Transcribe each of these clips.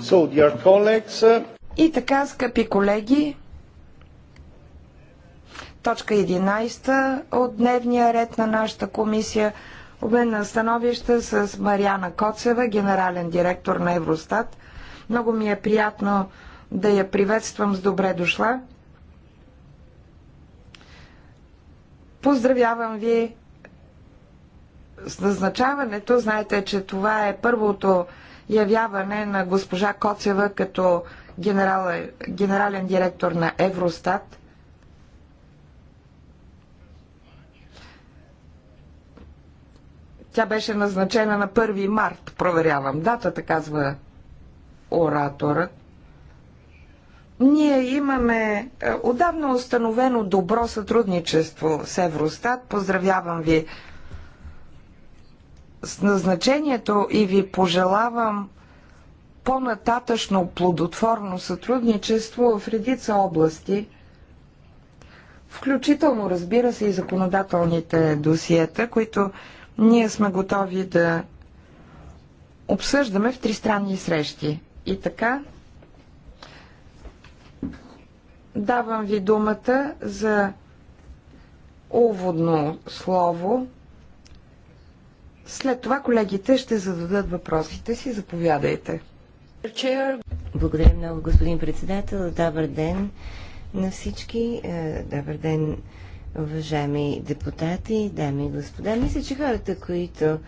So, dear colleagues... Uh, И така, скъпи колеги, точка 11 от дневния ред на нашата комисия обмен на становища с Мариана Коцева, генерален директор на Евростат. Много ми е приятно да я приветствам с добре дошла. Поздравявам ви с назначаването. Знаете, че това е първото явяване на госпожа Коцева като генерал, генерален директор на Евростат. Тя беше назначена на 1 март, проверявам. Датата казва ораторът. Ние имаме е, отдавна установено добро сътрудничество с Евростат. Поздравявам ви с назначението и ви пожелавам по-нататъчно плодотворно сътрудничество в редица области, включително, разбира се, и законодателните досиета, които ние сме готови да обсъждаме в тристранни срещи. И така, давам ви думата за уводно слово. След това колегите ще зададат въпросите си. Заповядайте. Благодаря много, господин председател. Добър ден на всички. Е, добър ден, уважаеми депутати, дами и господа. Мисля, че хората, които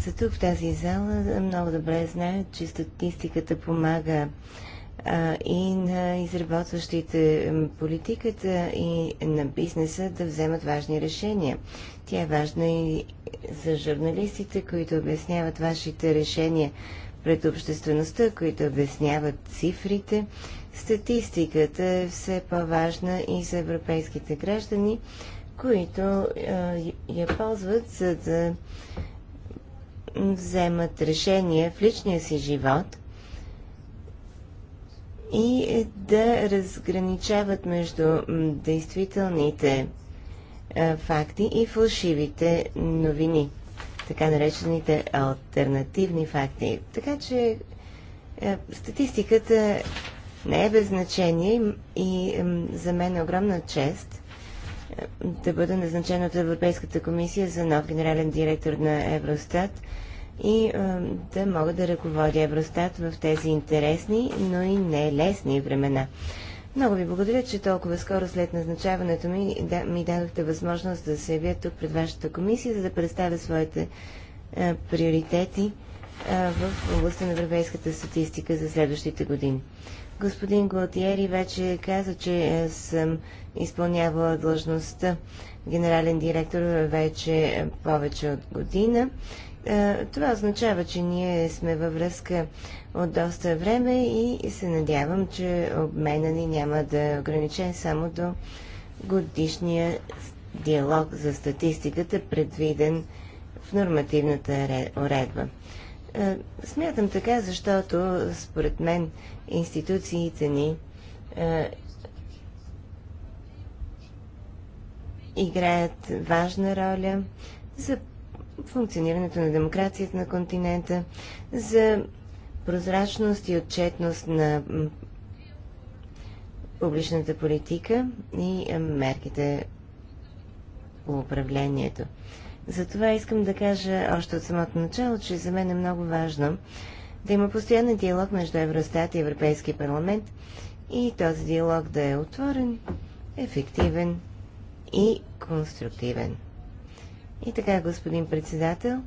са тук в тази зала, много добре знаят, че статистиката помага и на изработващите политиката и на бизнеса да вземат важни решения. Тя е важна и за журналистите, които обясняват вашите решения пред обществеността, които обясняват цифрите. Статистиката е все по-важна и за европейските граждани, които е, я ползват за да вземат решения в личния си живот и е да разграничават между действителните е, факти и фалшивите новини, така наречените альтернативни факти. Така че е, статистиката не е без значение и за мен е огромна чест е, да бъда назначен от Европейската комисия за нов генерален директор на Евростат и да мога да ръководя Евростат в тези интересни, но и не лесни времена. Много ви благодаря, че толкова скоро след назначаването ми да, ми дадохте възможност да се явя тук пред вашата комисия, за да представя своите а, е, приоритети а, е, в областта на европейската статистика за следващите години. Господин Гуалтиери вече каза, че е, съм изпълнявала длъжността генерален директор вече повече от година е, това означава, че ние сме във връзка от доста време и се надявам, че обмена ни няма да е ограничен само до годишния диалог за статистиката, предвиден в нормативната уредба. Е, смятам така, защото според мен институциите ни е, играят важна роля за функционирането на демокрацията на континента, за прозрачност и отчетност на публичната политика и мерките по управлението. Затова искам да кажа още от самото начало, че за мен е много важно да има постоянен диалог между Евростат и Европейския парламент и този диалог да е отворен, ефективен и конструктивен. И така, господин председател,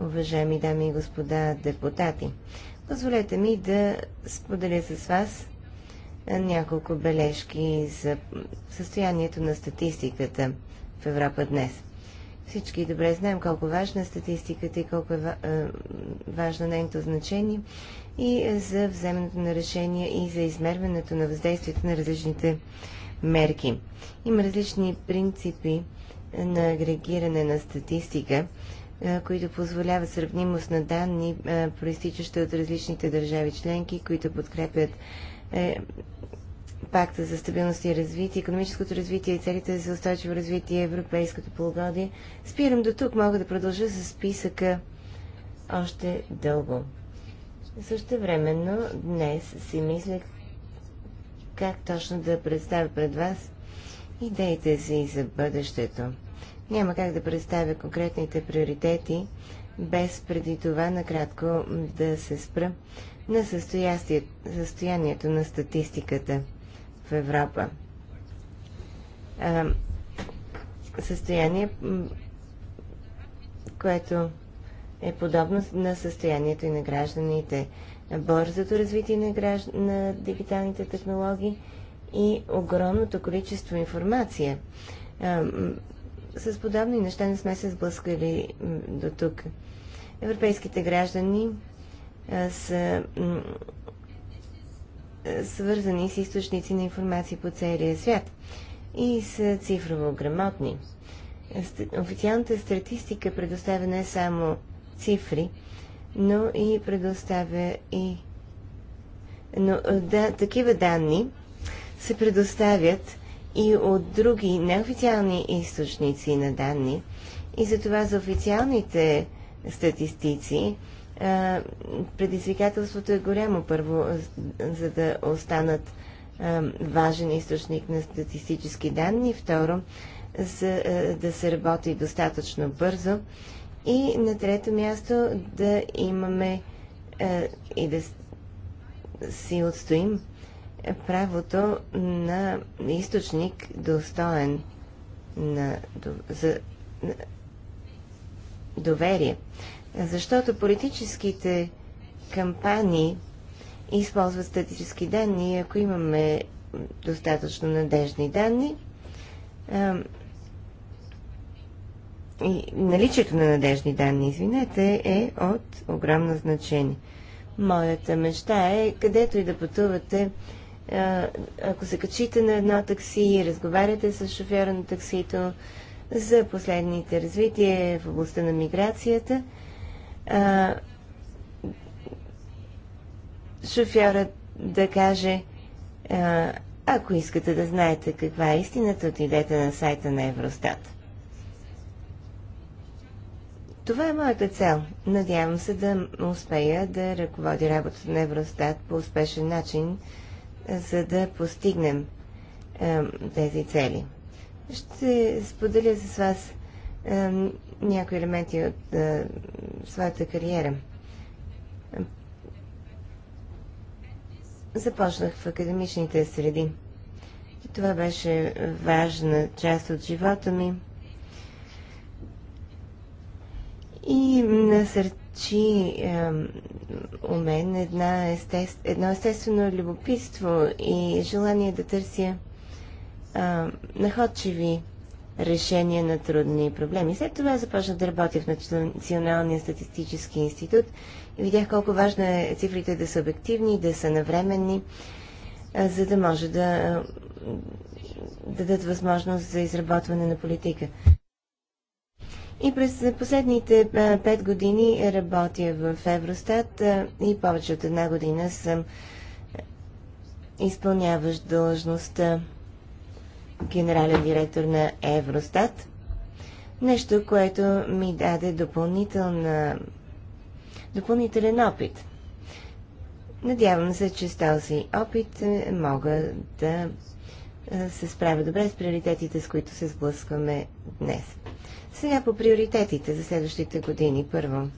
уважаеми дами и господа депутати, позволете ми да споделя с вас няколко бележки за състоянието на статистиката в Европа днес. Всички добре знаем колко важна е статистиката и колко е важно нейното значение и за вземането на решения и за измерването на въздействието на различните мерки. Има различни принципи на агрегиране на статистика, които позволяват сравнимост на данни, проистичащи от различните държави членки, които подкрепят е, Пакта за стабилност и развитие, економическото развитие и целите за устойчиво развитие, и европейското полугодие. Спирам до тук, мога да продължа с списъка още дълго. Също времено днес си мислех как точно да представя пред вас идеите си за бъдещето. Няма как да представя конкретните приоритети, без преди това накратко да се спра на състоянието на статистиката в Европа. състояние, което е подобно на състоянието и на гражданите. Борзото развитие на, гражд... на дигиталните технологии – и огромното количество информация. А, с подобни неща не сме се сблъскали до тук. Европейските граждани а, са свързани с източници на информация по целия свят и са цифрово грамотни. Официалната статистика предоставя не само цифри, но и предоставя и но, да, такива данни, се предоставят и от други неофициални източници на данни. И затова за официалните статистици предизвикателството е голямо първо, за да останат важен източник на статистически данни, второ, за да се работи достатъчно бързо и на трето място да имаме и да си отстоим правото на източник достоен на, за, на доверие. Защото политическите кампании използват статически данни и ако имаме достатъчно надежни данни, и наличието на надежни данни, извинете, е от огромно значение. Моята мечта е, където и да пътувате, ако се качите на едно такси и разговаряте с шофьора на таксито за последните развития в областта на миграцията, шофьорът да каже, ако искате да знаете каква е истината, отидете на сайта на Евростат. Това е моята цел. Надявам се да успея да ръководя работата на Евростат по успешен начин за да постигнем е, тези цели. Ще споделя с вас е, някои елементи от е, своята кариера. Започнах в академичните среди. И това беше важна част от живота ми. И сърце насърчи е, у мен една естест, едно естествено любопитство и желание да търся е, находчиви решения на трудни проблеми. След това започнах да работя в Националния статистически институт и видях колко важно е цифрите да са обективни, да са навременни, е, за да може да, да дадат възможност за изработване на политика. И през последните пет години работя в Евростат и повече от една година съм изпълняващ длъжността генерален директор на Евростат. Нещо, което ми даде допълнителна, допълнителен опит. Надявам се, че с този опит е, мога да се справя добре с приоритетите, с които се сблъскваме днес. Сега по приоритетите за следващите години. Първо,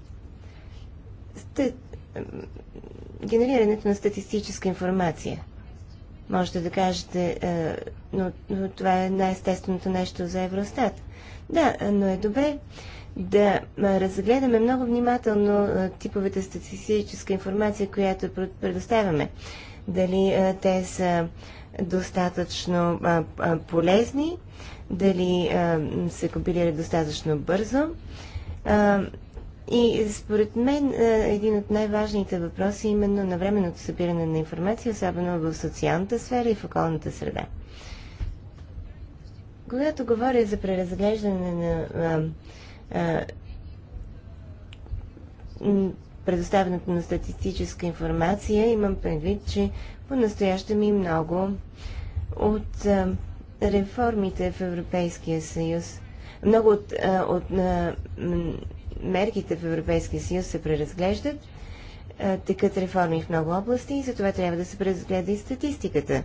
сте... генерирането на статистическа информация. Можете да кажете, е, но това е най-естественото нещо за Евростат. Да, е, но е добре да разгледаме много внимателно типовете статистическа информация, която предоставяме. Дали те са достатъчно полезни, дали се компилират достатъчно бързо. И според мен един от най-важните въпроси е именно на временното събиране на информация, особено в социалната сфера и в околната среда. Когато говоря за преразглеждане на е, предоставянето на статистическа информация, имам предвид, че по настояще ми много от е, реформите в Европейския съюз, много от, е, от мерките в Европейския съюз се преразглеждат е, текат реформи в много области и затова трябва да се преразгледа и статистиката.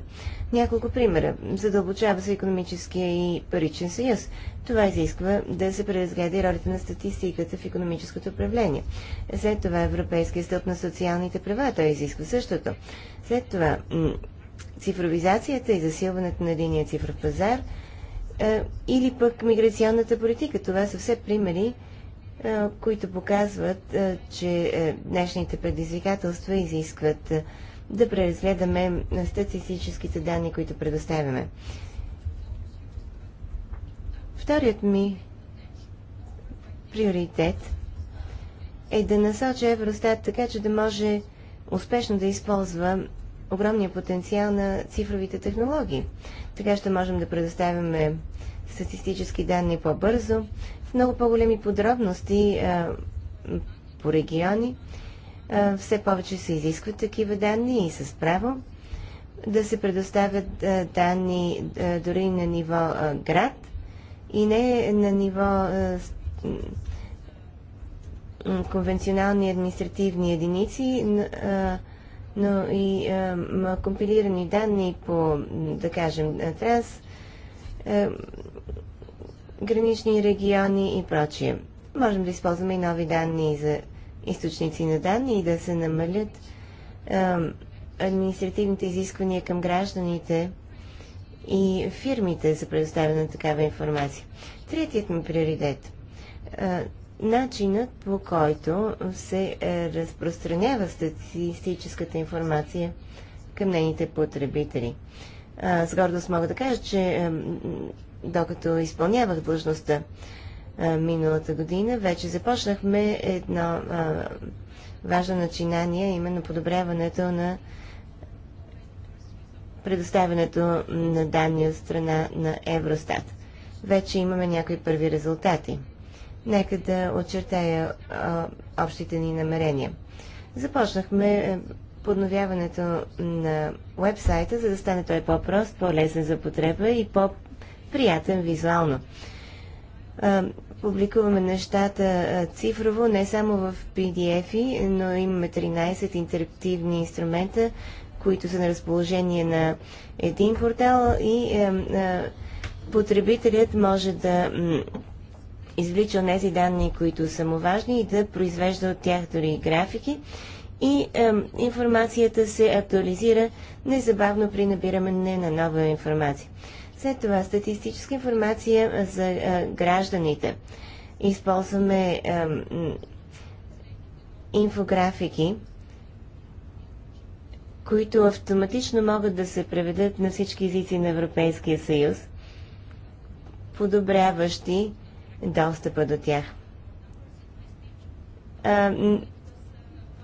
Няколко примера. Задълбочава се економическия и паричен съюз. Това изисква да се преразгледа и ролята на статистиката в економическото управление. След това Европейския стълб на социалните права. Той изисква същото. След това цифровизацията и засилването на единия цифров пазар е, или пък миграционната политика. Това са все примери, които показват, че днешните предизвикателства изискват да преразгледаме статистическите данни, които предоставяме. Вторият ми приоритет е да насоча Евростат така, че да може успешно да използва огромния потенциал на цифровите технологии. Така ще можем да предоставяме статистически данни по-бързо, в много по-големи подробности а, е, по региони. А, е, все повече се изискват такива данни и с право да се предоставят а, е, данни а, дори на ниво а, град и не на ниво а, конвенционални административни единици, а, но и а, компилирани данни по, да кажем, транс гранични региони и прочие. Можем да използваме и нови данни за източници на данни и да се намалят а, административните изисквания към гражданите и фирмите за предоставяне на такава информация. Третият ми приоритет е начинът по който се е, разпространява статистическата информация към нейните потребители. с гордост мога да кажа, че е, докато изпълнявах длъжността миналата година, вече започнахме едно а, важно начинание, именно подобряването на предоставянето на данни от страна на Евростат. Вече имаме някои първи резултати. Нека да очертая а, общите ни намерения. Започнахме е, подновяването на вебсайта, за да стане той по-прост, по-лесен за потреба и по- приятен визуално. Публикуваме нещата цифрово, не само в PDF-и, но имаме 13 интерактивни инструмента, които са на разположение на един портал и е, е, потребителят може да извлича тези данни, които са му важни и да произвежда от тях дори графики. И е, информацията се актуализира незабавно при набиране на нова информация. След това статистическа информация за гражданите. Използваме инфографики, които автоматично могат да се преведат на всички езици на Европейския съюз, подобряващи достъпа до тях. А,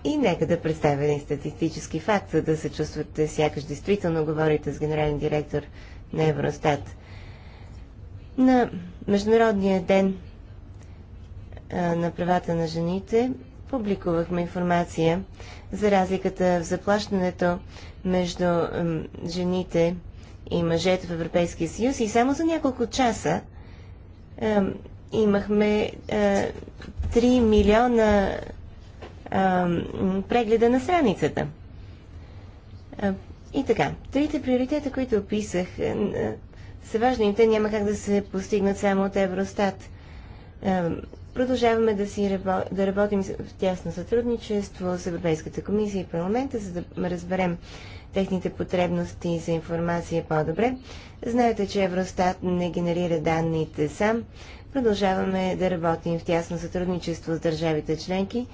и нека да представя един статистически факт, за да се чувствате сякаш действително говорите с генерален директор на Евростат. На Международния ден на правата на жените публикувахме информация за разликата в заплащането между жените и мъжете в Европейския съюз и само за няколко часа е, имахме е, 3 милиона е, прегледа на страницата. И така, трите приоритета, които описах, е, е, са важни. и Те няма как да се постигнат само от Евростат. Е, продължаваме да, си рабо... да работим в тясно сътрудничество с Европейската комисия и парламента, за да разберем техните потребности за информация по-добре. Знаете, че Евростат не генерира данните сам. Продължаваме да работим в тясно сътрудничество с държавите членки,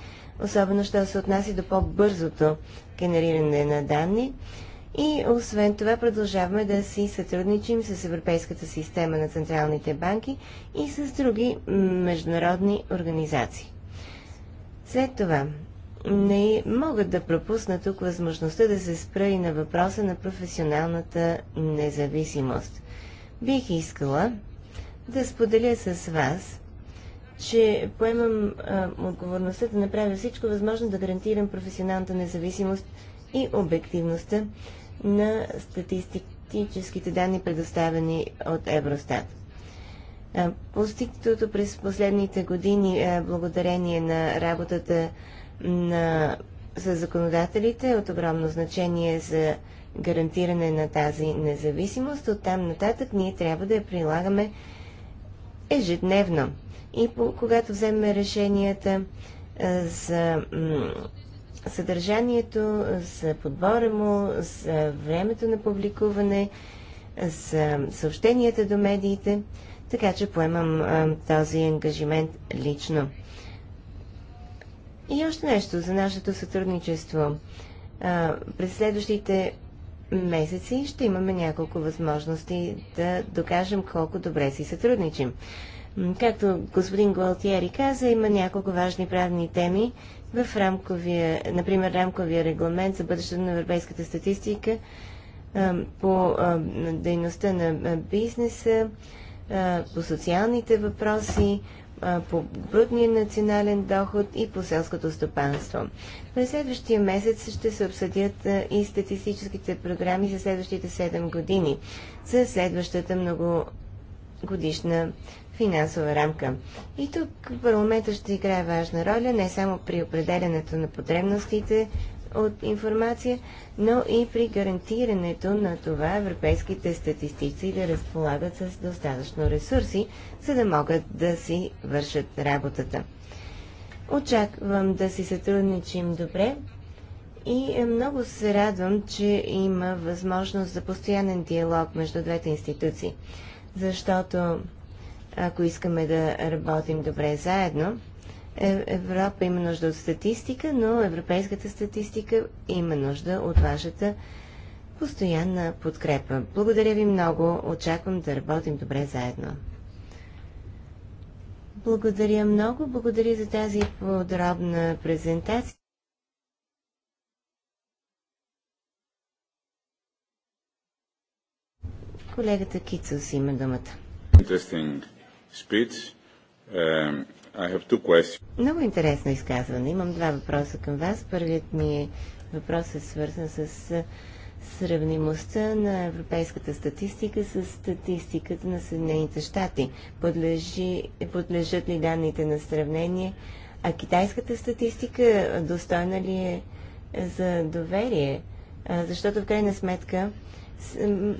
особено що се отнася до по-бързото генериране на данни. И освен това продължаваме да си сътрудничим с Европейската система на централните банки и с други международни организации. След това, не могат да пропусна тук възможността да се спра и на въпроса на професионалната независимост. Бих искала да споделя с вас, че поемам а, отговорността да направя всичко възможно да гарантирам професионалната независимост и обективността на статистическите данни, предоставени от Евростат. Постигнатото през последните години благодарение на работата на, за законодателите е от огромно значение за гарантиране на тази независимост. От там нататък ние трябва да я прилагаме ежедневно. И по, когато вземем решенията за съдържанието, за подбора му, за времето на публикуване, за съобщенията до медиите, така че поемам а, този ангажимент лично. И още нещо за нашето сътрудничество. А, през следващите месеци ще имаме няколко възможности да докажем колко добре си сътрудничим. Както господин Гуалтиери каза, има няколко важни правни теми, в рамковия, например, рамковия регламент за бъдещето на европейската статистика по дейността на бизнеса, по социалните въпроси, по брутния национален доход и по селското стопанство. През следващия месец ще се обсъдят и статистическите програми за следващите 7 години, за следващата многогодишна финансова рамка. И тук парламентът ще играе важна роля не само при определенето на потребностите от информация, но и при гарантирането на това европейските статистици да разполагат с достатъчно ресурси, за да могат да си вършат работата. Очаквам да си сътрудничим добре и много се радвам, че има възможност за постоянен диалог между двете институции, защото ако искаме да работим добре заедно. Е, Европа има нужда от статистика, но европейската статистика има нужда от вашата постоянна подкрепа. Благодаря ви много. Очаквам да работим добре заедно. Благодаря много. Благодаря за тази подробна презентация. Колегата Кицус има думата. Interesting speech. Um, I have two questions. Много интересно изказване. Имам два въпроса към вас. Първият ми е въпрос е свързан с е, сравнимостта на европейската статистика с статистиката на Съединените щати. Подлежи, подлежат ли данните на сравнение? А китайската статистика достойна ли е за доверие? Защото в крайна сметка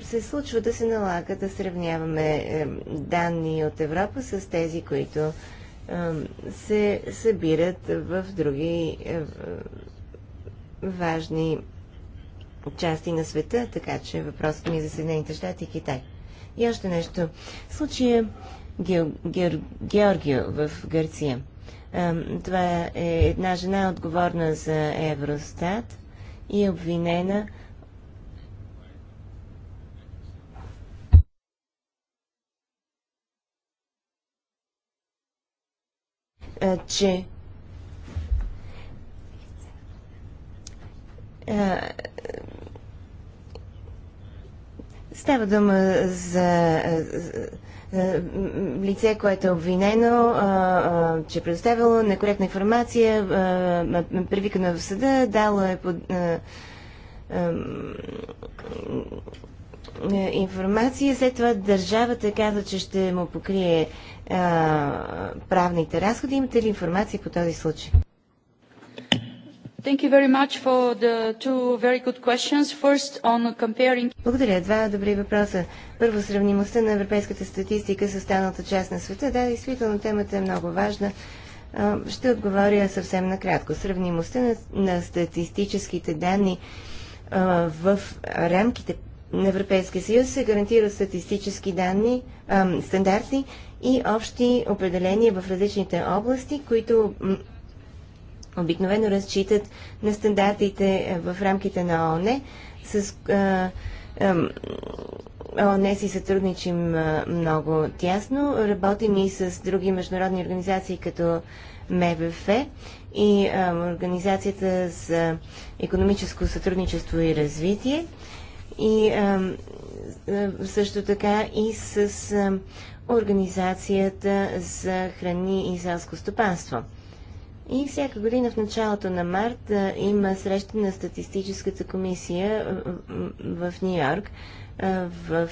се случва да се налага да сравняваме данни от Европа с тези, които се събират в други важни части на света, така че въпросът ми е за Съединените щати и Китай. И още нещо. Случая Георгио в Гърция. Това е една жена, отговорна за Евростат и е обвинена че Става дума за лице, което е обвинено, че е предоставило некоректна информация, привикано е в съда, дало е под, информация, след това държавата каза, че ще му покрие правните разходи. Имате ли информация по този случай? Thank you very much for the two very good questions. First on comparing... Благодаря. Два добри въпроса. Първо, сравнимостта на европейската статистика с останалата част на света. Да, действително темата е много важна. Ще отговоря съвсем накратко. Сравнимостта на, на статистическите данни в рамките на Европейския съюз се гарантира статистически данни, стандарти, и общи определения в различните области, които обикновено разчитат на стандартите е, в рамките на ООН. С а, а, ООН си сътрудничим много тясно, работим и с други международни организации като МВФ и а, Организацията за економическо сътрудничество и развитие и а, също така и с а, Организацията за храни и селско стопанство. И всяка година в началото на март има среща на статистическата комисия в Нью-Йорк в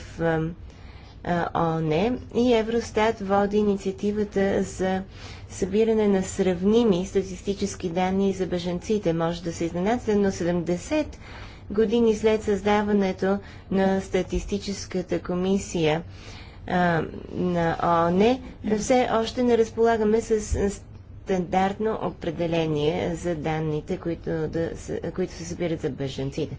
ООН и Евростат води инициативата за събиране на сравними статистически данни за бежанците. Може да се изненадате, но 70 години след създаването на статистическата комисия на ООН, все още не разполагаме с стандартно определение за данните, които, да, които се събират за беженците.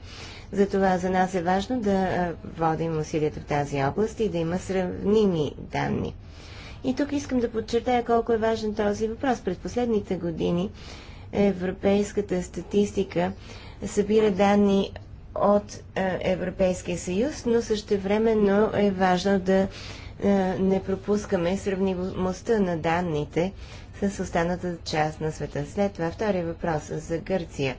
Затова за нас е важно да водим усилията в тази област и да има сравними данни. И тук искам да подчертая колко е важен този въпрос. През последните години европейската статистика събира данни от е, Европейския съюз, но същевременно е важно да е, не пропускаме сравнимостта на данните с останата част на света. След това втория въпрос е за Гърция.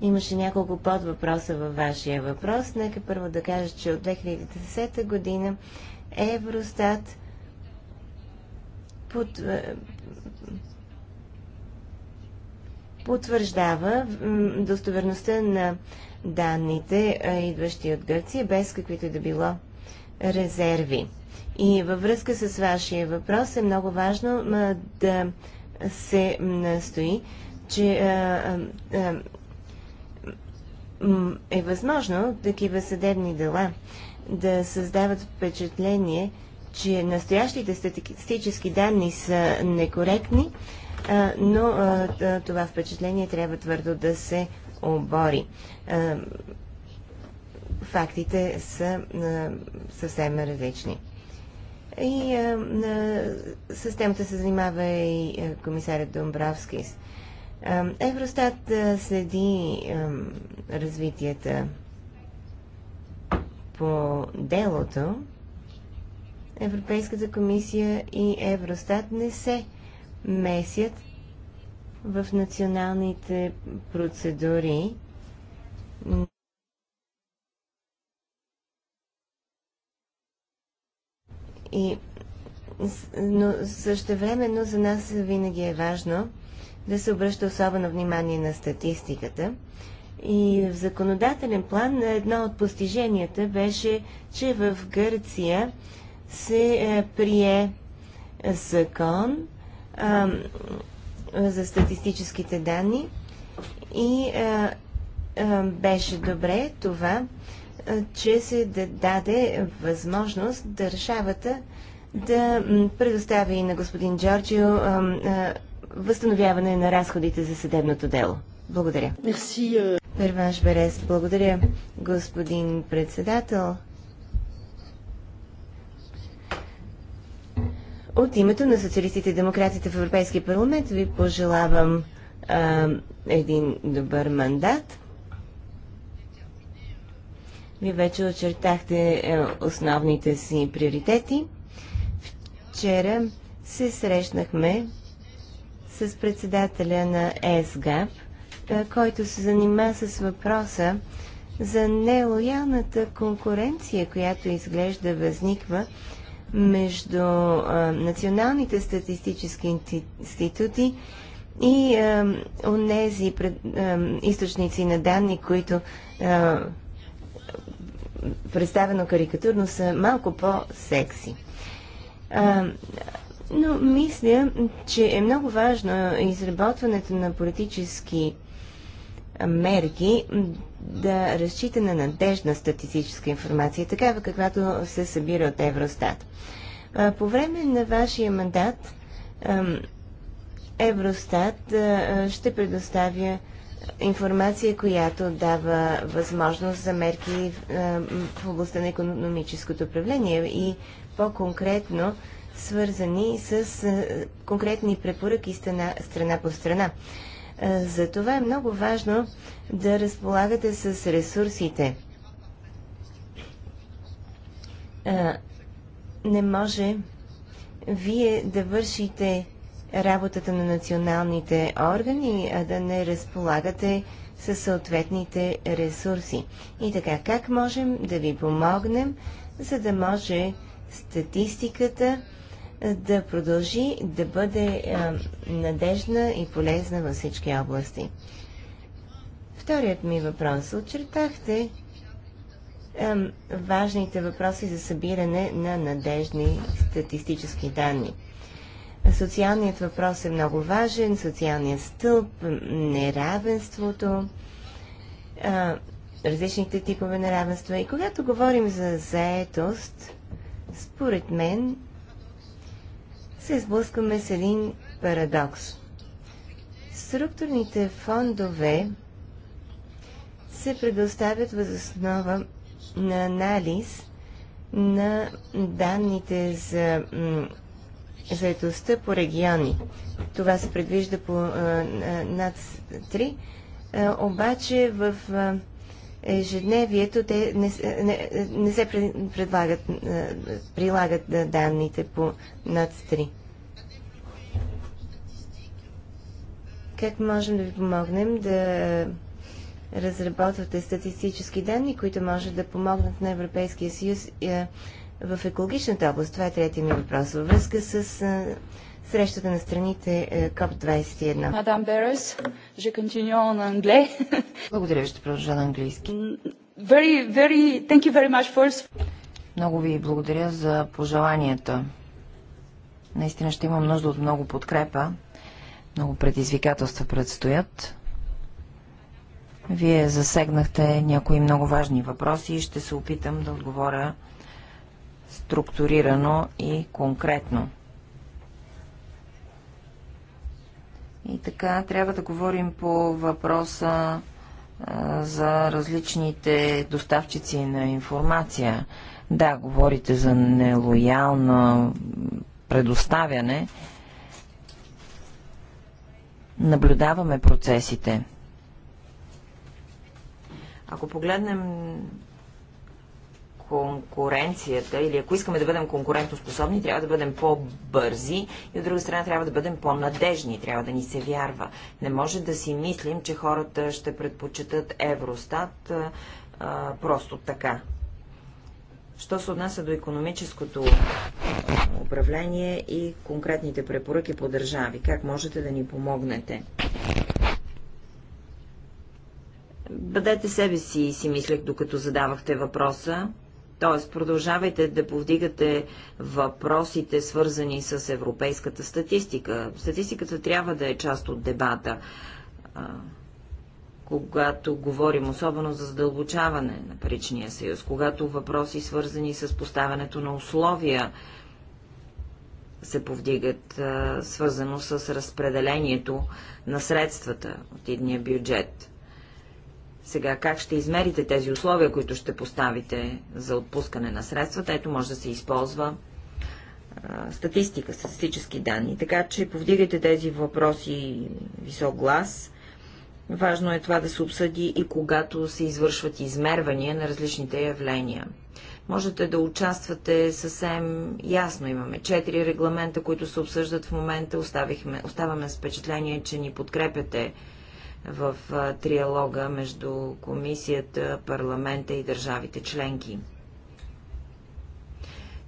Имаше няколко подвъпроса във вашия въпрос. Нека първо да кажа, че от 2010 година Евростат под, потвърждава достоверността на данните, идващи от Гърция, без каквито да било резерви. И във връзка с вашия въпрос е много важно да се настои, че е възможно такива съдебни дела да създават впечатление, че настоящите статистически данни са некоректни, но това впечатление трябва твърдо да се обори. Е, фактите са е, съвсем различни. И е, с темата се занимава и комисарят Домбравскис. Евростат следи развитията по делото. Европейската комисия и Евростат не се месят в националните процедури. И, но същевременно за нас винаги е важно да се обръща особено внимание на статистиката. И в законодателен план едно от постиженията беше, че в Гърция се е, прие закон, за статистическите данни и а, а, беше добре това, а, че се даде възможност държавата да предостави на господин Джорджио а, а, възстановяване на разходите за съдебното дело. Благодаря. Мерси. Перванш благодаря, господин председател. От името на социалистите и демократите в Европейския парламент ви пожелавам а, един добър мандат. Вие вече очертахте е, основните си приоритети. Вчера се срещнахме с председателя на ЕСГАП, е, който се занима с въпроса за нелоялната конкуренция, която изглежда възниква между а, националните статистически институти и а, онези пред, а, източници на данни, които а, представено карикатурно са малко по-секси. но мисля, че е много важно изработването на политически мерки да разчита на надежна статистическа информация, такава каквато се събира от Евростат. По време на вашия мандат Евростат ще предоставя информация, която дава възможност за мерки в областта на економическото управление и по-конкретно свързани с конкретни препоръки страна, страна по страна. Затова е много важно да разполагате с ресурсите. Не може вие да вършите работата на националните органи, а да не разполагате със съответните ресурси. И така, как можем да ви помогнем, за да може статистиката да продължи да бъде а, надежна и полезна във всички области. Вторият ми въпрос. Очертахте а, важните въпроси за събиране на надежни статистически данни. Социалният въпрос е много важен, социалният стълб, неравенството, а, различните типове неравенства. И когато говорим за заетост, според мен се сблъскваме с един парадокс. Структурните фондове се предоставят възоснова на анализ на данните за заедостта по региони. Това се предвижда по а, над 3, а, обаче в а, ежедневието те не, не, не се предлагат, е, прилагат е, данните по над 3. Как можем да ви помогнем да разработвате статистически данни, които може да помогнат на Европейския съюз е, в екологичната област? Това е третия ми въпрос. Във връзка с срещата на страните е, КОП-21. Мадам Берес, je continue на anglais. Благодаря ви, ще продължа на английски. Very, very, thank you very much first. Много ви благодаря за пожеланията. Наистина ще имам нужда от много подкрепа. Много предизвикателства предстоят. Вие засегнахте някои много важни въпроси и ще се опитам да отговоря структурирано и конкретно. И така, трябва да говорим по въпроса а, за различните доставчици на информация. Да, говорите за нелоялно предоставяне. Наблюдаваме процесите. Ако погледнем конкуренцията или ако искаме да бъдем конкурентоспособни, трябва да бъдем по-бързи и от друга страна трябва да бъдем по-надежни, трябва да ни се вярва. Не може да си мислим, че хората ще предпочитат Евростат а, просто така. Що се отнася до економическото управление и конкретните препоръки по държави? Как можете да ни помогнете? Бъдете себе си, си мислех, докато задавахте въпроса. Т.е. продължавайте да повдигате въпросите, свързани с европейската статистика. Статистиката трябва да е част от дебата, когато говорим особено за задълбочаване на паричния съюз, когато въпроси, свързани с поставянето на условия, се повдигат, свързано с разпределението на средствата от едния бюджет. Сега, как ще измерите тези условия, които ще поставите за отпускане на средствата? Ето може да се използва а, статистика, статистически данни. Така че повдигайте тези въпроси висок глас. Важно е това да се обсъди и когато се извършват измервания на различните явления. Можете да участвате съвсем ясно. Имаме четири регламента, които се обсъждат в момента. Оставихме, оставаме с впечатление, че ни подкрепяте в триалога между комисията, парламента и държавите членки.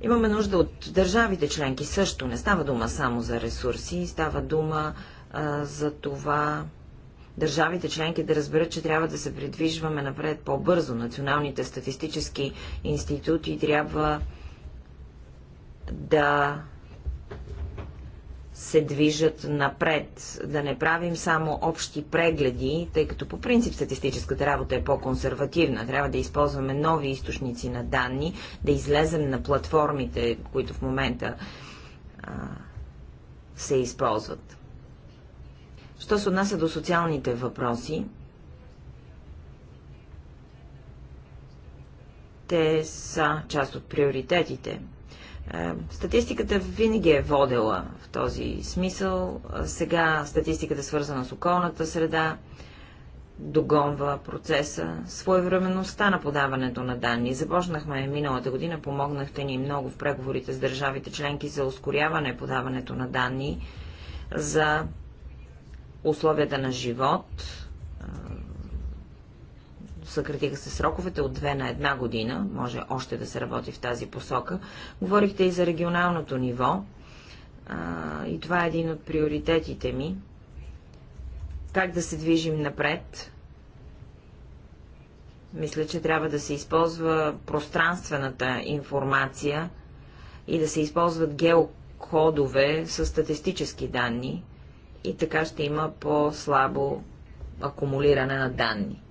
Имаме нужда от държавите членки също. Не става дума само за ресурси, става дума а, за това държавите членки да разберат, че трябва да се придвижваме напред по-бързо. Националните статистически институти трябва да се движат напред, да не правим само общи прегледи, тъй като по принцип статистическата работа е по-консервативна. Трябва да използваме нови източници на данни, да излезем на платформите, които в момента а, се използват. Що се отнася до социалните въпроси, те са част от приоритетите е, статистиката винаги е водела в този смисъл. Е, сега статистиката, свързана с околната среда, догонва процеса, своевременността на подаването на данни. Започнахме миналата година, помогнахте ни много в преговорите с държавите членки за ускоряване подаването на данни за условията на живот, е, съкратиха се сроковете от две на една година, може още да се работи в тази посока. Говорихте и за регионалното ниво а, и това е един от приоритетите ми. Как да се движим напред? Мисля, че трябва да се използва пространствената информация и да се използват геокодове с статистически данни и така ще има по-слабо акумулиране на данни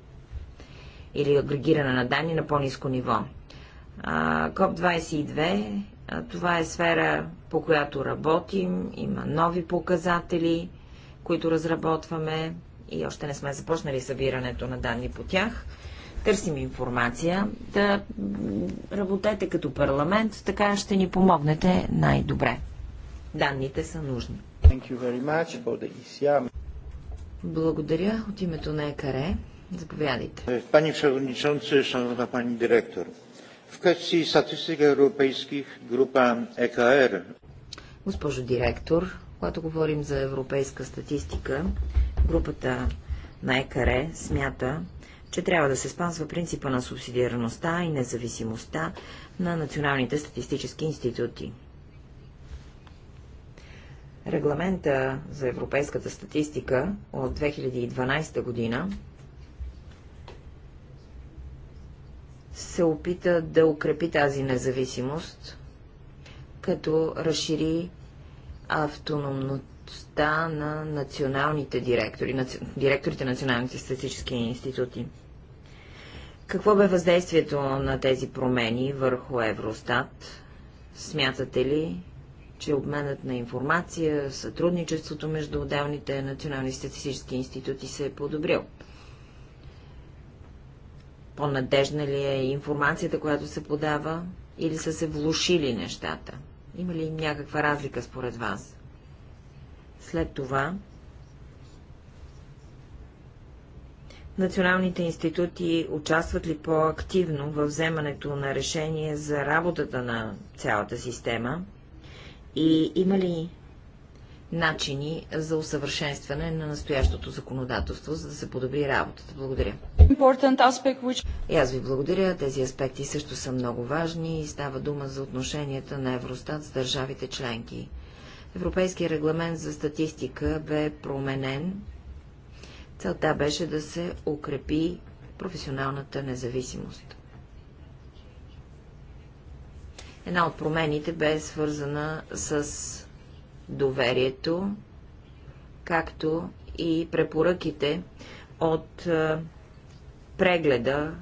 или агрегиране на данни на по-низко ниво. КОП-22, това е сфера, по която работим, има нови показатели, които разработваме и още не сме започнали събирането на данни по тях. Търсим информация, да работете като парламент, така ще ни помогнете най-добре. Данните са нужни. Благодаря от името на ЕКАРЕ. Заповядайте. Пани Przewodniczący, Szanowna Pani Dyrektor. W kwestii statystyk europejskich grupa ЕКР. E Госпожо директор, когато говорим за европейска статистика, групата на ЕКР смята, че трябва да се спазва принципа на субсидиарността и независимостта на националните статистически институти. Регламента за европейската статистика от 2012 година се опита да укрепи тази независимост, като разшири автономността на националните директори, наци... директорите на националните статистически институти. Какво бе въздействието на тези промени върху Евростат? Смятате ли, че обменът на информация, сътрудничеството между отделните национални статистически институти се е подобрил? По-надежна ли е информацията, която се подава, или са се влушили нещата? Има ли някаква разлика според вас? След това националните институти участват ли по-активно във вземането на решение за работата на цялата система и има ли начини за усъвършенстване на настоящото законодателство, за да се подобри работата. Благодаря. Aspect, which... И аз ви благодаря. Тези аспекти също са много важни и става дума за отношенията на Евростат с държавите членки. Европейския регламент за статистика бе променен. Целта беше да се укрепи професионалната независимост. Една от промените бе свързана с доверието, както и препоръките от прегледа,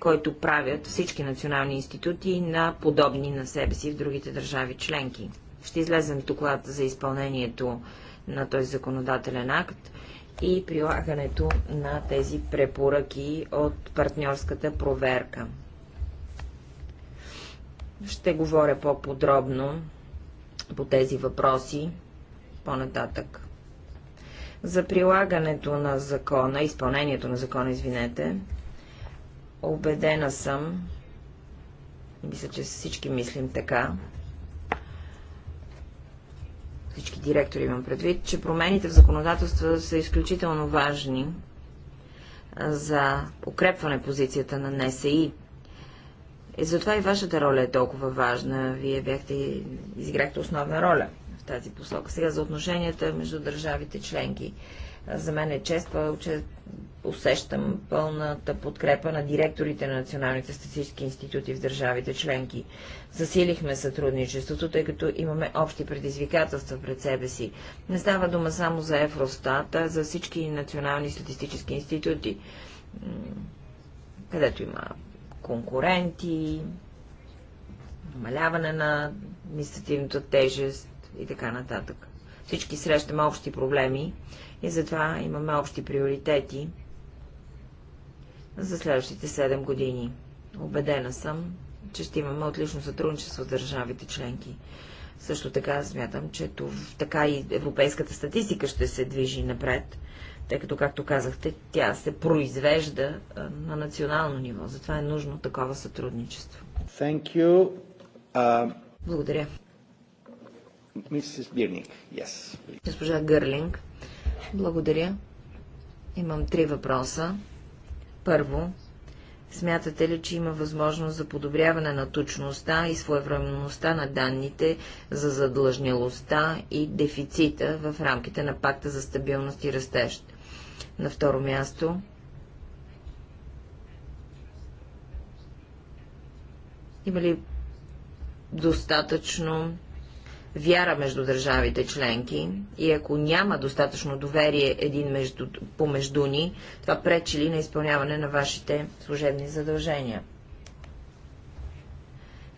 който правят всички национални институти на подобни на себе си в другите държави членки. Ще излезем доклад за изпълнението на този законодателен акт и прилагането на тези препоръки от партньорската проверка. Ще говоря по-подробно по тези въпроси по-нататък. За прилагането на закона, изпълнението на закона, извинете, убедена съм, мисля, че всички мислим така, всички директори имам предвид, че промените в законодателства са изключително важни за укрепване позицията на НСИ е затова и вашата роля е толкова важна. Вие бяхте, изиграхте основна роля в тази посока. Сега за отношенията между държавите членки. За мен е чест, че усещам пълната подкрепа на директорите на националните статистически институти в държавите членки. Засилихме сътрудничеството, тъй като имаме общи предизвикателства пред себе си. Не става дума само за евростат, а за всички национални статистически институти, където има конкуренти, намаляване на административната тежест и така нататък. Всички срещаме общи проблеми и затова имаме общи приоритети за следващите 7 години. Обедена съм, че ще имаме отлично сътрудничество с държавите членки. Също така смятам, че това, така и европейската статистика ще се движи напред тъй като, както казахте, тя се произвежда на национално ниво. Затова е нужно такова сътрудничество. Thank you. Uh... Благодаря. Бирник, yes. Госпожа Гърлинг, благодаря. Имам три въпроса. Първо, Смятате ли, че има възможност за подобряване на точността и своевременността на данните за задлъжнялостта и дефицита в рамките на пакта за стабилност и растеж? На второ място има ли достатъчно вяра между държавите членки и ако няма достатъчно доверие един между, помежду ни, това пречи ли на изпълняване на вашите служебни задължения?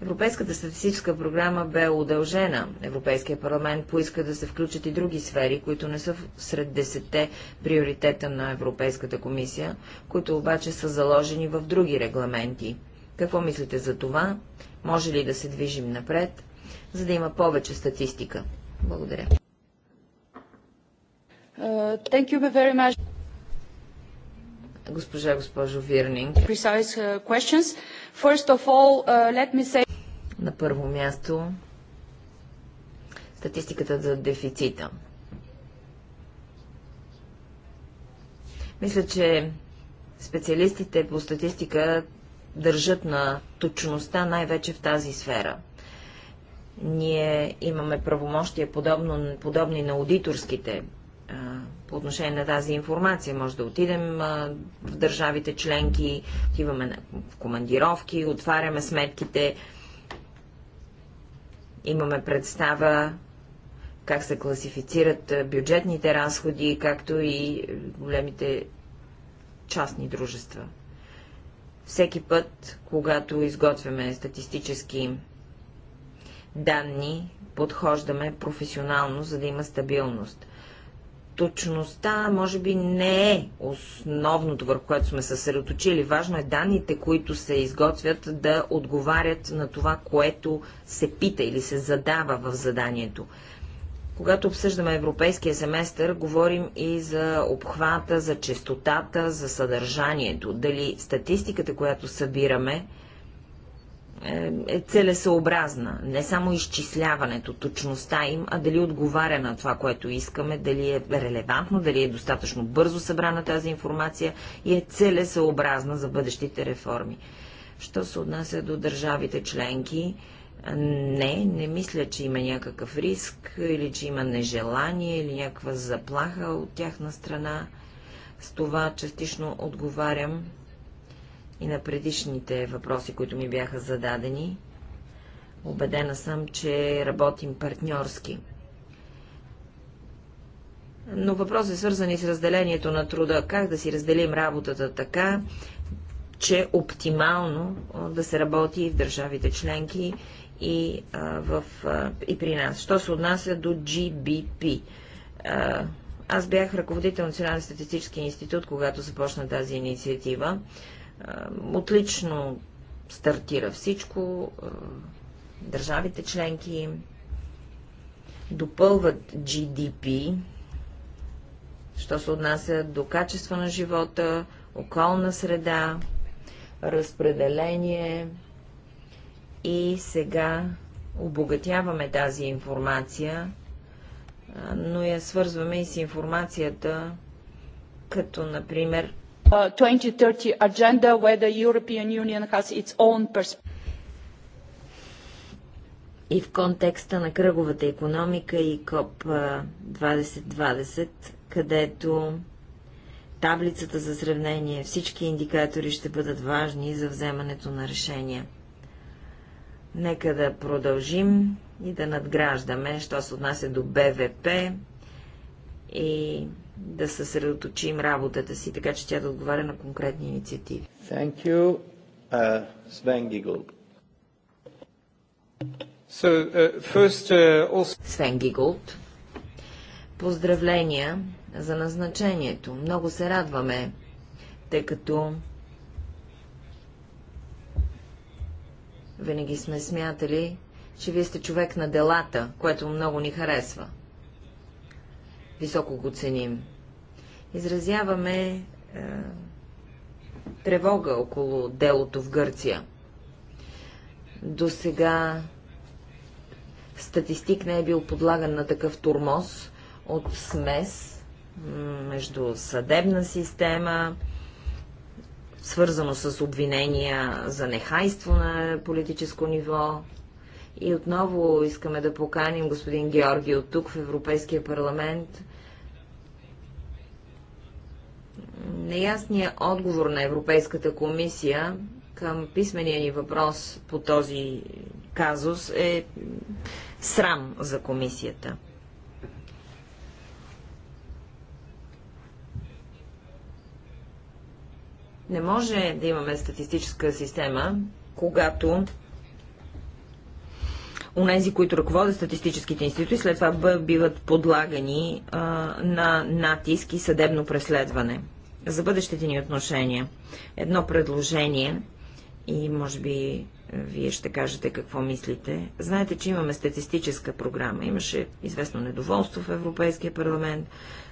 Европейската статистическа програма бе удължена. Европейския парламент поиска да се включат и други сфери, които не са сред десетте приоритета на Европейската комисия, които обаче са заложени в други регламенти. Какво мислите за това? Може ли да се движим напред, за да има повече статистика? Благодаря. Uh, Госпожа, госпожо Вирнинг. Precise, uh, First of all, uh, let me say... На първо място, статистиката за дефицита. Мисля, че специалистите по статистика държат на точността най-вече в тази сфера. Ние имаме правомощия подобно, подобни на аудиторските по отношение на тази информация. Може да отидем в държавите членки, отиваме в командировки, отваряме сметките, имаме представа как се класифицират бюджетните разходи, както и големите частни дружества. Всеки път, когато изготвяме статистически данни, подхождаме професионално, за да има стабилност точността може би не е основното, върху което сме съсредоточили. Важно е данните, които се изготвят, да отговарят на това, което се пита или се задава в заданието. Когато обсъждаме европейския семестър, говорим и за обхвата, за честотата, за съдържанието. Дали статистиката, която събираме, е, е целесообразна. Не само изчисляването, точността им, а дали отговаря на това, което искаме, дали е релевантно, дали е достатъчно бързо събрана тази информация и е целесообразна за бъдещите реформи. Що се отнася до държавите членки, не, не мисля, че има някакъв риск или че има нежелание или някаква заплаха от тяхна страна. С това частично отговарям и на предишните въпроси, които ми бяха зададени. Обедена съм, че работим партньорски. Но въпросът е свързан и с разделението на труда. Как да си разделим работата така, че оптимално да се работи и в държавите членки и, а, в, а, и при нас. Що се отнася до GBP? А, аз бях ръководител на Национален статистически институт, когато започна тази инициатива. Отлично стартира всичко. Държавите членки допълват GDP, що се отнася до качество на живота, околна среда, разпределение и сега обогатяваме тази информация, но я свързваме и с информацията, като например 2030 uh, agenda where the European Union has its own И в контекста на кръговата економика и КОП 2020, където таблицата за сравнение, всички индикатори ще бъдат важни за вземането на решения. Нека да продължим и да надграждаме, що се отнася до БВП, и е да съсредоточим работата си, така че тя да отговаря на конкретни инициативи. Thank you. Uh, Sven Giegel. So, uh, first, uh, also... Свен Гиголд. Поздравления за назначението. Много се радваме, тъй като винаги сме смятали, че вие сте човек на делата, което много ни харесва високо го ценим. Изразяваме е, тревога около делото в Гърция. До сега статистик не е бил подлаган на такъв турмоз от смес между съдебна система, свързано с обвинения за нехайство на политическо ниво. И отново искаме да поканим господин Георги от тук в Европейския парламент неясния отговор на Европейската комисия към писмения ни въпрос по този казус е срам за комисията. Не може да имаме статистическа система, когато унези, които ръководят статистическите институти, след това биват подлагани а, на натиск и съдебно преследване за бъдещите ни отношения. Едно предложение и може би е, вие ще кажете какво мислите. Знаете, че имаме статистическа програма. Имаше известно недоволство в Европейския парламент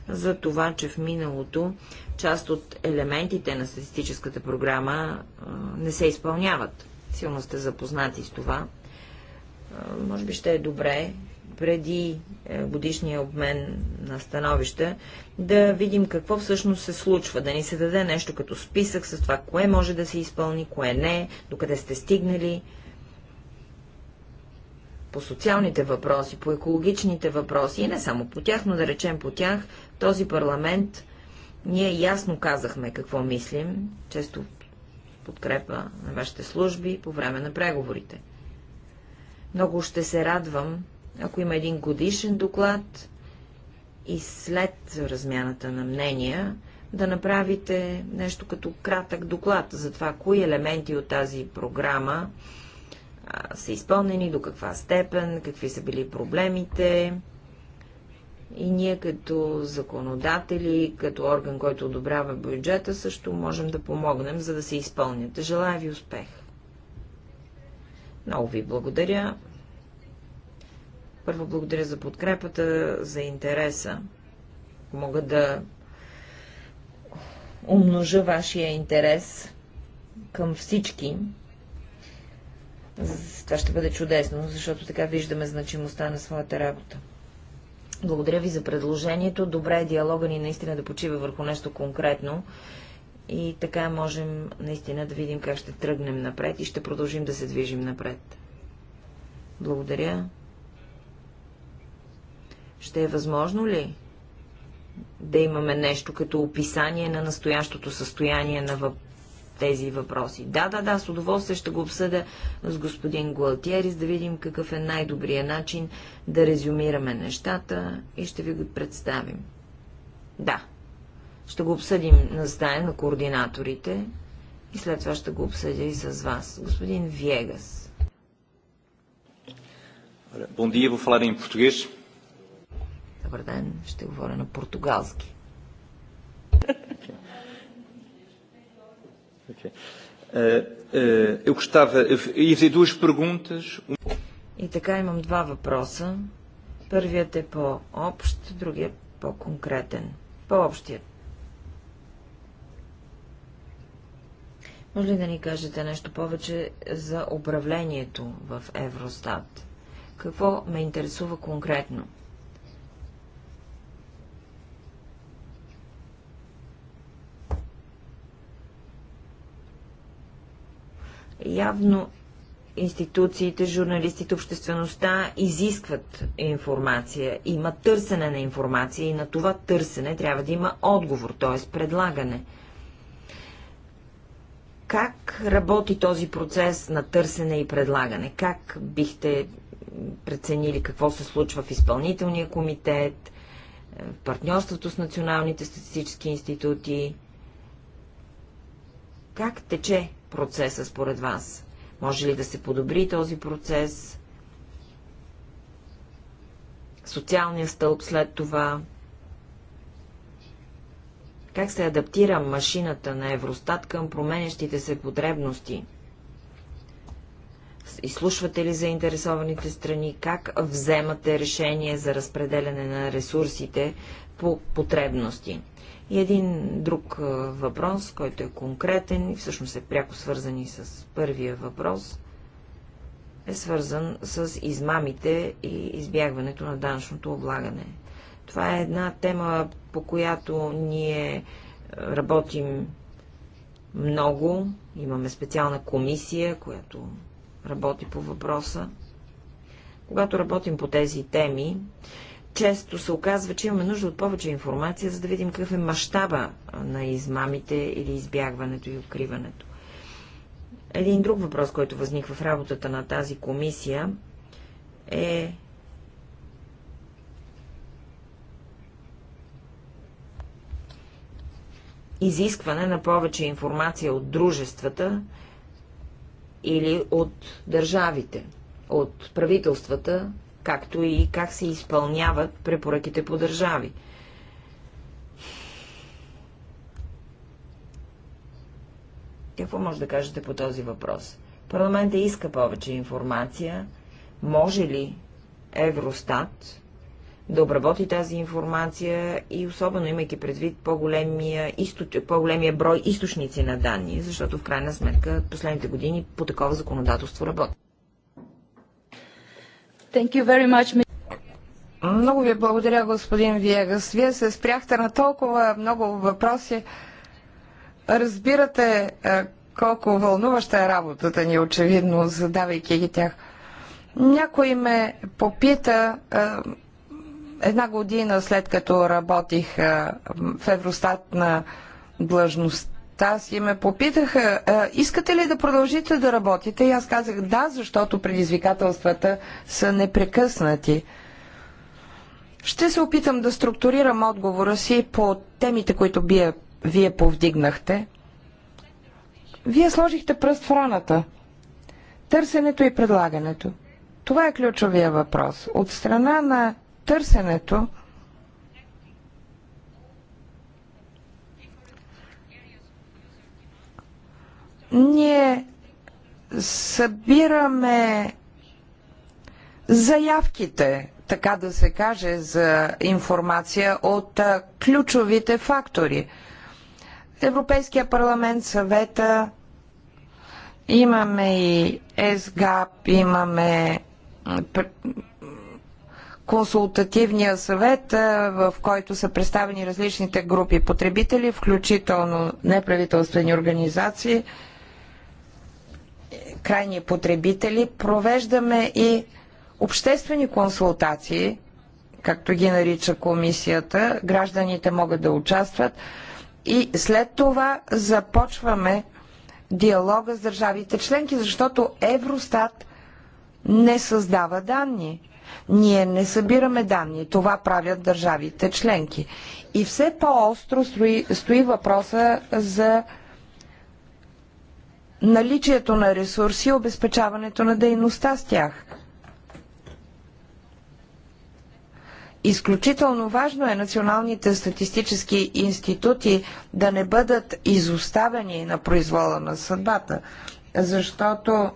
за това, че в миналото част от елементите на статистическата програма е, не се изпълняват. Силно сте запознати с това. Е, може би ще е добре преди е, годишния обмен на становища, да видим какво всъщност се случва, да ни се даде нещо като списък с това, кое може да се изпълни, кое не, докъде сте стигнали. По социалните въпроси, по екологичните въпроси и не само по тях, но да речем по тях, този парламент ние ясно казахме какво мислим, често подкрепа на вашите служби по време на преговорите. Много ще се радвам, ако има един годишен доклад и след размяната на мнения, да направите нещо като кратък доклад за това, кои елементи от тази програма са изпълнени, до каква степен, какви са били проблемите. И ние като законодатели, като орган, който одобрява бюджета, също можем да помогнем, за да се изпълнят. Желая ви успех! Много ви благодаря! Първо благодаря за подкрепата, за интереса. Мога да умножа вашия интерес към всички. Това ще бъде чудесно, защото така виждаме значимостта на своята работа. Благодаря ви за предложението. Добре е диалога ни наистина да почива върху нещо конкретно и така можем наистина да видим как ще тръгнем напред и ще продължим да се движим напред. Благодаря. Ще е възможно ли да имаме нещо като описание на настоящото състояние на въп... тези въпроси? Да, да, да, с удоволствие ще го обсъда с господин Гуалтиерис, да видим какъв е най-добрият начин да резюмираме нещата и ще ви го представим. Да, ще го обсъдим на стая на координаторите и след това ще го обсъдя и с вас. Господин Виегас. Bom dia, vou falar em português. Добър ден, ще говоря на португалски. Е, е, е, и така имам два въпроса. Първият е по-общ, другият по-конкретен. По-общият. Може ли да ни кажете нещо повече за управлението в Евростат? Какво ме интересува конкретно? Явно институциите, журналистите, обществеността изискват информация, има търсене на информация и на това търсене трябва да има отговор, т.е. предлагане. Как работи този процес на търсене и предлагане? Как бихте преценили какво се случва в изпълнителния комитет, в партньорството с националните статистически институти? Как тече процеса според вас? Може ли да се подобри този процес? Социалния стълб след това? Как се адаптира машината на Евростат към променящите се потребности? Изслушвате ли заинтересованите страни? Как вземате решение за разпределяне на ресурсите по потребности? И един друг въпрос, който е конкретен и всъщност е пряко свързан и с първия въпрос, е свързан с измамите и избягването на данъчното облагане. Това е една тема, по която ние работим много. Имаме специална комисия, която работи по въпроса. Когато работим по тези теми, често се оказва, че имаме нужда от повече информация, за да видим какъв е мащаба на измамите или избягването и укриването. Един друг въпрос, който възниква в работата на тази комисия е изискване на повече информация от дружествата или от държавите, от правителствата както и как се изпълняват препоръките по държави. Какво може да кажете по този въпрос? Парламента иска повече информация. Може ли Евростат да обработи тази информация и особено имайки предвид по-големия, по-големия брой източници на данни, защото в крайна сметка последните години по такова законодателство работи. Много ви благодаря, господин Виегас. Вие се спряхте на толкова много въпроси. Разбирате е, колко вълнуваща е работата ни, очевидно, задавайки ги тях. Някой ме попита е, една година след като работих е, в Евростат на длъжност аз и ме попитаха, искате ли да продължите да работите? И аз казах да, защото предизвикателствата са непрекъснати. Ще се опитам да структурирам отговора си по темите, които бие, вие повдигнахте. Вие сложихте пръст в раната. Търсенето и предлагането. Това е ключовия въпрос. От страна на търсенето, Ние събираме заявките, така да се каже, за информация от ключовите фактори. Европейския парламент, съвета, имаме и СГАП, имаме консултативния съвет, в който са представени различните групи потребители, включително неправителствени организации – крайни потребители, провеждаме и обществени консултации, както ги нарича комисията, гражданите могат да участват и след това започваме диалога с държавите членки, защото Евростат не създава данни. Ние не събираме данни. Това правят държавите членки. И все по-остро стои, стои въпроса за наличието на ресурси и обезпечаването на дейността с тях. Изключително важно е националните статистически институти да не бъдат изоставени на произвола на съдбата, защото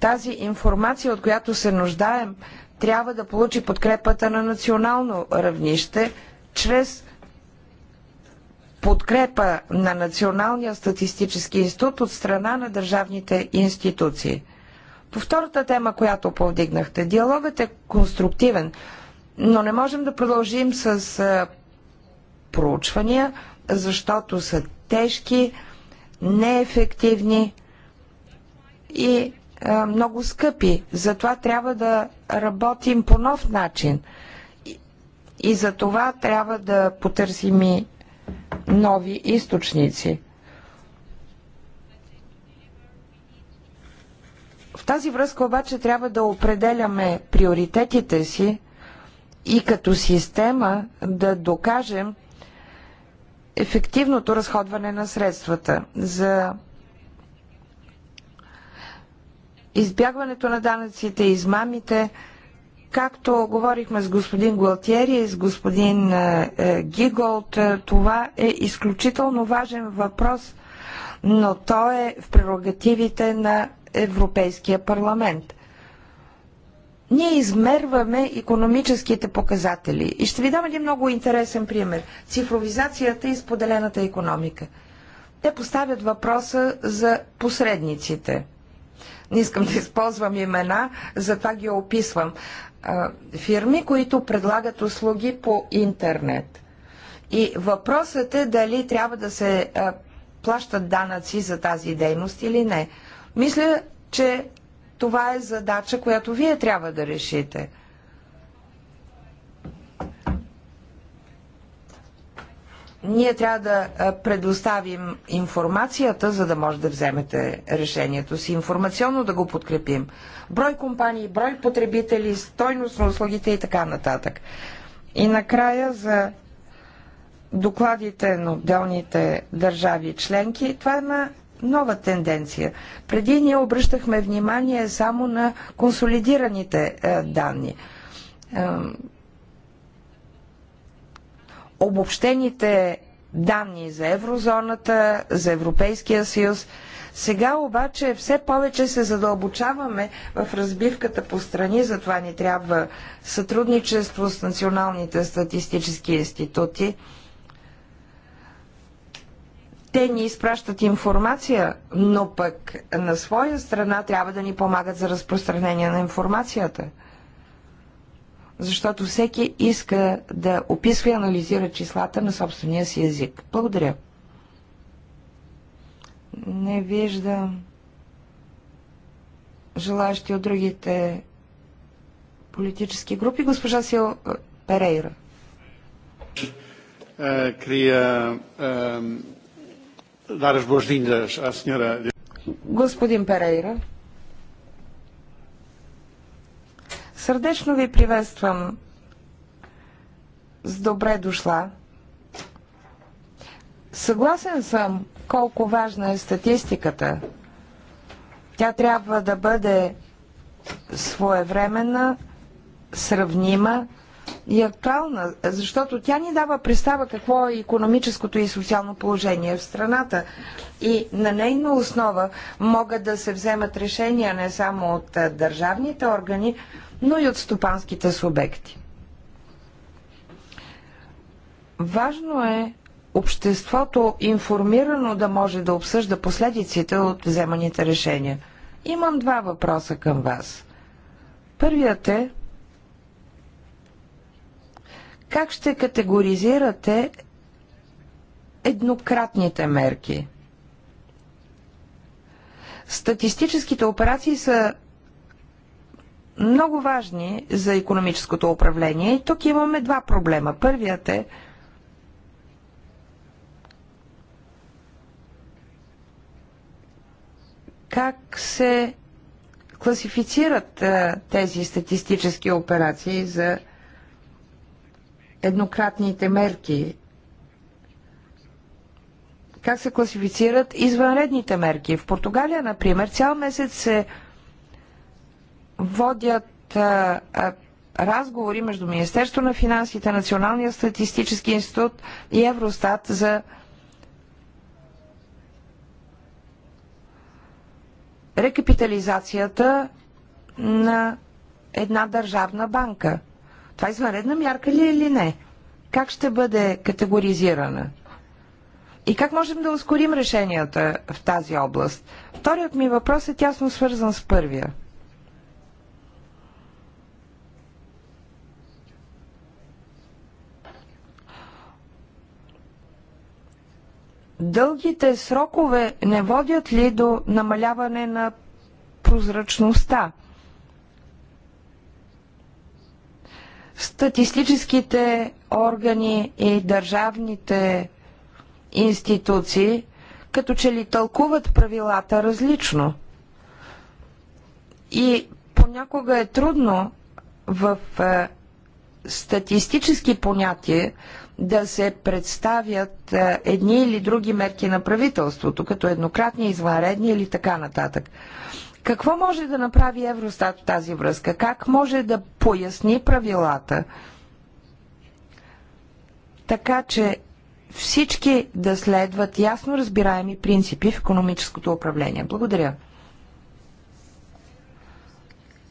тази информация, от която се нуждаем, трябва да получи подкрепата на национално равнище чрез подкрепа на Националния статистически институт от страна на държавните институции. По втората тема, която повдигнахте, диалогът е конструктивен, но не можем да продължим с проучвания, защото са тежки, неефективни и много скъпи. Затова трябва да работим по нов начин. и за това трябва да потърсим и нови източници. В тази връзка обаче трябва да определяме приоритетите си и като система да докажем ефективното разходване на средствата за избягването на данъците, измамите – Както говорихме с господин Гуалтиери и с господин е, е, Гиголт, е, това е изключително важен въпрос, но то е в прерогативите на Европейския парламент. Ние измерваме економическите показатели. И ще ви дам един много интересен пример. Цифровизацията и споделената економика. Те поставят въпроса за посредниците – не искам да използвам имена, затова ги описвам. Фирми, които предлагат услуги по интернет. И въпросът е дали трябва да се плащат данъци за тази дейност или не. Мисля, че това е задача, която вие трябва да решите. ние трябва да предоставим информацията, за да може да вземете решението си. Информационно да го подкрепим. Брой компании, брой потребители, стойност на услугите и така нататък. И накрая за докладите на отделните държави членки, това е една нова тенденция. Преди ние обръщахме внимание само на консолидираните е, данни обобщените данни за еврозоната, за Европейския съюз. Сега обаче все повече се задълбочаваме в разбивката по страни, затова ни трябва сътрудничество с националните статистически институти. Те ни изпращат информация, но пък на своя страна трябва да ни помагат за разпространение на информацията – защото всеки иска да описва и анализира числата на собствения си език. Благодаря. Не виждам желаящи от другите политически групи. Госпожа Сил е, Перейра. Е, е, Господин Перейра. Сърдечно ви приветствам с добре дошла. Съгласен съм колко важна е статистиката. Тя трябва да бъде своевременна, сравнима и актуална, защото тя ни дава представа какво е економическото и социално положение в страната. И на нейна основа могат да се вземат решения не само от държавните органи, но и от стопанските субекти. Важно е обществото информирано да може да обсъжда последиците от вземаните решения. Имам два въпроса към вас. Първият е как ще категоризирате еднократните мерки? Статистическите операции са много важни за економическото управление. И тук имаме два проблема. Първият е как се класифицират а, е, тези статистически операции за еднократните мерки? Как се класифицират извънредните мерки? В Португалия, например, цял месец се водят а, а, разговори между Министерство на финансите, Националния статистически институт и Евростат за рекапитализацията на една държавна банка. Това е извънредна мярка ли е или не? Как ще бъде категоризирана? И как можем да ускорим решенията в тази област? Вторият ми въпрос е тясно свързан с първия. Дългите срокове не водят ли до намаляване на прозрачността? Статистическите органи и държавните институции като че ли тълкуват правилата различно. И понякога е трудно в е, статистически понятия да се представят е, едни или други мерки на правителството, като еднократни, извънредни или така нататък. Какво може да направи Евростат в тази връзка? Как може да поясни правилата, така че всички да следват ясно разбираеми принципи в економическото управление? Благодаря.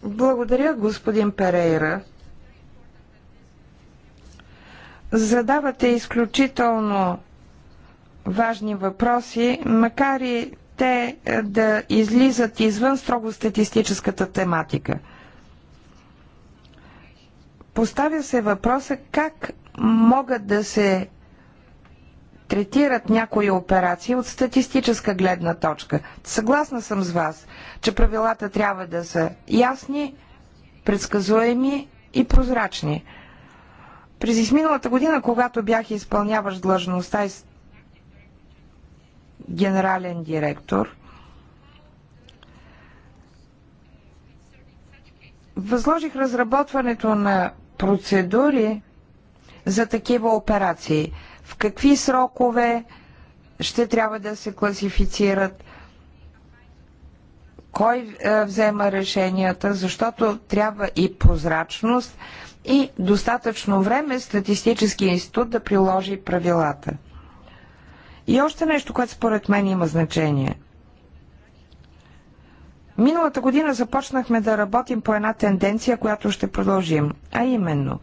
Благодаря, господин Перейра задавате изключително важни въпроси, макар и те е, да излизат извън строго статистическата тематика. Поставя се въпроса как могат да се третират някои операции от статистическа гледна точка. Съгласна съм с вас, че правилата трябва да са ясни, предсказуеми и прозрачни. През изминалата година, когато бях изпълняваш длъжността и генерален директор, възложих разработването на процедури за такива операции. В какви срокове ще трябва да се класифицират, кой е, взема решенията, защото трябва и прозрачност, и достатъчно време статистическия институт да приложи правилата. И още нещо, което според мен има значение. Миналата година започнахме да работим по една тенденция, която ще продължим, а именно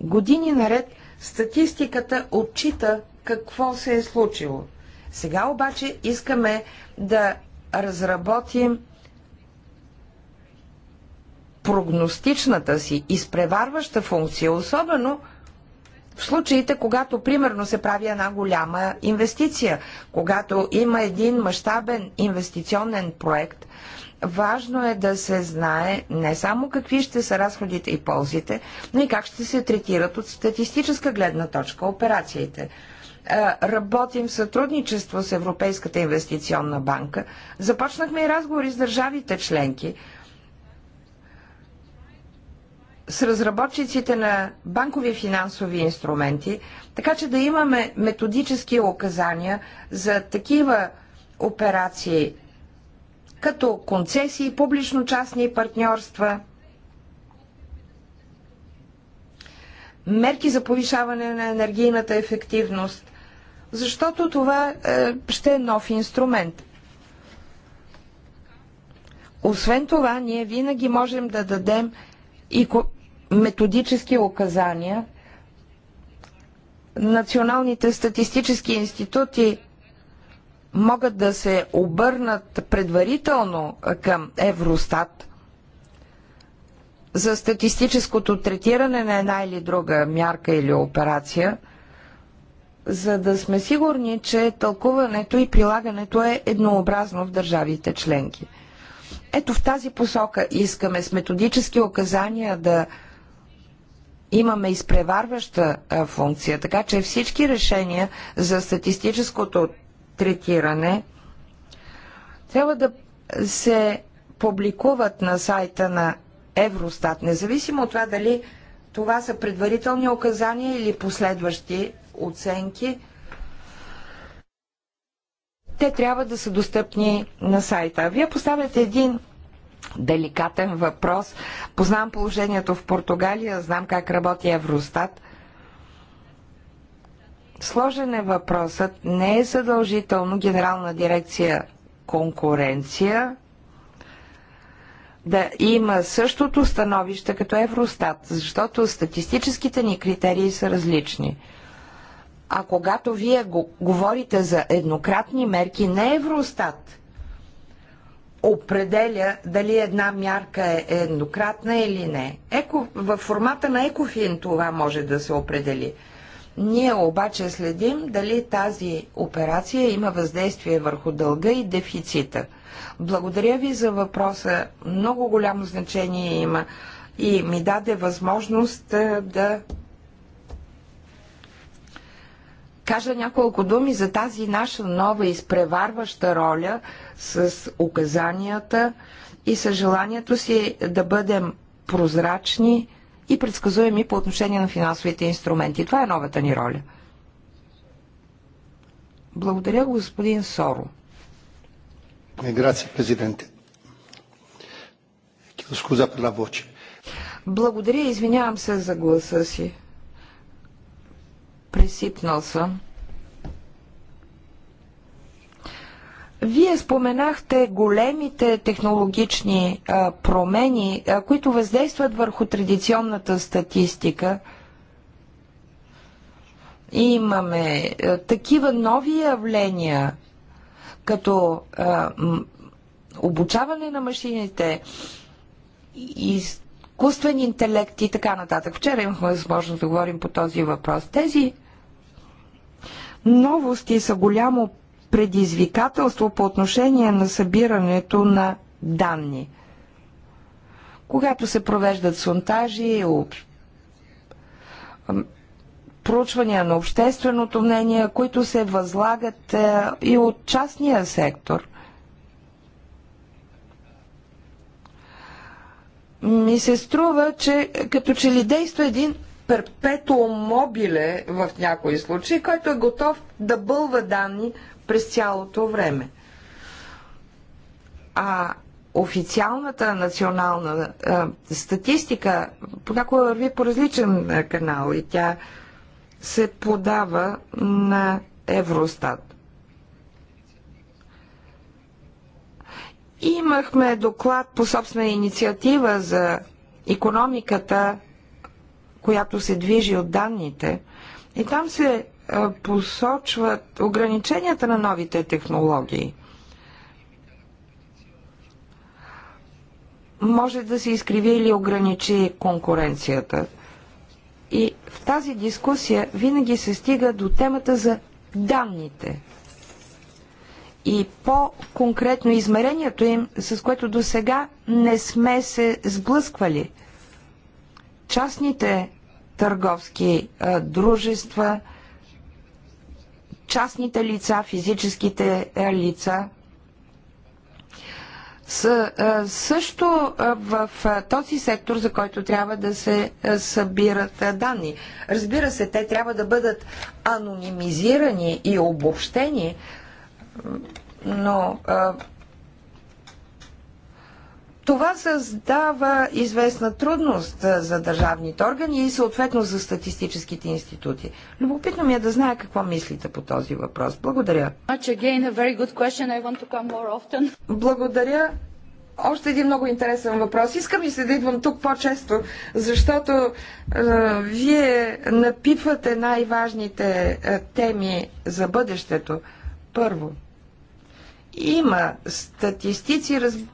години наред статистиката отчита какво се е случило. Сега обаче искаме да разработим прогностичната си изпреварваща функция, особено в случаите, когато примерно се прави една голяма инвестиция, когато има един мащабен инвестиционен проект, важно е да се знае не само какви ще са разходите и ползите, но и как ще се третират от статистическа гледна точка операциите. Работим в сътрудничество с Европейската инвестиционна банка. Започнахме и разговори с държавите членки, с разработчиците на банкови финансови инструменти, така че да имаме методически указания за такива операции, като концесии, публично-частни партньорства, мерки за повишаване на енергийната ефективност, защото това е, ще е нов инструмент. Освен това, ние винаги можем да дадем и методически указания. Националните статистически институти могат да се обърнат предварително към Евростат за статистическото третиране на една или друга мярка или операция, за да сме сигурни, че тълкуването и прилагането е еднообразно в държавите членки. Ето в тази посока искаме с методически указания да имаме изпреварваща функция, така че всички решения за статистическото третиране трябва да се публикуват на сайта на Евростат, независимо от това дали това са предварителни указания или последващи оценки. Те трябва да са достъпни на сайта. Вие поставяте един деликатен въпрос. Познавам положението в Португалия, знам как работи Евростат. Сложен е въпросът. Не е задължително Генерална дирекция конкуренция да има същото становище като Евростат, защото статистическите ни критерии са различни. А когато вие го, говорите за еднократни мерки, не Евростат – определя дали една мярка е еднократна или не. Еко, в формата на екофин това може да се определи. Ние обаче следим дали тази операция има въздействие върху дълга и дефицита. Благодаря ви за въпроса. Много голямо значение има и ми даде възможност да кажа няколко думи за тази наша нова изпреварваща роля с указанията и с желанието си да бъдем прозрачни и предсказуеми по отношение на финансовите инструменти. Това е новата ни роля. Благодаря, господин Соро. президенте. per la voce. Благодаря, извинявам се за гласа си пресипнал съм. Вие споменахте големите технологични а, промени, а, които въздействат върху традиционната статистика. И имаме а, такива нови явления, като а, обучаване на машините, изкуствен интелект и така нататък. Вчера имахме възможност да говорим по този въпрос. Тези новости са голямо предизвикателство по отношение на събирането на данни. Когато се провеждат сонтажи, проучвания на общественото мнение, които се възлагат е, и от частния сектор. Ми се струва, че като че ли действа един перпетуум мобиле в някои случаи, който е готов да бълва данни през цялото време. А официалната национална а, статистика понякога върви по различен а, канал и тя се подава на Евростат. Имахме доклад по собствена инициатива за економиката която се движи от данните. И там се е, посочват ограниченията на новите технологии. Може да се изкриви или ограничи конкуренцията. И в тази дискусия винаги се стига до темата за данните и по-конкретно измерението им, с което до сега не сме се сблъсквали частните търговски дружества, частните лица, физическите лица също в този сектор, за който трябва да се събират данни. Разбира се, те трябва да бъдат анонимизирани и обобщени, но това създава известна трудност за държавните органи и съответно за статистическите институти. Любопитно ми е да знае какво мислите по този въпрос. Благодаря. Благодаря. Още един много интересен въпрос. Искам и се да идвам тук по-често, защото е, вие напитвате най-важните е, теми за бъдещето. Първо, има статистици, разбира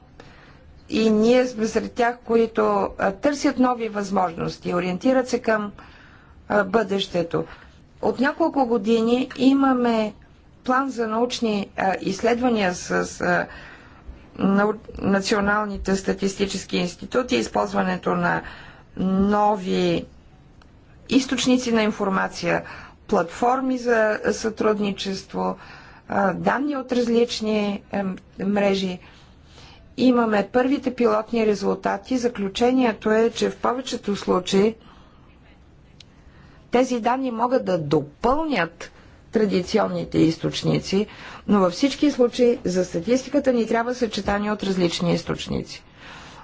и ние сме сред тях, които търсят нови възможности, ориентират се към бъдещето. От няколко години имаме план за научни изследвания с националните статистически институти, използването на нови източници на информация, платформи за сътрудничество, данни от различни мрежи. Имаме първите пилотни резултати. Заключението е, че в повечето случаи тези данни могат да допълнят традиционните източници, но във всички случаи за статистиката ни трябва съчетание от различни източници.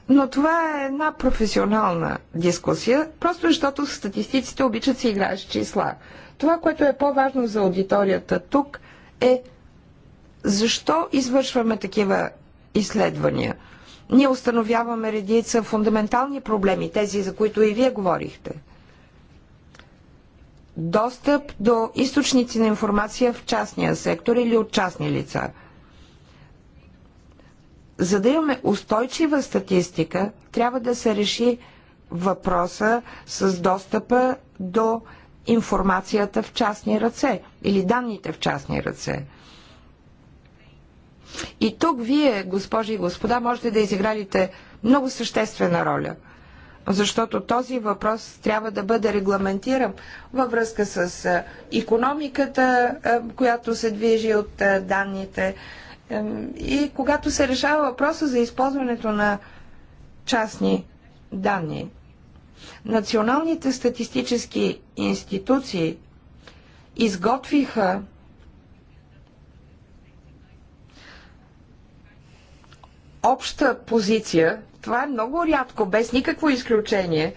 Но това е една професионална дискусия, просто защото статистиците обичат се играеш числа. Това, което е по-важно за аудиторията тук е защо извършваме такива изследвания. Ние установяваме редица фундаментални проблеми, тези за които и вие говорихте. Достъп до източници на информация в частния сектор или от частни лица. За да имаме устойчива статистика, трябва да се реши въпроса с достъпа до информацията в частни ръце или данните в частни ръце – и тук вие, госпожи и господа, можете да изиграете много съществена роля, защото този въпрос трябва да бъде регламентиран във връзка с економиката, която се движи от данните. И когато се решава въпроса за използването на частни данни, националните статистически институции изготвиха обща позиция, това е много рядко, без никакво изключение,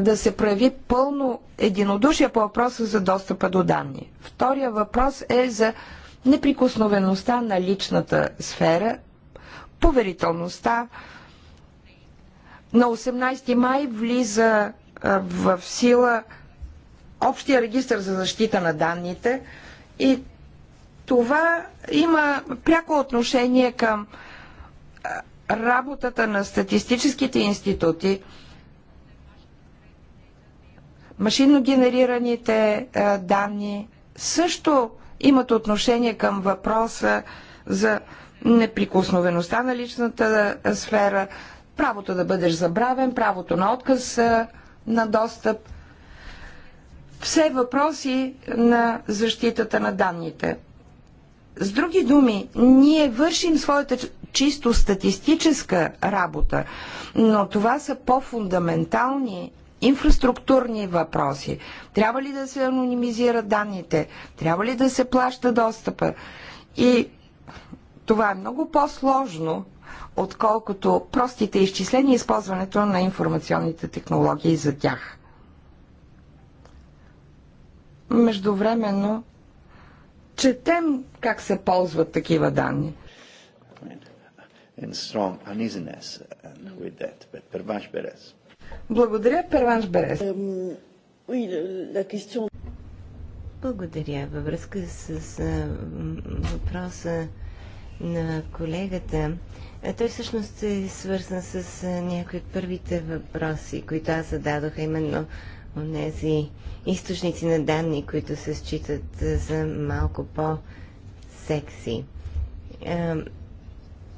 да се прояви пълно единодушие по въпроса за достъпа до данни. Втория въпрос е за неприкосновеността на личната сфера, поверителността. На 18 май влиза в сила Общия регистр за защита на данните и това има пряко отношение към работата на статистическите институти, машинно генерираните е, данни също имат отношение към въпроса за неприкосновеността на личната е, сфера, правото да бъдеш забравен, правото на отказ е, на достъп. Все въпроси на защитата на данните. С други думи, ние вършим своята чисто статистическа работа, но това са по-фундаментални инфраструктурни въпроси. Трябва ли да се анонимизират данните? Трябва ли да се плаща достъпа? И това е много по-сложно, отколкото простите изчисления и използването на информационните технологии за тях. Междувременно четем как се ползват такива данни and strong uneasiness uh, with that. But Pervanche Beres. Благодаря, Перванш Берес. Благодаря. Във връзка с а, въпроса на колегата, а, той всъщност е свързан с а, някои от първите въпроси, които аз зададох, именно от тези източници на данни, които се считат за малко по-секси.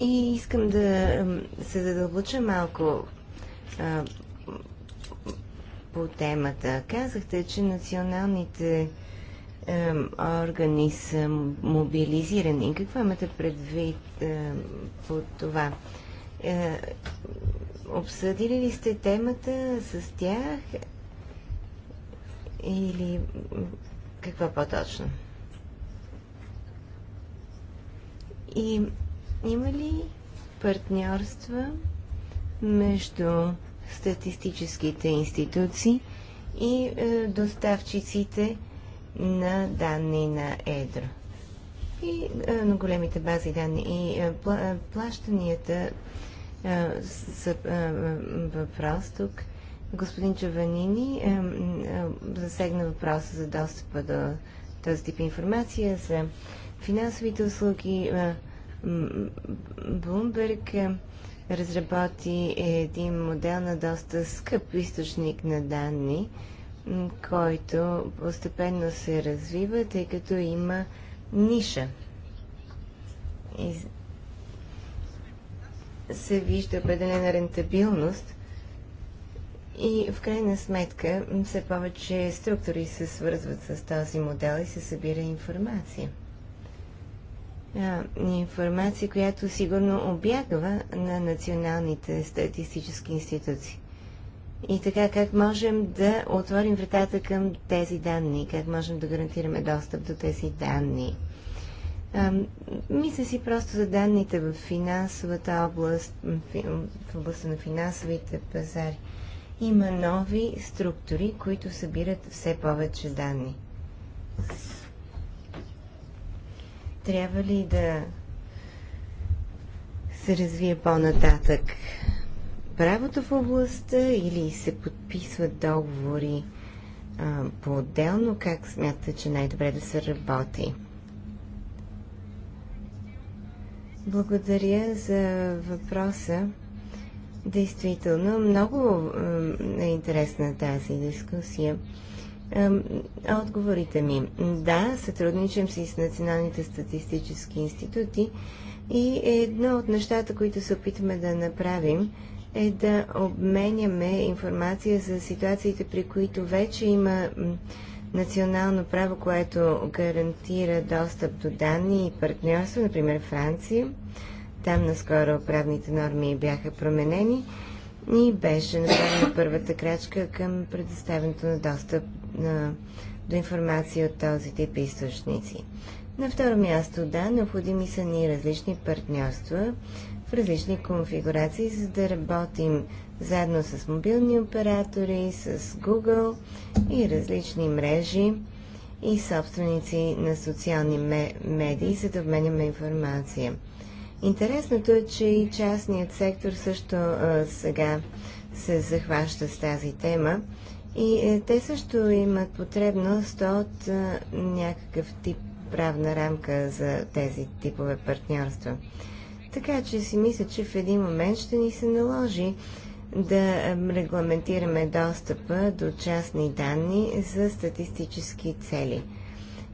И искам да се задълбоча малко а, по темата. Казахте, че националните а, органи са мобилизирани. Какво имате предвид а, по това? А, е, обсъдили ли сте темата с тях? Или какво по-точно? И има ли партньорства между статистическите институции и е, доставчиците на данни на едро? И е, на големите бази данни и е, плащанията са въпрос тук. Господин Чаванини засегна въпроса за достъпа до този тип информация, за финансовите услуги, Блумберг разработи един модел на доста скъп източник на данни, който постепенно се развива, тъй като има ниша. И се вижда определена рентабилност и в крайна сметка все повече структури се свързват с този модел и се събира информация информация, която сигурно обягва на националните статистически институции. И така, как можем да отворим вратата към тези данни? Как можем да гарантираме достъп до тези данни? А, мисля си просто за данните в финансовата област, в областта на финансовите пазари. Има нови структури, които събират все повече данни трябва ли да се развие по-нататък правото в областта или се подписват договори по-отделно? Как смятате, че най-добре да се работи? Благодаря за въпроса. Действително, много е интересна тази дискусия отговорите ми. Да, сътрудничам си с националните статистически институти и едно от нещата, които се опитваме да направим, е да обменяме информация за ситуациите, при които вече има национално право, което гарантира достъп до данни и партньорство, например Франция. Там наскоро правните норми бяха променени и беше направена първата крачка към предоставянето на достъп на, до информация от този тип източници. На второ място, да, необходими са ни различни партньорства в различни конфигурации, за да работим заедно с мобилни оператори, с Google и различни мрежи и собственици на социални медии, за да обменяме информация. Интересното е, че и частният сектор също а, сега се захваща с тази тема и е, те също имат потребност от е, някакъв тип правна рамка за тези типове партньорства. Така че си мисля, че в един момент ще ни се наложи да е, регламентираме достъпа до частни данни за статистически цели.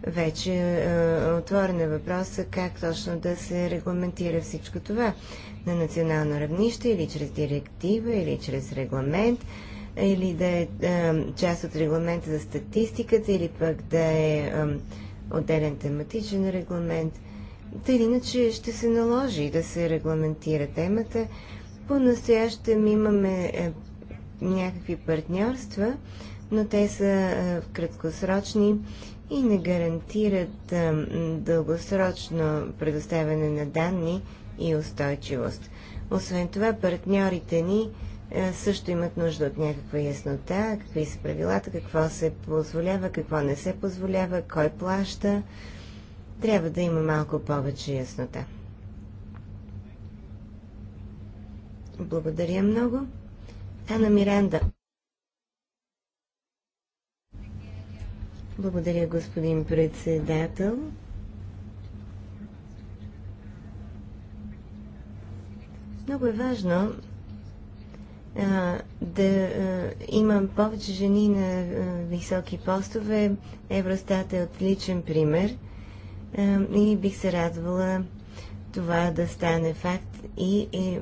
Вече е, отворен е въпроса как точно да се регламентира всичко това на национално равнище или чрез директива, или чрез регламент или да е, е част от регламента за статистиката, или пък да е, е отделен тематичен регламент. Та или иначе ще се наложи да се регламентира темата. По-настоящем имаме е, някакви партньорства, но те са краткосрочни и не гарантират дългосрочно предоставяне на данни и устойчивост. Освен това, партньорите ни е, също имат нужда от някаква яснота, какви са правилата, какво се позволява, какво не се позволява, кой плаща. Трябва да има малко повече яснота. Благодаря много. Ана Миранда. Благодаря, господин председател. Много е важно да има повече жени на високи постове. Евростат е отличен пример и бих се радвала това да стане факт и, и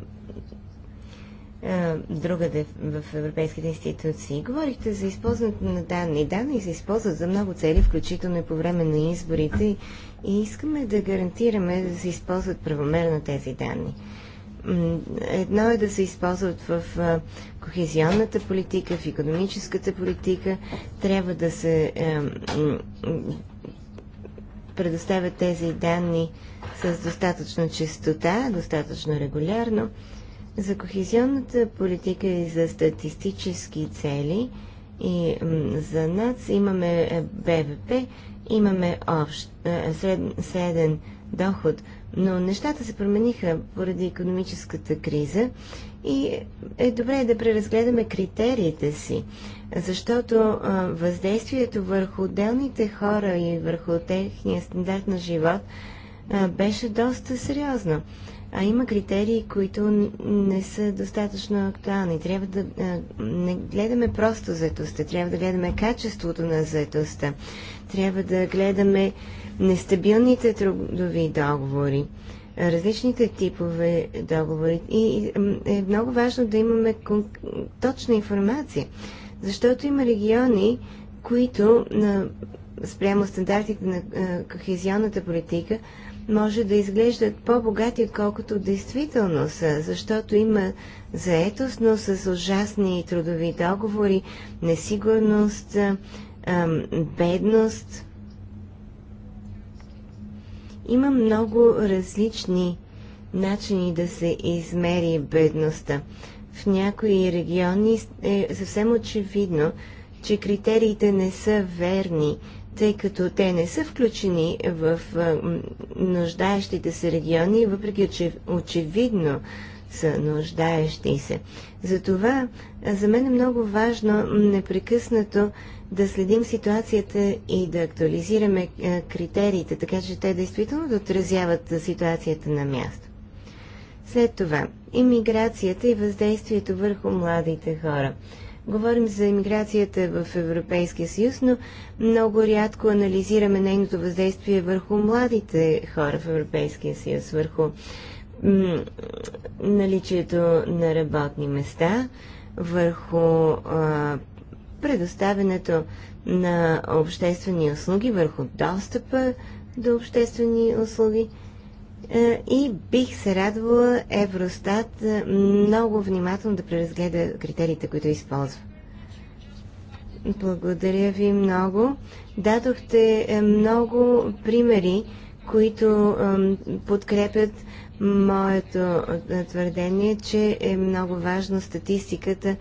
другаде в европейските институции. Говорихте за използването на данни. Данни се използват за много цели, включително и по време на изборите и искаме да гарантираме да се използват правомерно тези данни. Едно е да се използват в кохезионната политика, в економическата политика. Трябва да се предоставят тези данни с достатъчна чистота, достатъчно регулярно. За кохезионната политика и за статистически цели и за НАЦ имаме БВП, имаме общ, среден доход – но нещата се промениха поради економическата криза и е добре да преразгледаме критериите си, защото въздействието върху отделните хора и върху техния стандарт на живот беше доста сериозно. А има критерии, които не са достатъчно актуални. Трябва да не гледаме просто заетостта, трябва да гледаме качеството на заетостта, трябва да гледаме нестабилните трудови договори, различните типове договори и е много важно да имаме точна информация, защото има региони, които на, спрямо стандартите на кохезионната политика може да изглеждат по-богати, отколкото действително са, защото има заетост, но с ужасни трудови договори, несигурност, бедност. Има много различни начини да се измери бедността. В някои региони е съвсем очевидно, че критериите не са верни, тъй като те не са включени в нуждаещите се региони, въпреки че очевидно са нуждаещи се. Затова за мен е много важно непрекъснато да следим ситуацията и да актуализираме е, критериите, така че те действително да отразяват ситуацията на място. След това, иммиграцията и въздействието върху младите хора. Говорим за иммиграцията в Европейския съюз, но много рядко анализираме нейното въздействие върху младите хора в Европейския съюз, върху наличието на работни места, върху а, предоставянето на обществени услуги, върху достъпа до обществени услуги. Е, и бих се радвала Евростат е, много внимателно да преразгледа критериите, които използва. Благодаря ви много. Дадохте е, много примери, които подкрепят моето твърдение, че е много важно статистиката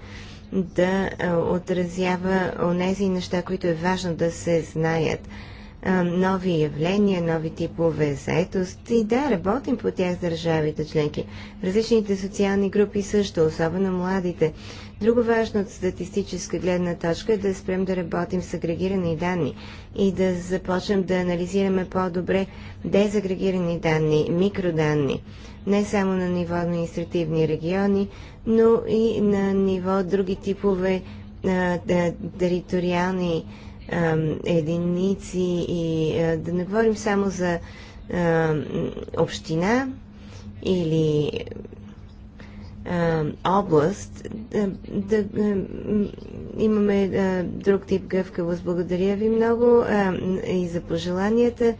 да отразява онези неща, които е важно да се знаят. Нови явления, нови типове заетост и да, работим по тях с държавите членки. Различните социални групи също, особено младите. Друго важно от статистическа гледна точка е да спрем да работим с агрегирани данни и да започнем да анализираме по-добре дезагрегирани данни, микроданни, не само на ниво административни региони, но и на ниво други типове а, да, териториални а, единици и а, да не говорим само за а, община или област, да имаме друг тип гъвкавост. Благодаря ви много и за пожеланията.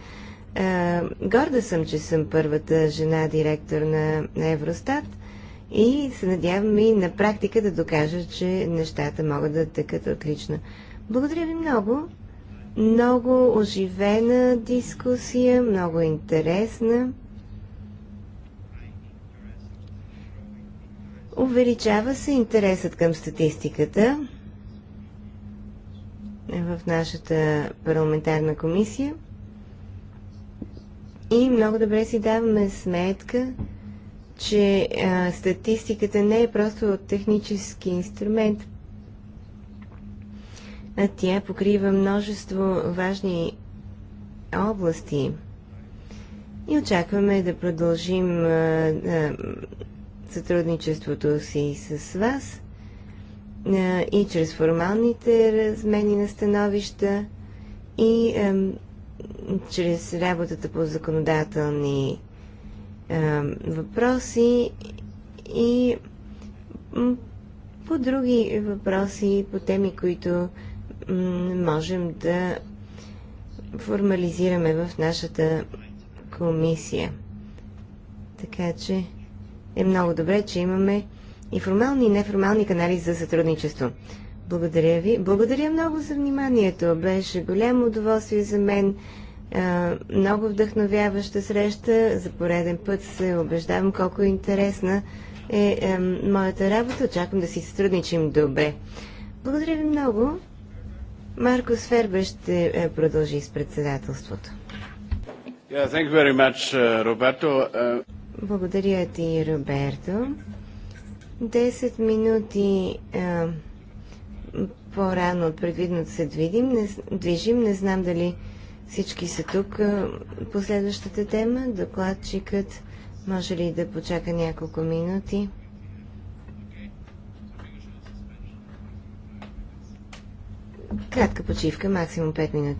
Горда съм, че съм първата жена директор на Евростат и се надявам и на практика да докажа, че нещата могат да текат отлично. Благодаря ви много. Много оживена дискусия, много интересна. Увеличава се интересът към статистиката в нашата парламентарна комисия и много добре си даваме сметка, че а, статистиката не е просто технически инструмент, а тя покрива множество важни области. И очакваме да продължим а, а, сътрудничеството си с вас и чрез формалните размени на становища и чрез работата по законодателни въпроси и по други въпроси, по теми, които можем да формализираме в нашата комисия. Така че е много добре, че имаме и формални и неформални канали за сътрудничество. Благодаря ви. Благодаря много за вниманието. Беше голямо удоволствие за мен. Много вдъхновяваща среща. За пореден път се убеждавам колко интересна е моята работа. Очаквам да си сътрудничим добре. Благодаря ви много. Марко Сфербе ще е, продължи с председателството. Yeah, thank you very much, uh, Roberto. Uh... Благодаря ти, Роберто. Десет минути а, по-рано от предвидното се движим. Не, движим. Не знам дали всички са тук по следващата тема. Докладчикът може ли да почака няколко минути? Кратка почивка, максимум 5 минути.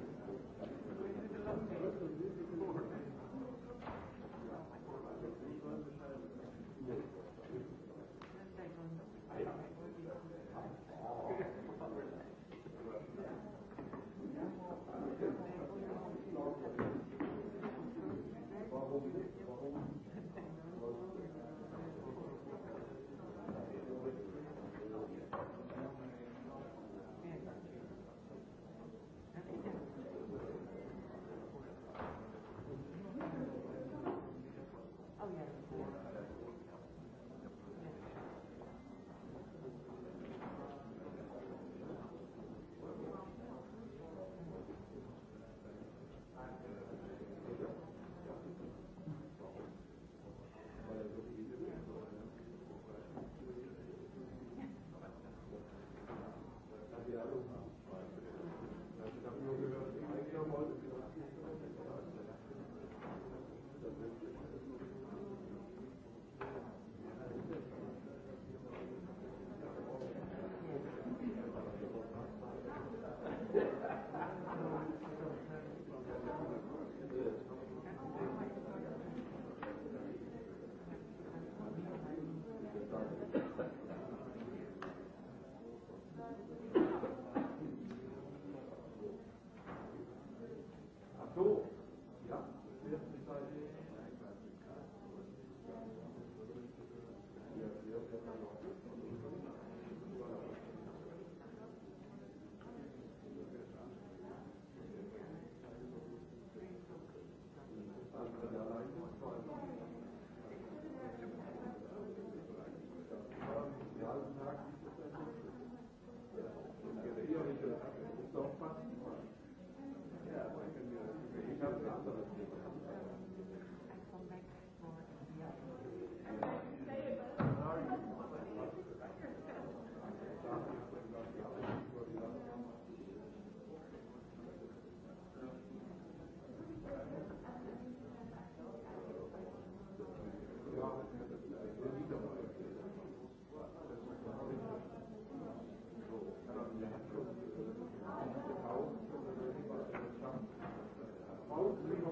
Thank you.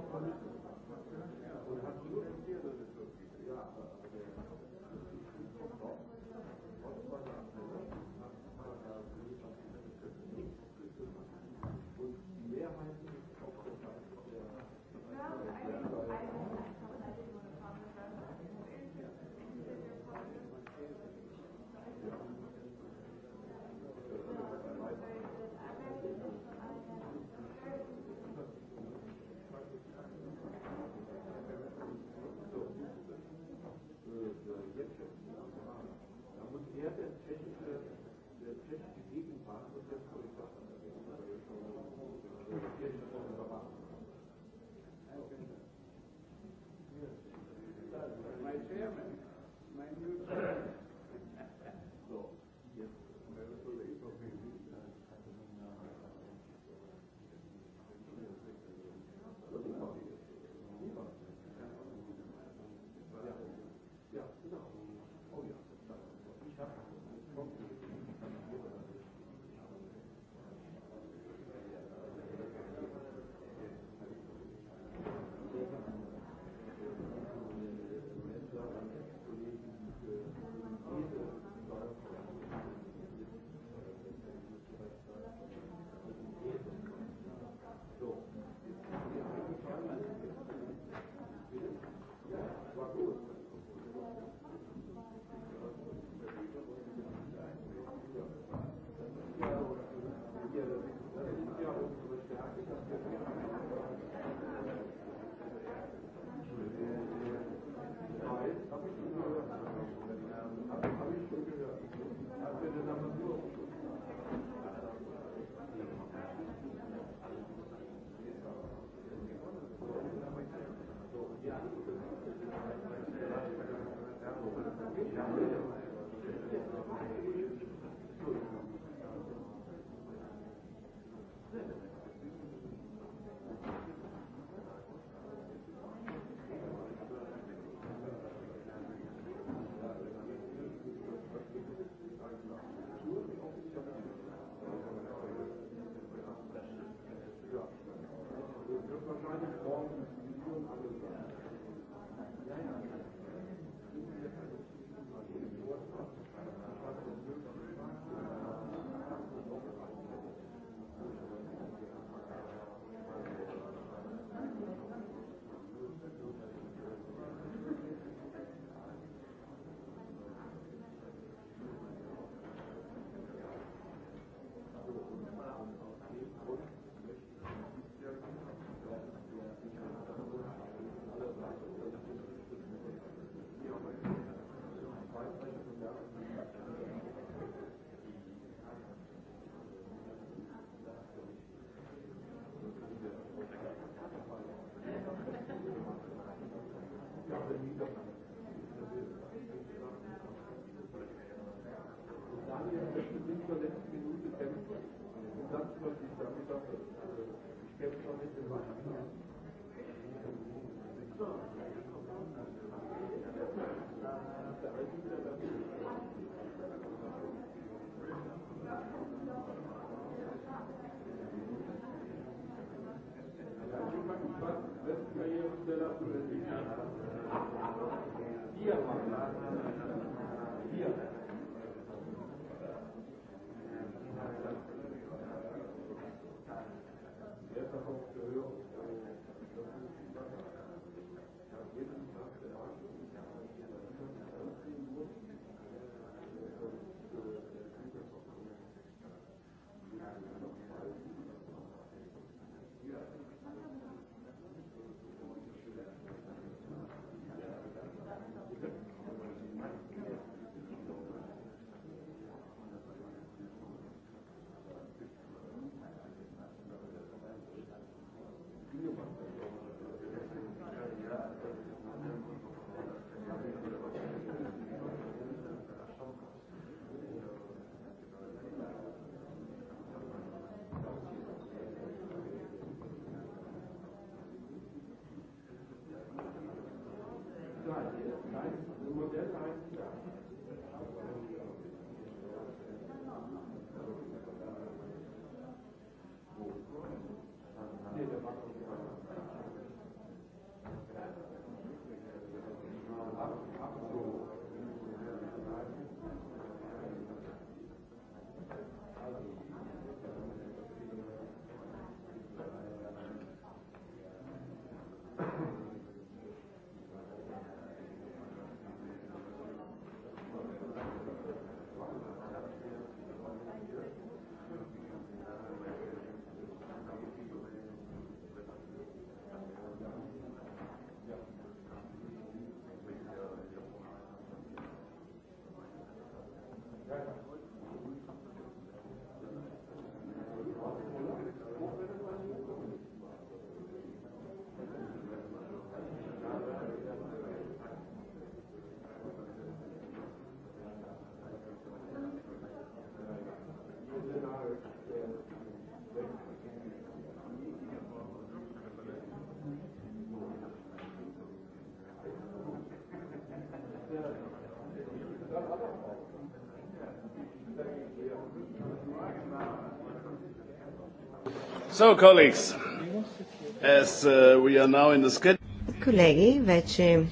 Uh, Колеги, вече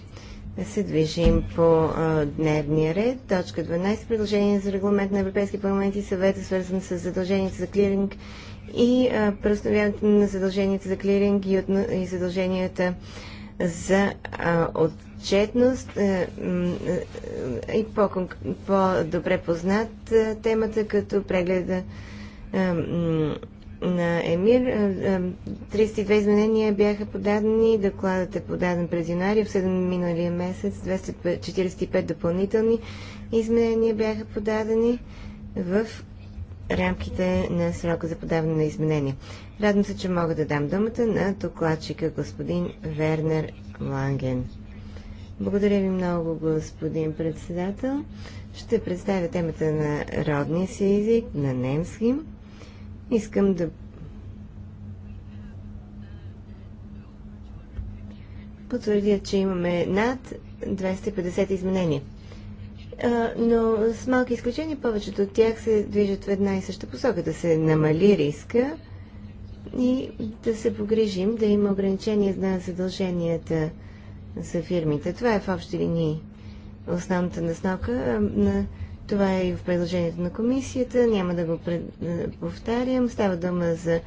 се движим по дневния ред. Точка 12. Предложение за регламент на Европейски парламент и съвета, свързан с задълженията за клиринг и uh, преустановяването на задълженията за клиринг и, задълженията за отчетност е, е, и по-добре познат е, темата като прегледа на Емир. 32 е, е, изменения бяха подадени. Докладът е подаден през януари, обсъден миналия месец. 245 допълнителни изменения бяха подадени в рамките на срока за подаване на изменения. Радвам се, че мога да дам думата на докладчика господин Вернер Ланген. Благодаря ви много, господин председател. Ще представя темата на родния си език, на немски. Искам да потвърдя, че имаме над 250 изменения. Но с малки изключения повечето от тях се движат в една и съща посока да се намали риска и да се погрижим да има ограничение на задълженията за фирмите. Това е в общи линии основната наснока. На това е и в предложението на комисията. Няма да го е, повтарям. Става дума за е,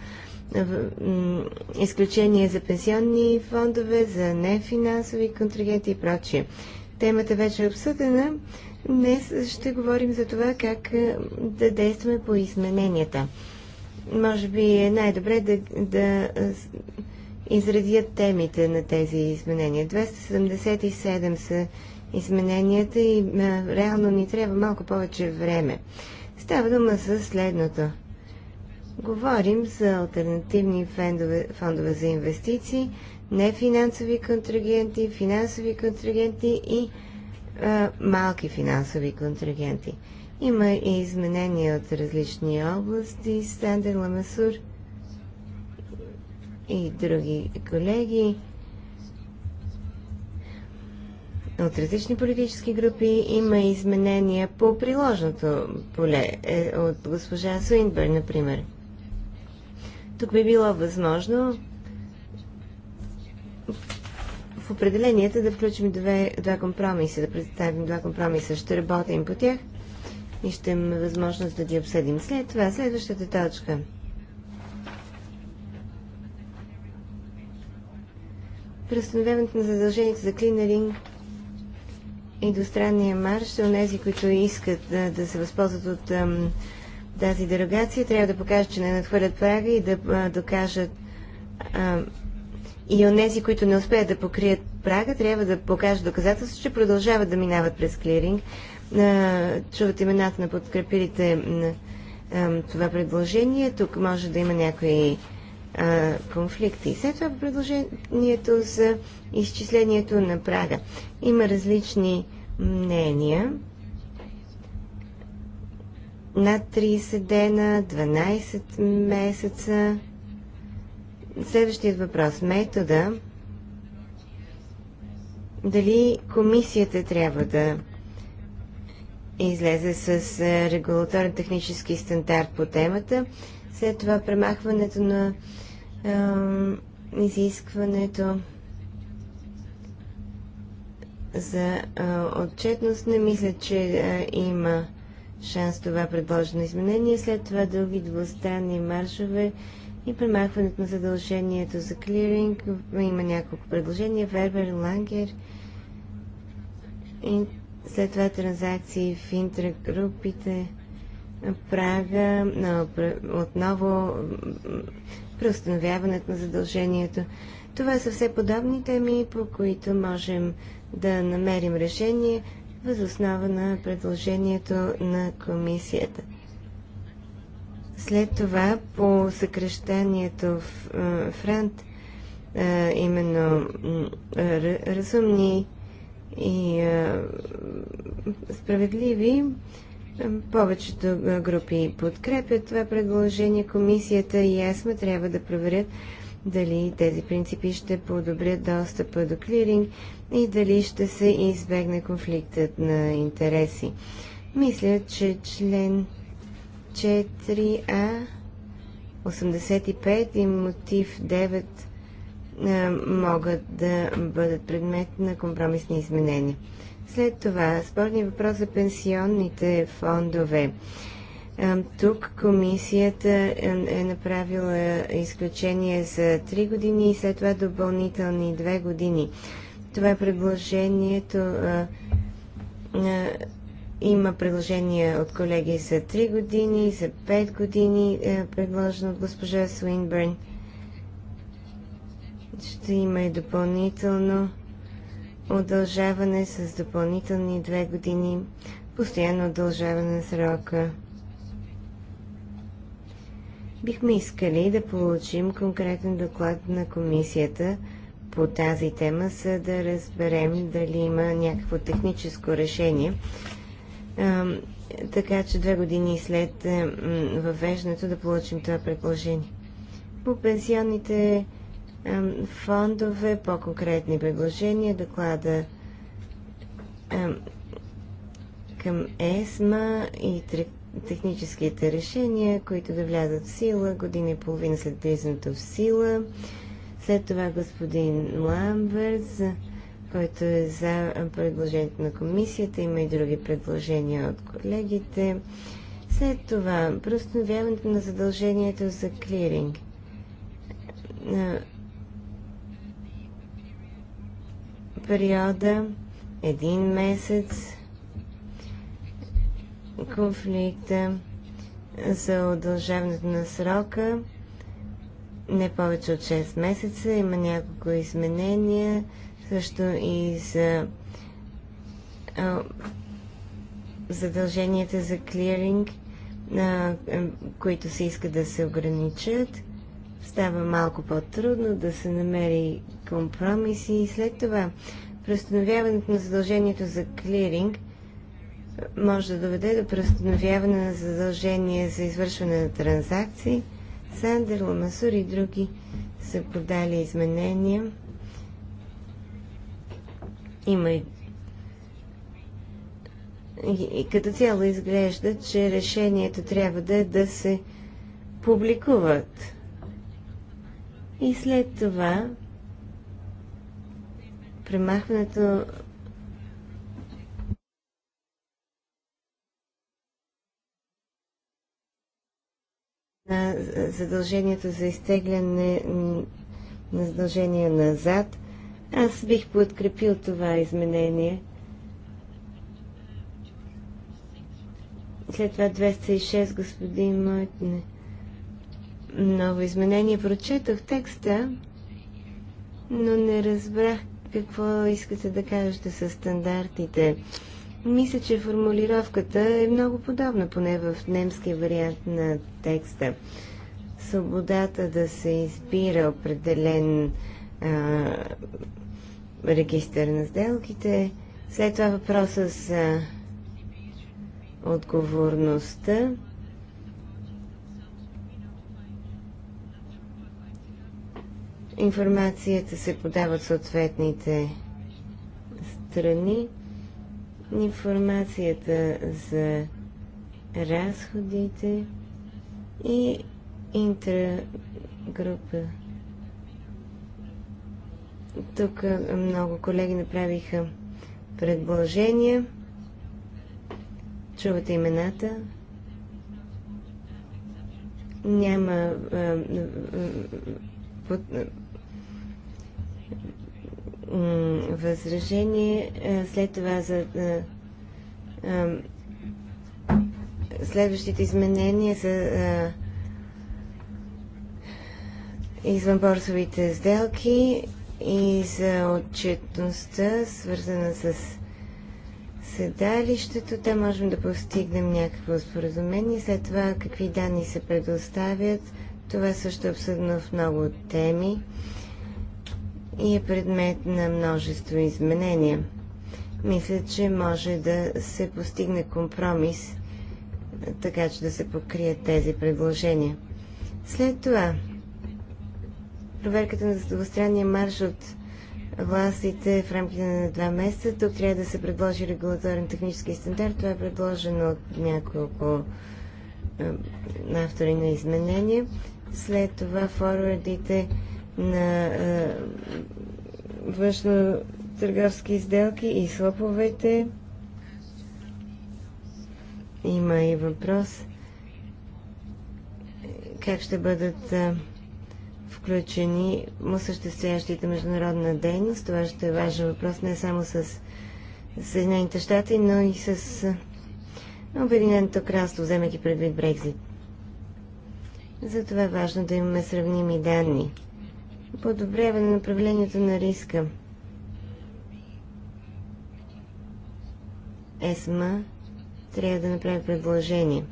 изключение за пенсионни фондове, за нефинансови контрагенти и прочие. Темата вече е обсъдена. Днес ще говорим за това как е, да действаме по измененията. Може би е най-добре да, да изредят темите на тези изменения. 277 са измененията и а, реално ни трябва малко повече време. Става дума за следното. Говорим за альтернативни фендове, фондове за инвестиции, нефинансови контрагенти, финансови контрагенти и а, малки финансови контрагенти. Има и изменения от различни области. Стендер Ламасур и други колеги от различни политически групи. Има изменения по приложното поле е, от госпожа Суинбър, например. Тук би било възможно в определенията да включим две, два компромиса, да представим два компромиса. Ще работим по тях и ще имаме възможност да ги обсъдим. След това, следващата точка. Престановяването на задължението за клинеринг и двустранния марш, онези, които искат да, да се възползват от ам, тази дерогация, трябва да покажат, че не надхвърлят прага и да а, докажат а, и онези, които не успеят да покрият прага, трябва да покажат доказателство, че продължават да минават през клиринг. А, чуват имената на подкрепилите на, това предложение. Тук може да има някои а, конфликти. След това предложението за изчислението на прага. Има различни мнения. Над 30 дена, 12 месеца. Следващият въпрос. Метода. Дали комисията трябва да излезе с регулаторен технически стандарт по темата след това премахването на изискването за отчетност. Не мисля, че има шанс това предложено изменение. След това дълги двустранни маршове и премахването на задължението за клиринг. Има няколко предложения. Вербер, Лангер и след това транзакции в интрагрупите прага, отново преустановяването на задължението. Това са все подобни теми, по които можем да намерим решение въз основа на предложението на комисията. След това по съкрещанието в Франт, именно разумни и справедливи, повечето групи подкрепят това предложение. Комисията и ЕСМА трябва да проверят дали тези принципи ще подобрят достъпа до клиринг и дали ще се избегне конфликтът на интереси. Мисля, че член 4А 85 и мотив 9 могат да бъдат предмет на компромисни изменения. След това, спорния въпрос за пенсионните фондове. Тук комисията е направила изключение за 3 години и след това допълнителни 2 години. Това е предложението. има предложения от колеги за 3 години, за 5 години, е, предложено от госпожа Свинбърн. Ще има и допълнително удължаване с допълнителни две години, постоянно удължаване на срока. Бихме искали да получим конкретен доклад на комисията по тази тема, за да разберем дали има някакво техническо решение. така че две години след въвеждането да получим това предложение. По пенсионните фондове, по-конкретни предложения, доклада към ЕСМА и техническите решения, които да влязат в сила година и половина след влизането в сила. След това господин Ламберс, който е за предложението на комисията, има и други предложения от колегите. След това, преустановяването на задължението за клиринг периода, един месец, конфликта за удължаването на срока, не повече от 6 месеца, има няколко изменения, също и за задълженията за клиринг, които се иска да се ограничат. Става малко по-трудно да се намери компромиси и след това преустановяването на задължението за клиринг може да доведе до преустановяване на задължение за извършване на транзакции. Сандер, Ламасур и други са подали изменения. Има и и като цяло изглежда, че решението трябва да е да се публикуват. И след това премахването на задължението за изтегляне на задължение назад, аз бих подкрепил това изменение. След това 206, господин Мойтне. Ново изменение. Прочетох текста, но не разбрах какво искате да кажете с стандартите. Мисля, че формулировката е много подобна, поне в немския вариант на текста. Свободата да се избира определен а, регистър на сделките. След това въпроса с отговорността Информацията се подава от съответните страни. Информацията за разходите и интрагрупа. Тук много колеги направиха предложения. Чувате имената. Няма възражение, е, след това за е, е, следващите изменения за извънборсовите сделки и за отчетността, свързана с седалището. Там можем да постигнем някакво споразумение. След това какви данни се предоставят, това също е обсъдно в много теми и е предмет на множество изменения. Мисля, че може да се постигне компромис, така че да се покрият тези предложения. След това, проверката на двустранния марш от властите в рамките на два месеца. Тук трябва да се предложи регулаторен технически стандарт. Това е предложено от няколко автори на изменения. След това форвардите на външно-търговски изделки и слоповете. Има и въпрос как ще бъдат включени осъществяващите международна дейност. Това ще е важен въпрос не само с Съединените щати, но и с Обединеното кралство, вземайки предвид Брекзит. Затова е важно да имаме сравними данни подобряване на направлението на риска. ЕСМА трябва да направи предложение.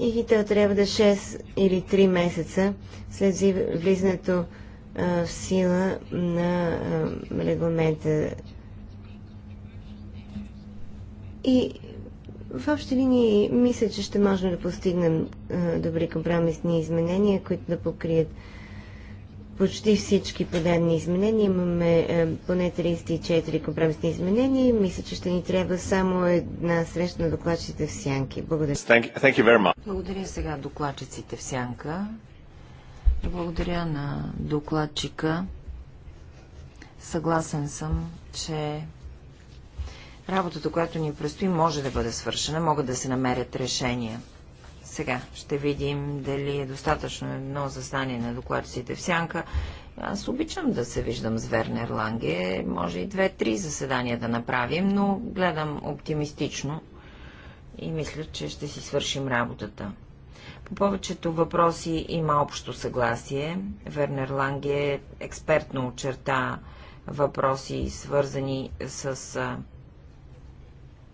И то трябва да 6 е или 3 месеца след влизането в сила на регламента. И в общи линии мисля, че ще можем да постигнем добри компромисни изменения, които да покрият почти всички подадени изменения. Имаме поне 34 компромисни изменения и мисля, че ще ни трябва само една среща на докладчиците в Сянки. Благодаря. Thank you very much. Благодаря сега докладчиците в Сянка. Благодаря на докладчика. Съгласен съм, че Работата, която ни предстои, може да бъде свършена, могат да се намерят решения. Сега ще видим дали е достатъчно едно застание на докладците в сянка. Аз обичам да се виждам с Вернер Ланге. Може и две-три заседания да направим, но гледам оптимистично и мисля, че ще си свършим работата. По повечето въпроси има общо съгласие. Вернер Ланге експертно очерта въпроси, свързани с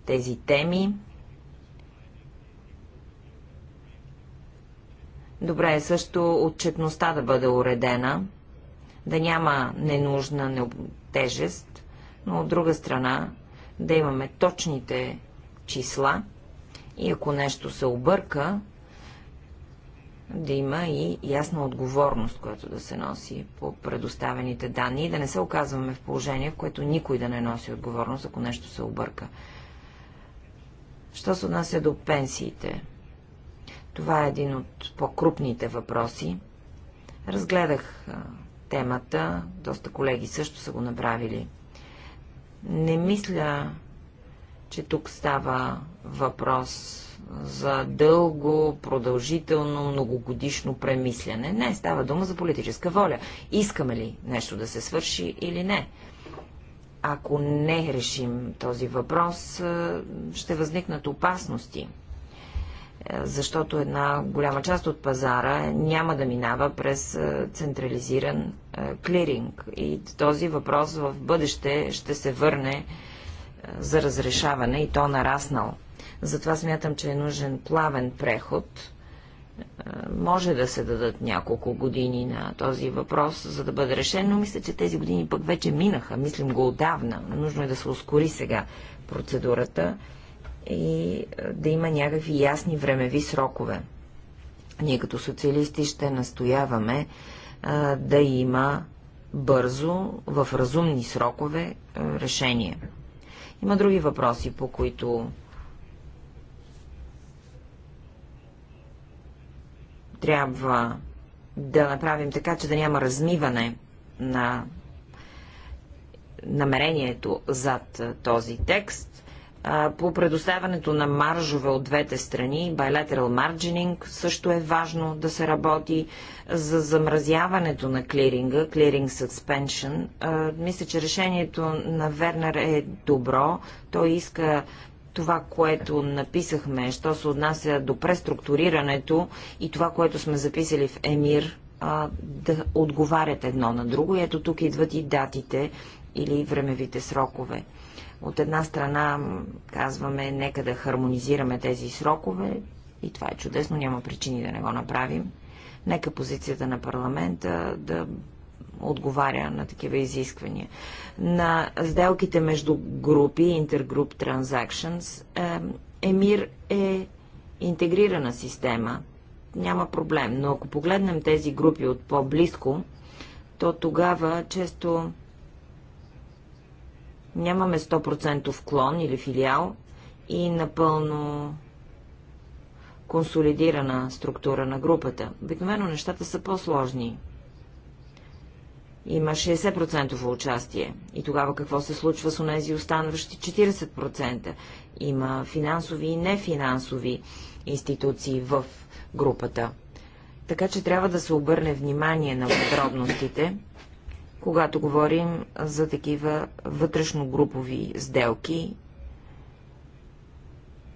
тези теми. Добре е също отчетността да бъде уредена, да няма ненужна тежест, но от друга страна да имаме точните числа и ако нещо се обърка, да има и ясна отговорност, която да се носи по предоставените данни и да не се оказваме в положение, в което никой да не носи отговорност, ако нещо се обърка. Що се отнася до пенсиите? Това е един от по-крупните въпроси. Разгледах темата, доста колеги също са го направили. Не мисля, че тук става въпрос за дълго, продължително, многогодишно премисляне. Не, става дума за политическа воля. Искаме ли нещо да се свърши или не? Ако не решим този въпрос, ще възникнат опасности защото една голяма част от пазара няма да минава през централизиран клиринг. И този въпрос в бъдеще ще се върне за разрешаване и то нараснал. Затова смятам, че е нужен плавен преход може да се дадат няколко години на този въпрос, за да бъде решен, но мисля, че тези години пък вече минаха. Мислим го отдавна. Нужно е да се ускори сега процедурата и е, да има някакви ясни времеви срокове. Ние като социалисти ще настояваме а, е, да има бързо, в разумни срокове, е, решение. Има други въпроси, по които трябва да направим така, че да няма размиване на намерението зад този текст. По предоставянето на маржове от двете страни, bilateral margining също е важно да се работи за замразяването на клиринга, clearing suspension. Мисля, че решението на Вернер е добро. Той иска това, което написахме, що се отнася до преструктурирането и това, което сме записали в Емир, да отговарят едно на друго. И ето тук идват и датите или времевите срокове. От една страна казваме, нека да хармонизираме тези срокове, и това е чудесно, няма причини да не го направим. Нека позицията на парламента да отговаря на такива изисквания. На сделките между групи, Intergroup Transactions, ЕМИР е интегрирана система. Няма проблем. Но ако погледнем тези групи от по-близко, то тогава често нямаме 100% клон или филиал и напълно консолидирана структура на групата. Обикновено нещата са по-сложни има 60% участие. И тогава какво се случва с онези останващи 40%? Има финансови и нефинансови институции в групата. Така че трябва да се обърне внимание на подробностите, когато говорим за такива вътрешногрупови сделки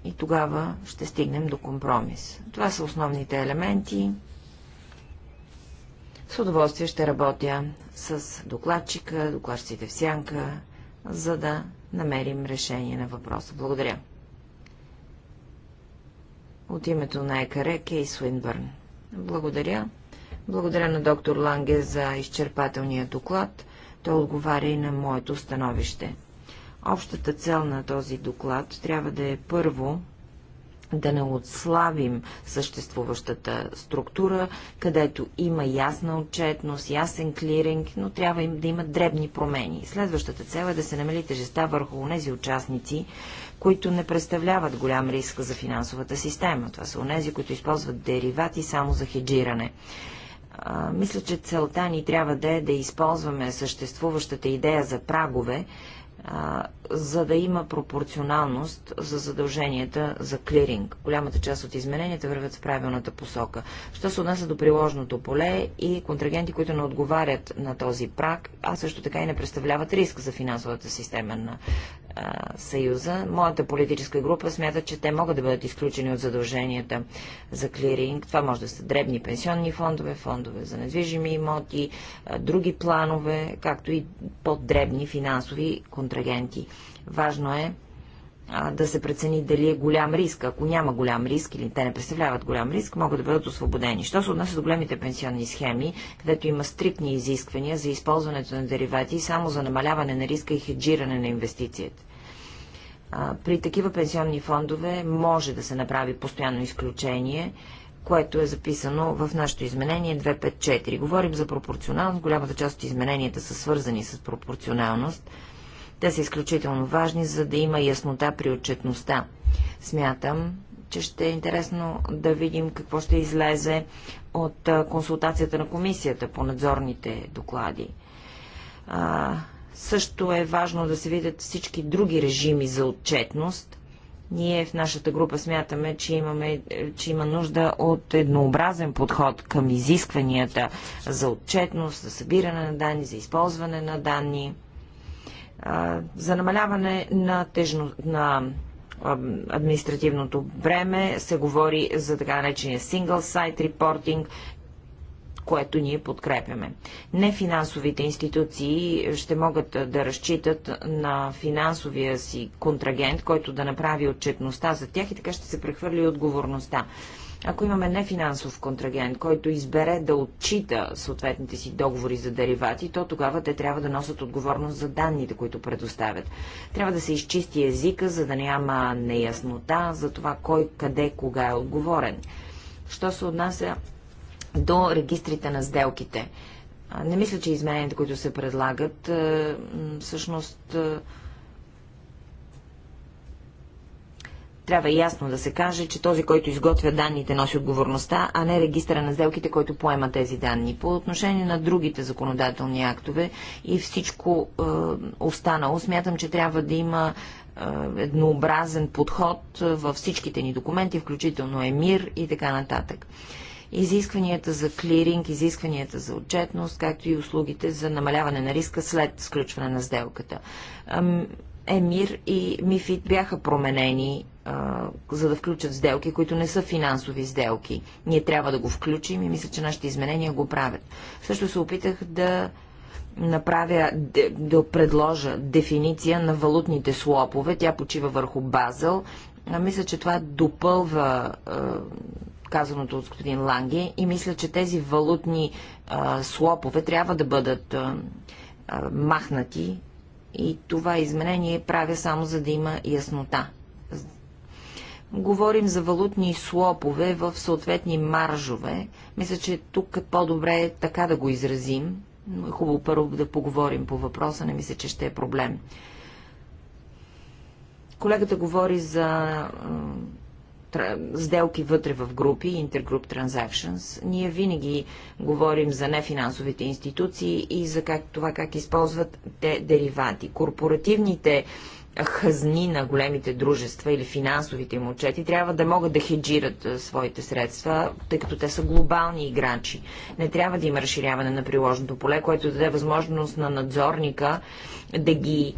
и тогава ще стигнем до компромис. Това са основните елементи. С удоволствие ще работя с докладчика, докладчиците в сянка, за да намерим решение на въпроса. Благодаря. От името на Екаре Кей Уинбърн. Благодаря. Благодаря на доктор Ланге за изчерпателния доклад. Той отговаря и на моето становище. Общата цел на този доклад трябва да е първо да не отслабим съществуващата структура, където има ясна отчетност, ясен клиринг, но трябва им да има дребни промени. Следващата цел е да се намали тежеста върху тези участници, които не представляват голям риск за финансовата система. Това са онези, които използват деривати само за хеджиране. А, мисля, че целта ни трябва да е да използваме съществуващата идея за прагове, за да има пропорционалност за задълженията за клиринг. Голямата част от измененията вървят в правилната посока. Що се отнася до приложното поле и контрагенти, които не отговарят на този прак, а също така и не представляват риск за финансовата система на Съюза, моята политическа група смята, че те могат да бъдат изключени от задълженията за клиринг. Това може да са дребни пенсионни фондове, фондове за недвижими имоти, други планове, както и по-дребни финансови контрагенти. Важно е а, да се прецени дали е голям риск. Ако няма голям риск или те не представляват голям риск, могат да бъдат освободени. Що се отнася до големите пенсионни схеми, където има стриктни изисквания за използването на деривати само за намаляване на риска и хеджиране на инвестицията. При такива пенсионни фондове може да се направи постоянно изключение, което е записано в нашето изменение 254. Говорим за пропорционалност. Голямата част от измененията са свързани с пропорционалност. Те са изключително важни, за да има яснота при отчетността. Смятам, че ще е интересно да видим какво ще излезе от консултацията на комисията по надзорните доклади. А, също е важно да се видят всички други режими за отчетност. Ние в нашата група смятаме, че, имаме, че има нужда от еднообразен подход към изискванията за отчетност, за събиране на данни, за използване на данни. За намаляване на, тежно, на административното време се говори за така наречения single site reporting, което ние подкрепяме. Нефинансовите институции ще могат да разчитат на финансовия си контрагент, който да направи отчетността за тях и така ще се прехвърли отговорността. Ако имаме нефинансов контрагент, който избере да отчита съответните си договори за деривати, то тогава те трябва да носят отговорност за данните, които предоставят. Трябва да се изчисти езика, за да няма неяснота за това кой, къде, кога е отговорен. Що се отнася до регистрите на сделките? Не мисля, че измененията, които се предлагат, е, всъщност е, Трябва ясно да се каже, че този, който изготвя данните, носи отговорността, а не регистъра на сделките, който поема тези данни. По отношение на другите законодателни актове и всичко е, останало, смятам, че трябва да има е, еднообразен подход е, във всичките ни документи, включително ЕМИР и така нататък. Изискванията за клиринг, изискванията за отчетност, както и услугите за намаляване на риска след сключване на сделката. Емир и мифит бяха променени, а, за да включат сделки, които не са финансови сделки. Ние трябва да го включим и мисля, че нашите изменения го правят. Също се опитах да направя, да предложа дефиниция на валутните слопове. Тя почива върху Базел. Мисля, че това допълва казаното от господин Ланге и мисля, че тези валутни слопове трябва да бъдат махнати и това изменение правя само за да има яснота. Говорим за валутни слопове в съответни маржове. Мисля, че тук по-добре е така да го изразим. Но е хубаво първо да поговорим по въпроса. Не мисля, че ще е проблем. Колегата говори за сделки вътре в групи, интергруп transactions, ние винаги говорим за нефинансовите институции и за как, това как използват те деривати. Корпоративните хазни на големите дружества или финансовите им отчети трябва да могат да хеджират своите средства, тъй като те са глобални играчи. Не трябва да има разширяване на приложното поле, което даде възможност на надзорника да ги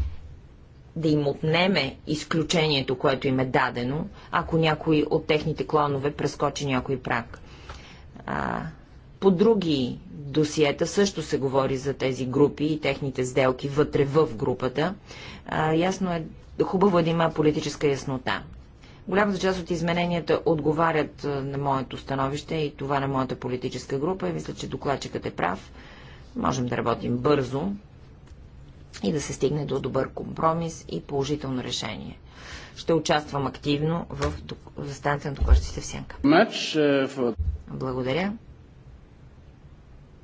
да им отнеме изключението, което им е дадено, ако някой от техните клонове прескочи някой прак. А, по други досиета също се говори за тези групи и техните сделки вътре в групата. А, ясно е, хубаво е да има политическа яснота. Голямата част от измененията отговарят на моето становище и това на моята политическа група и мисля, че докладчикът е прав. Можем да работим бързо и да се стигне до добър компромис и положително решение. Ще участвам активно в станция на докладчиците в Сянка. Е, Благодаря.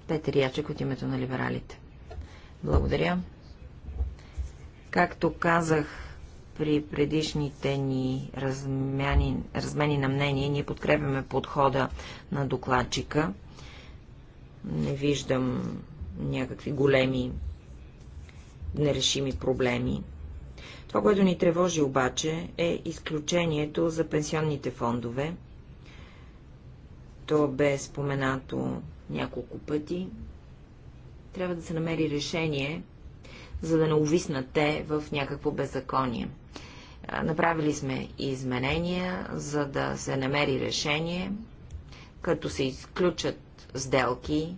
Петър Ячек от името на либералите. Благодаря. Както казах при предишните ни размяни, размени на мнение, ние подкрепяме подхода на докладчика. Не виждам някакви големи нерешими проблеми. Това, което ни тревожи обаче, е изключението за пенсионните фондове. То бе споменато няколко пъти. Трябва да се намери решение, за да не увиснат те в някакво беззаконие. Направили сме изменения, за да се намери решение, като се изключат сделки,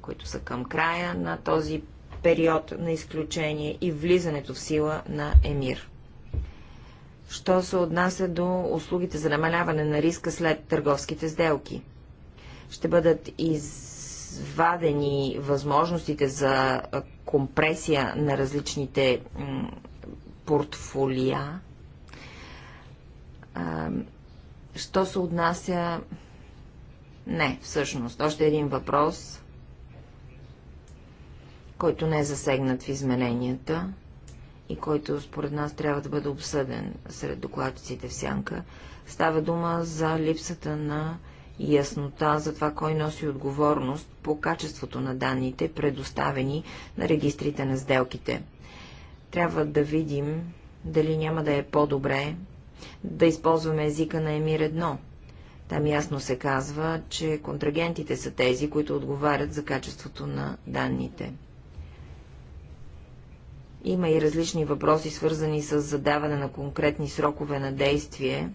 които са към края на този период на изключение и влизането в сила на ЕМИР. Що се отнася до услугите за намаляване на риска след търговските сделки? Ще бъдат извадени възможностите за компресия на различните портфолия. Що се отнася... Не, всъщност. Още един въпрос който не е засегнат в измененията и който според нас трябва да бъде обсъден сред докладчиците в сянка. Става дума за липсата на яснота за това, кой носи отговорност по качеството на данните, предоставени на регистрите на сделките. Трябва да видим дали няма да е по-добре да използваме езика на Емир 1. Там ясно се казва, че контрагентите са тези, които отговарят за качеството на данните. Има и различни въпроси, свързани с задаване на конкретни срокове на действие.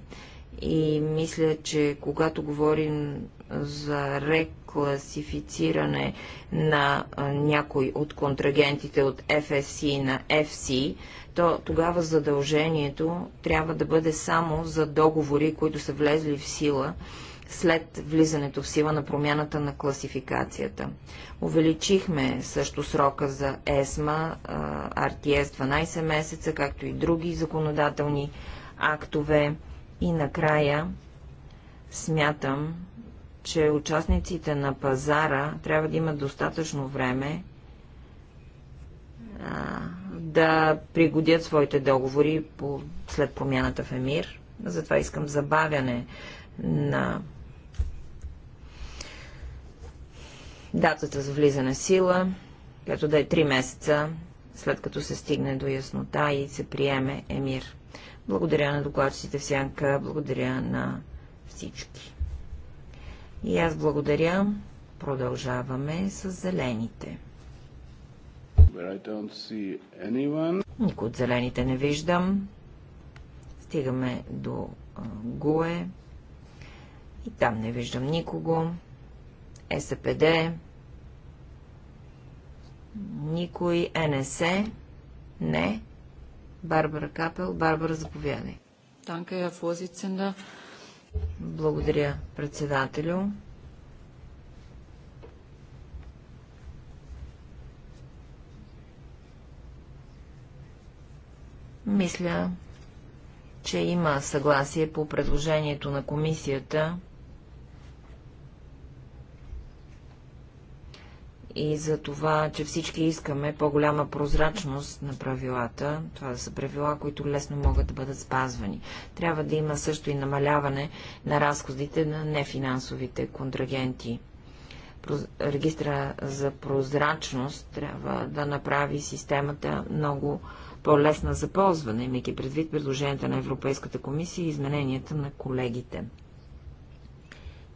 И мисля, че когато говорим за рекласифициране на някой от контрагентите от FSC на FC, то тогава задължението трябва да бъде само за договори, които са влезли в сила след влизането в сила на промяната на класификацията. Увеличихме също срока за ЕСМА, РТС 12 месеца, както и други законодателни актове. И накрая смятам, че участниците на пазара трябва да имат достатъчно време да пригодят своите договори по, след промяната в ЕМИР. Затова искам забавяне на датата за влизане в сила, като да е 3 месеца, след като се стигне до яснота и се приеме Емир. Благодаря на докладчиците в Сянка, благодаря на всички. И аз благодаря. Продължаваме с зелените. Никой от зелените не виждам. Стигаме до Гуе. И там не виждам никого. СПД, никой, НСЕ, не. Барбара Капел, Барбара, заповядай. Данка, Фозиценда. Благодаря, председателю. Мисля, че има съгласие по предложението на комисията и за това, че всички искаме по-голяма прозрачност на правилата. Това да са правила, които лесно могат да бъдат спазвани. Трябва да има също и намаляване на разходите на нефинансовите контрагенти. Регистра за прозрачност трябва да направи системата много по-лесна за ползване, имайки предвид предложенията на Европейската комисия и измененията на колегите.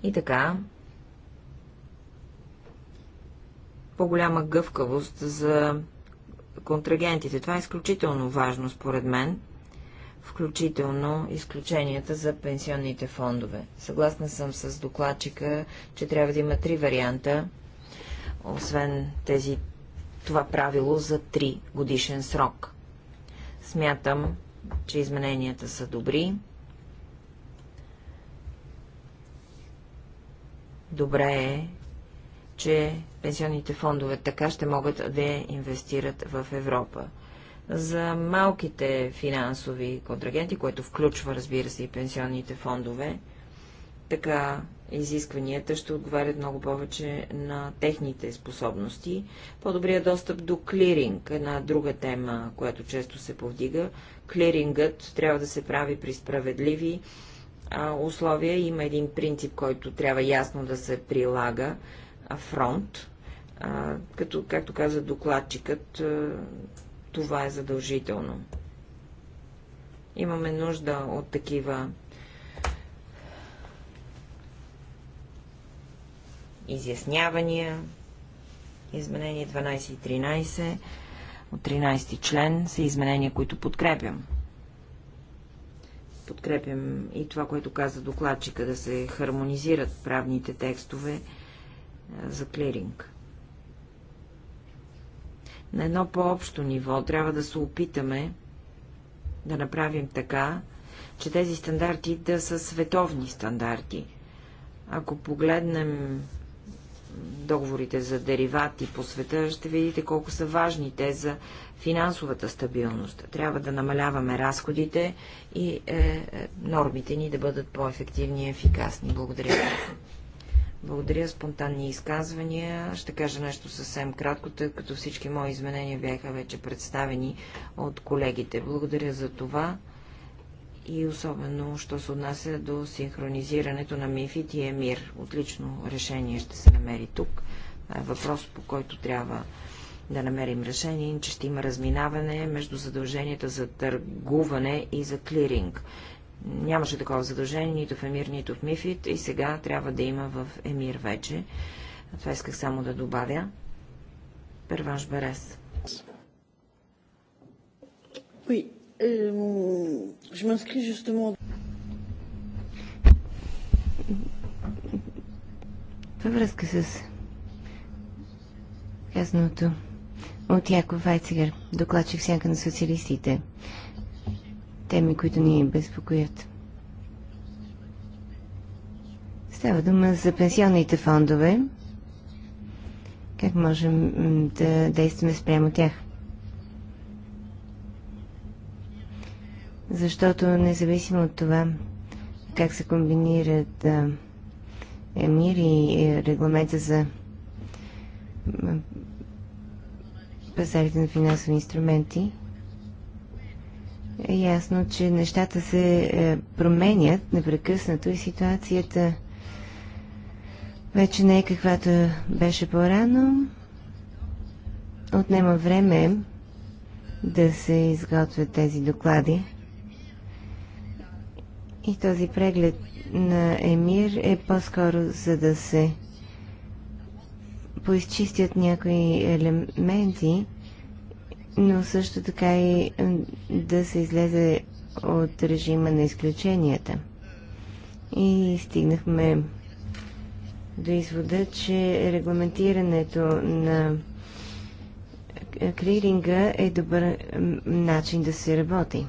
И така, по-голяма гъвкавост за контрагентите. Това е изключително важно, според мен, включително изключенията за пенсионните фондове. Съгласна съм с докладчика, че трябва да има три варианта, освен тези, това правило за три годишен срок. Смятам, че измененията са добри. Добре е, че пенсионните фондове така ще могат да инвестират в Европа. За малките финансови контрагенти, което включва, разбира се, и пенсионните фондове, така изискванията ще отговарят много повече на техните способности. По-добрият достъп до клиринг, една друга тема, която често се повдига. Клирингът трябва да се прави при справедливи условия. Има един принцип, който трябва ясно да се прилага фронт, като, както каза докладчикът, това е задължително. Имаме нужда от такива изяснявания, изменение 12 и 13 от 13 член са изменения, които подкрепям. Подкрепям и това, което каза докладчика, да се хармонизират правните текстове за клиринг. На едно по-общо ниво трябва да се опитаме да направим така, че тези стандарти да са световни стандарти. Ако погледнем договорите за деривати по света, ще видите колко са важни те за финансовата стабилност. Трябва да намаляваме разходите и е, е нормите ни да бъдат по-ефективни и ефикасни. Благодаря. Благодаря. Спонтанни изказвания. Ще кажа нещо съвсем кратко, тъй като всички мои изменения бяха вече представени от колегите. Благодаря за това и особено, що се отнася до синхронизирането на МИФИТ и ЕМИР. Отлично решение ще се намери тук. Това е въпрос, по който трябва да намерим решение, че ще има разминаване между задълженията за търгуване и за клиринг. Нямаше такова задължение нито в Емир, нито в Мифит и сега трябва да има в Емир вече. Това исках само да добавя. Перванш Берес. Oui, euh, je m'inscris justement. Във връзка с казаното от Яков Вайцегер, докладчик сянка на социалистите теми, които ни безпокоят. Става дума за пенсионните фондове. Как можем да действаме спрямо тях? Защото независимо от това, как се комбинират ЕМИР и регламента за пазарите на финансови инструменти, е ясно, че нещата се е, променят непрекъснато и ситуацията вече не е каквато беше по-рано. Отнема време да се изготвят тези доклади. И този преглед на Емир е по-скоро за да се поизчистят някои елементи, но също така и да се излезе от режима на изключенията. И стигнахме до извода, че регламентирането на клиринга е добър начин да се работи.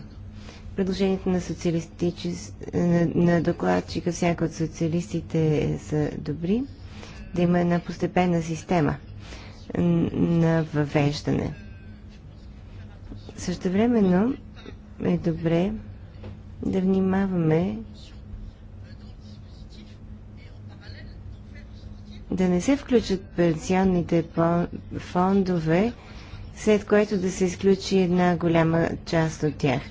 Предложението на, социалистичес... на, на докладчика, всяко от социалистите са добри, да има една постепенна система на въвеждане. Също времено е добре да внимаваме да не се включат пенсионните фондове, след което да се изключи една голяма част от тях.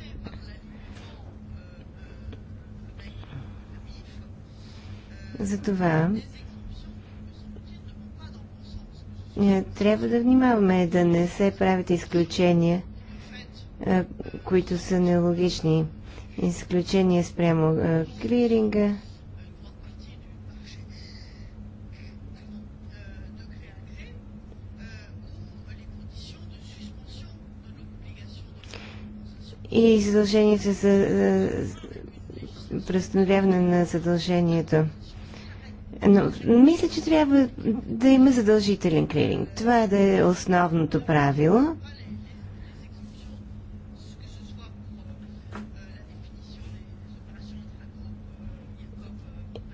Затова е, трябва да внимаваме да не се правят изключения е, които са нелогични, Изключение спрямо е, клиринга. И задължението за е, престановяване на задължението. Но мисля, че трябва да има задължителен клиринг. Това да е основното правило.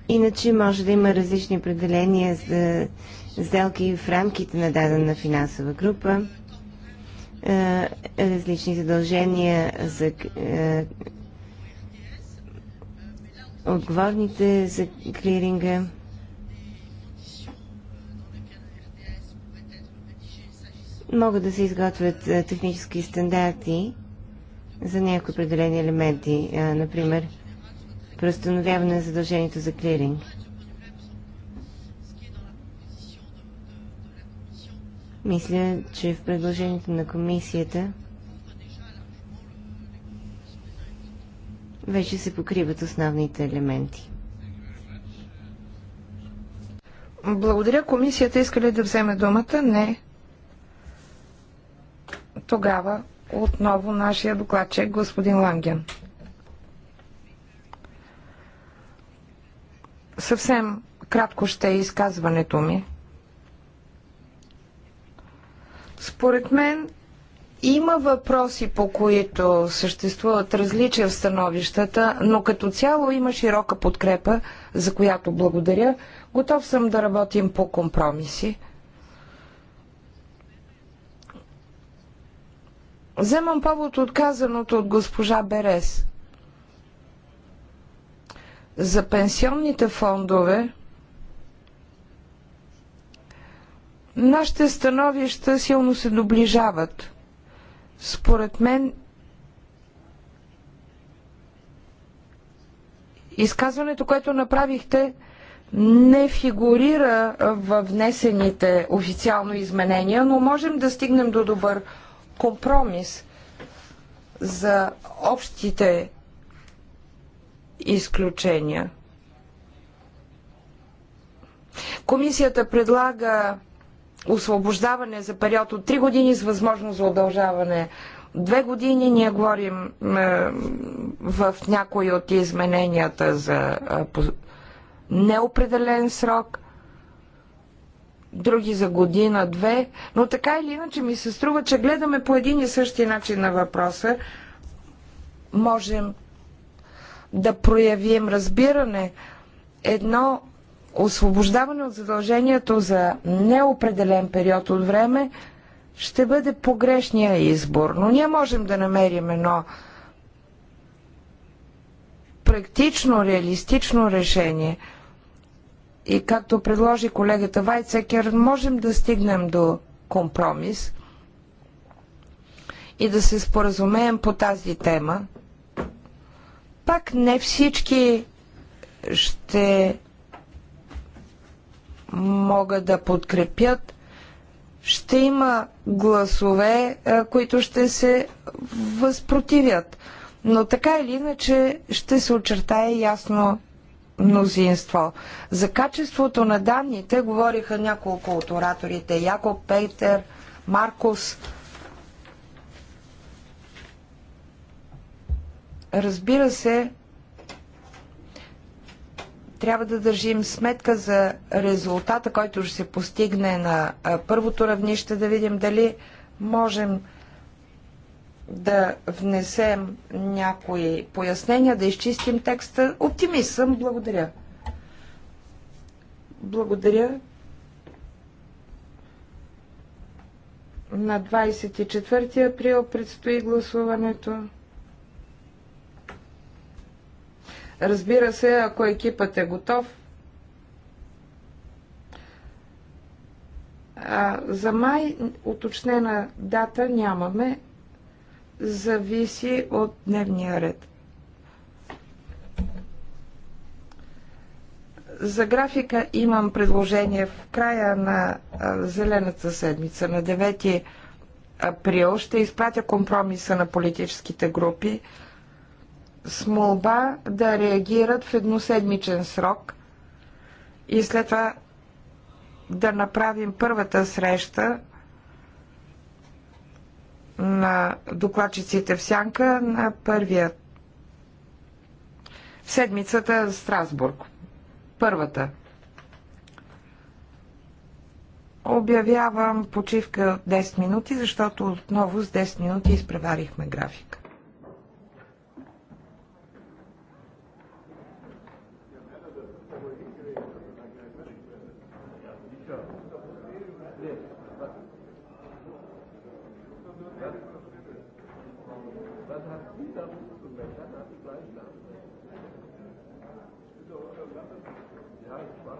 Иначе може да има различни определения за сделки в рамките на дадена финансова група, е, различни задължения за е, отговорните за клиринга. Могат да се изготвят е, технически стандарти за някои определени елементи, например преустановяване на задължението за клиринг. Мисля, че в предложението на комисията вече се покриват основните елементи. Благодаря. Комисията иска ли да вземе думата? Не. Тогава отново нашия докладчик, господин Ланген. Съвсем кратко ще е изказването ми. Според мен има въпроси, по които съществуват различия в становищата, но като цяло има широка подкрепа, за която благодаря. Готов съм да работим по компромиси. Вземам повод от казаното от госпожа Берес. За пенсионните фондове нашите становища силно се доближават. Според мен изказването, което направихте, не фигурира в внесените официално изменения, но можем да стигнем до добър компромис за общите изключения. Комисията предлага освобождаване за период от 3 години с възможност за удължаване две години. Ние говорим е, в някои от измененията за е, неопределен срок, други за година, две, но така или иначе ми се струва, че гледаме по един и същи начин на въпроса. Можем да проявим разбиране. Едно освобождаване от задължението за неопределен период от време ще бъде погрешния избор. Но ние можем да намерим едно практично, реалистично решение. И както предложи колегата Вайцекер, можем да стигнем до компромис и да се споразумеем по тази тема – пак не всички ще могат да подкрепят. Ще има гласове, е, които ще се възпротивят. Но така или иначе ще се очертае ясно мнозинство. За качеството на данните говориха няколко от ораторите. Яко, Пейтер, Маркус, Разбира се, трябва да държим сметка за резултата, който ще се постигне на първото равнище, да видим дали можем да внесем някои пояснения, да изчистим текста. Оптимист съм, благодаря. Благодаря. На 24 април предстои гласуването. Разбира се, ако екипът е готов, А, за май уточнена дата нямаме. Зависи от дневния ред. За графика имам предложение в края на а, зелената седмица, на 9 април. Ще изпратя компромиса на политическите групи с молба да реагират в едноседмичен срок и след това да направим първата среща на докладчиците в Сянка на първия седмицата в Страсбург. Първата. Обявявам почивка 10 минути, защото отново с 10 минути изпреварихме графика. Давай, давай.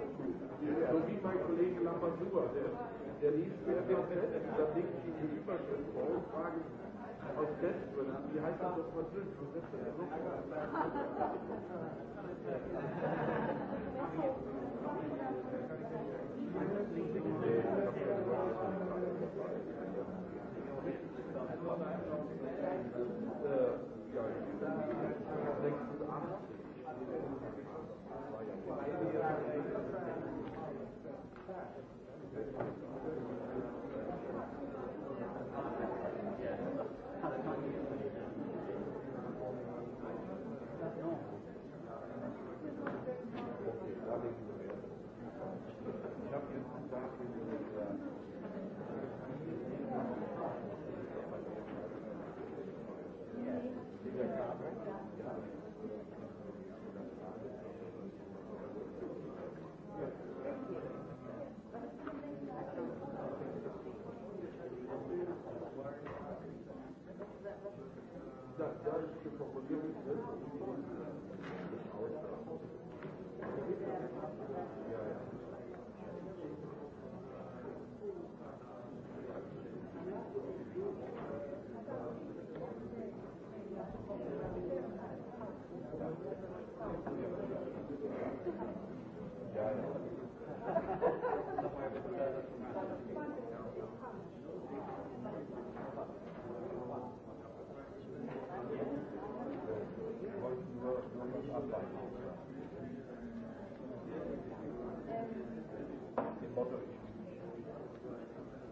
so wie mein Kollege Lamassoure, der, der liest mit dem Text, da denkt ich die Überschrift vor und frage aus Testgründen, wie heißt das auf Französisch? das ist so Thank you.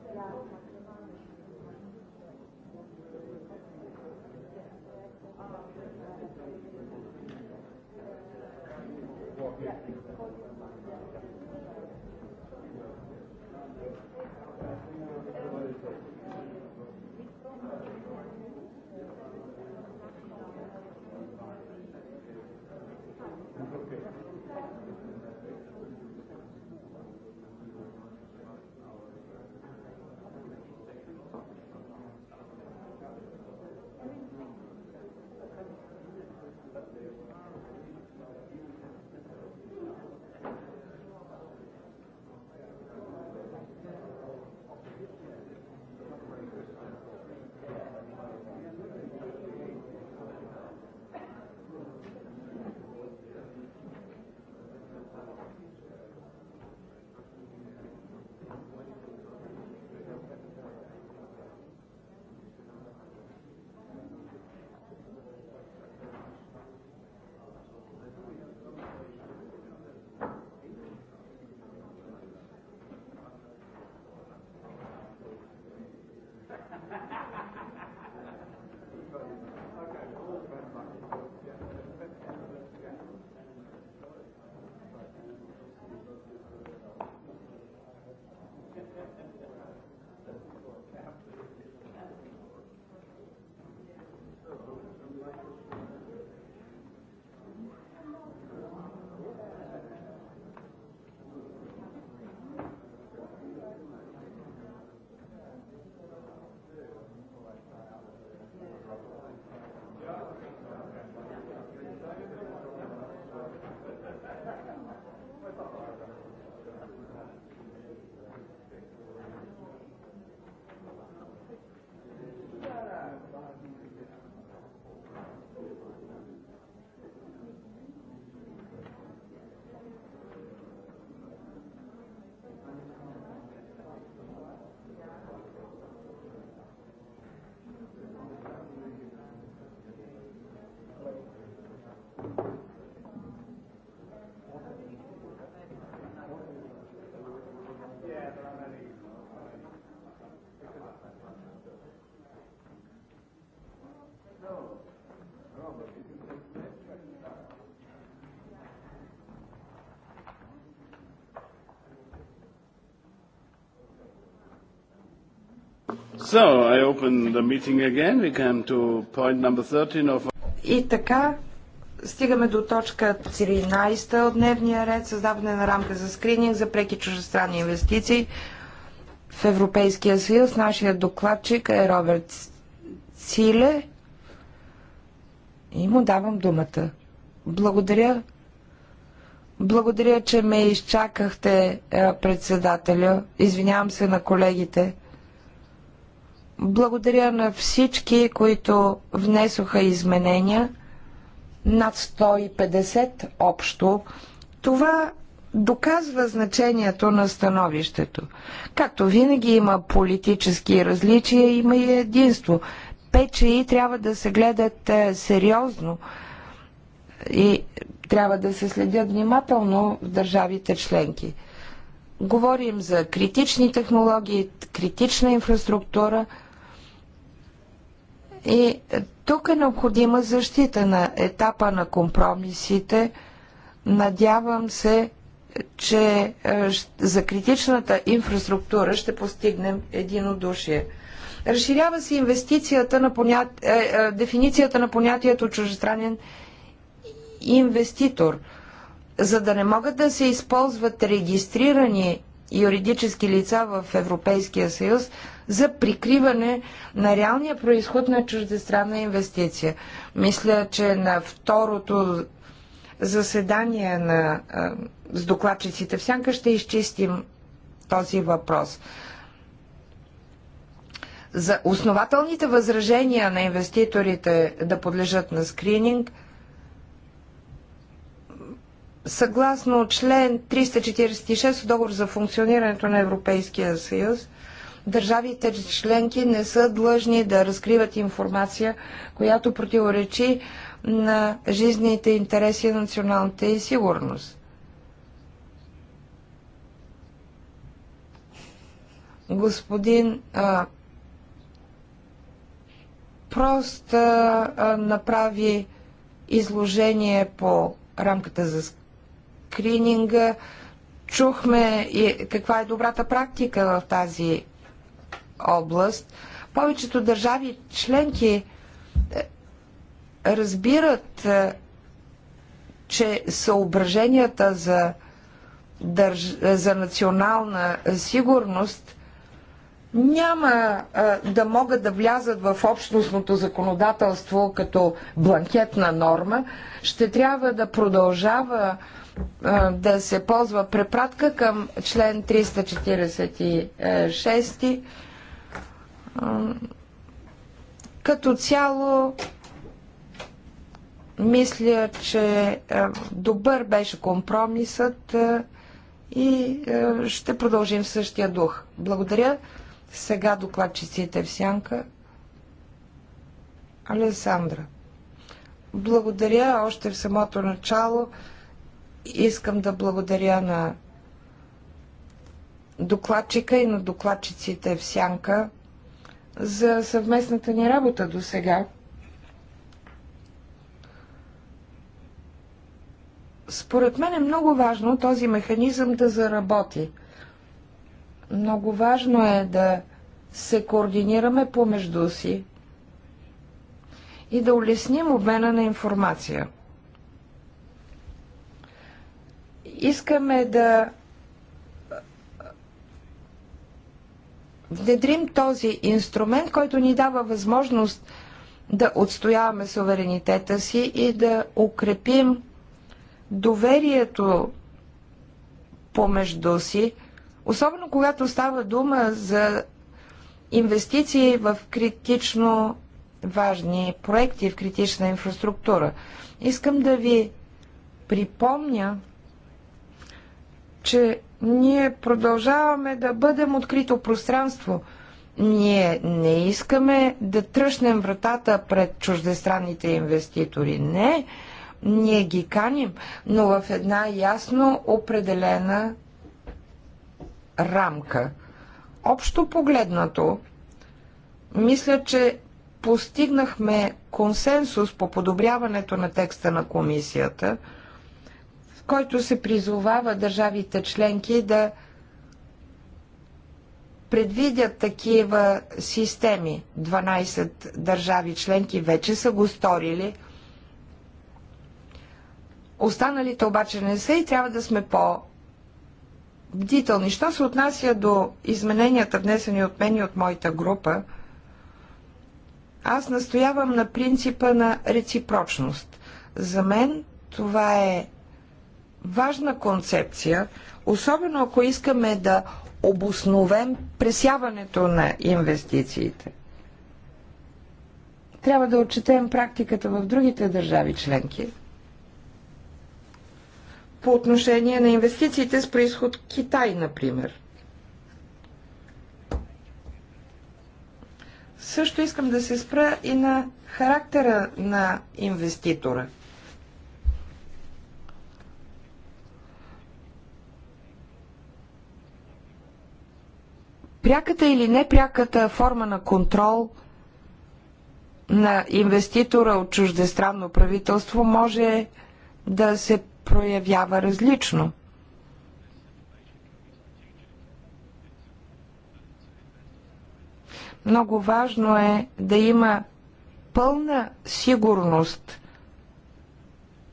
Gracias. So, I open the meeting again. We come to point number 13 of... И така, стигаме до точка 13 от дневния ред, създаване на рамка за скрининг за преки чужестранни инвестиции в Европейския съюз. Нашия докладчик е Роберт Циле и му давам думата. Благодаря. Благодаря, че ме изчакахте, е, председателя. Извинявам се на колегите. Благодаря на всички, които внесоха изменения. Над 150 общо. Това доказва значението на становището. Както винаги има политически различия, има и единство. ПЧИ трябва да се гледат е, сериозно и трябва да се следят внимателно в държавите членки. Говорим за критични технологии, критична инфраструктура – и тук е необходима защита на етапа на компромисите. Надявам се, че е, за критичната инфраструктура ще постигнем единодушие. Разширява се инвестицията на понят... Е, е, дефиницията на понятието чужестранен инвеститор, за да не могат да се използват регистрирани юридически лица в Европейския съюз за прикриване на реалния происход на чуждестранна инвестиция. Мисля, че на второто заседание на, а, с докладчиците в Сянка ще изчистим този въпрос. За основателните възражения на инвеститорите да подлежат на скрининг – съгласно член 346 от договор за функционирането на Европейския съюз, държавите членки не са длъжни да разкриват информация, която противоречи на жизнените интереси на националната и сигурност. Господин а, просто а, направи изложение по рамката за скрининга. Чухме и каква е добрата практика в тази област. Повечето държави членки е, разбират, е, че съображенията за, държ... за национална сигурност няма е, да могат да влязат в общностното законодателство като бланкетна норма. Ще трябва да продължава да се ползва препратка към член 346. Като цяло, мисля, че добър беше компромисът и ще продължим същия дух. Благодаря. Сега докладчиците в сянка. Алесандра. Благодаря още в самото начало. Искам да благодаря на докладчика и на докладчиците в Сянка за съвместната ни работа до сега. Според мен е много важно този механизъм да заработи. Много важно е да се координираме помежду си и да улесним обмена на информация – Искаме да внедрим този инструмент, който ни дава възможност да отстояваме суверенитета си и да укрепим доверието помежду си, особено когато става дума за инвестиции в критично важни проекти в критична инфраструктура. Искам да ви припомня, че ние продължаваме да бъдем открито пространство. Ние не искаме да тръщнем вратата пред чуждестранните инвеститори. Не, ние ги каним, но в една ясно определена рамка. Общо погледнато, мисля, че постигнахме консенсус по подобряването на текста на комисията – който се призовава държавите членки да предвидят такива системи. 12 държави членки вече са го сторили. Останалите обаче не са и трябва да сме по- бдителни. Що се отнася до измененията, внесени от мен и от моята група, аз настоявам на принципа на реципрочност. За мен това е важна концепция, особено ако искаме да обосновем пресяването на инвестициите. Трябва да отчетем практиката в другите държави членки по отношение на инвестициите с происход Китай, например. Също искам да се спра и на характера на инвеститора – пряката или непряката форма на контрол на инвеститора от чуждестранно правителство може да се проявява различно. Много важно е да има пълна сигурност,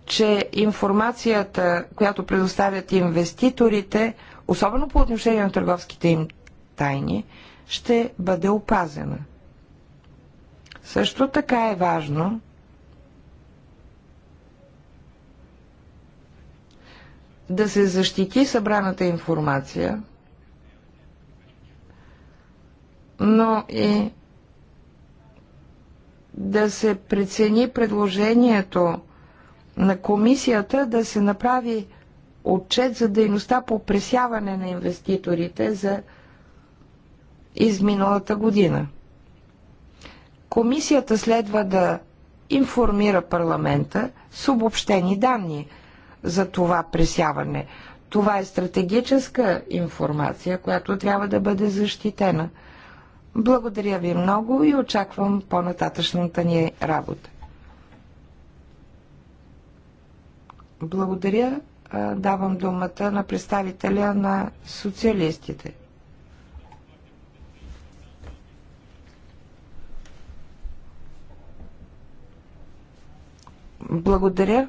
че информацията, която предоставят инвеститорите, особено по отношение на търговските им тайни ще бъде опазена. Също така е важно да се защити събраната информация, но и да се прецени предложението на комисията да се направи отчет за дейността по пресяване на инвеститорите за изминалата година. Комисията следва да информира парламента с обобщени данни за това пресяване. Това е стратегическа информация, която трябва да бъде защитена. Благодаря ви много и очаквам по-нататъчната ни работа. Благодаря. Давам думата на представителя на социалистите. Благодаря.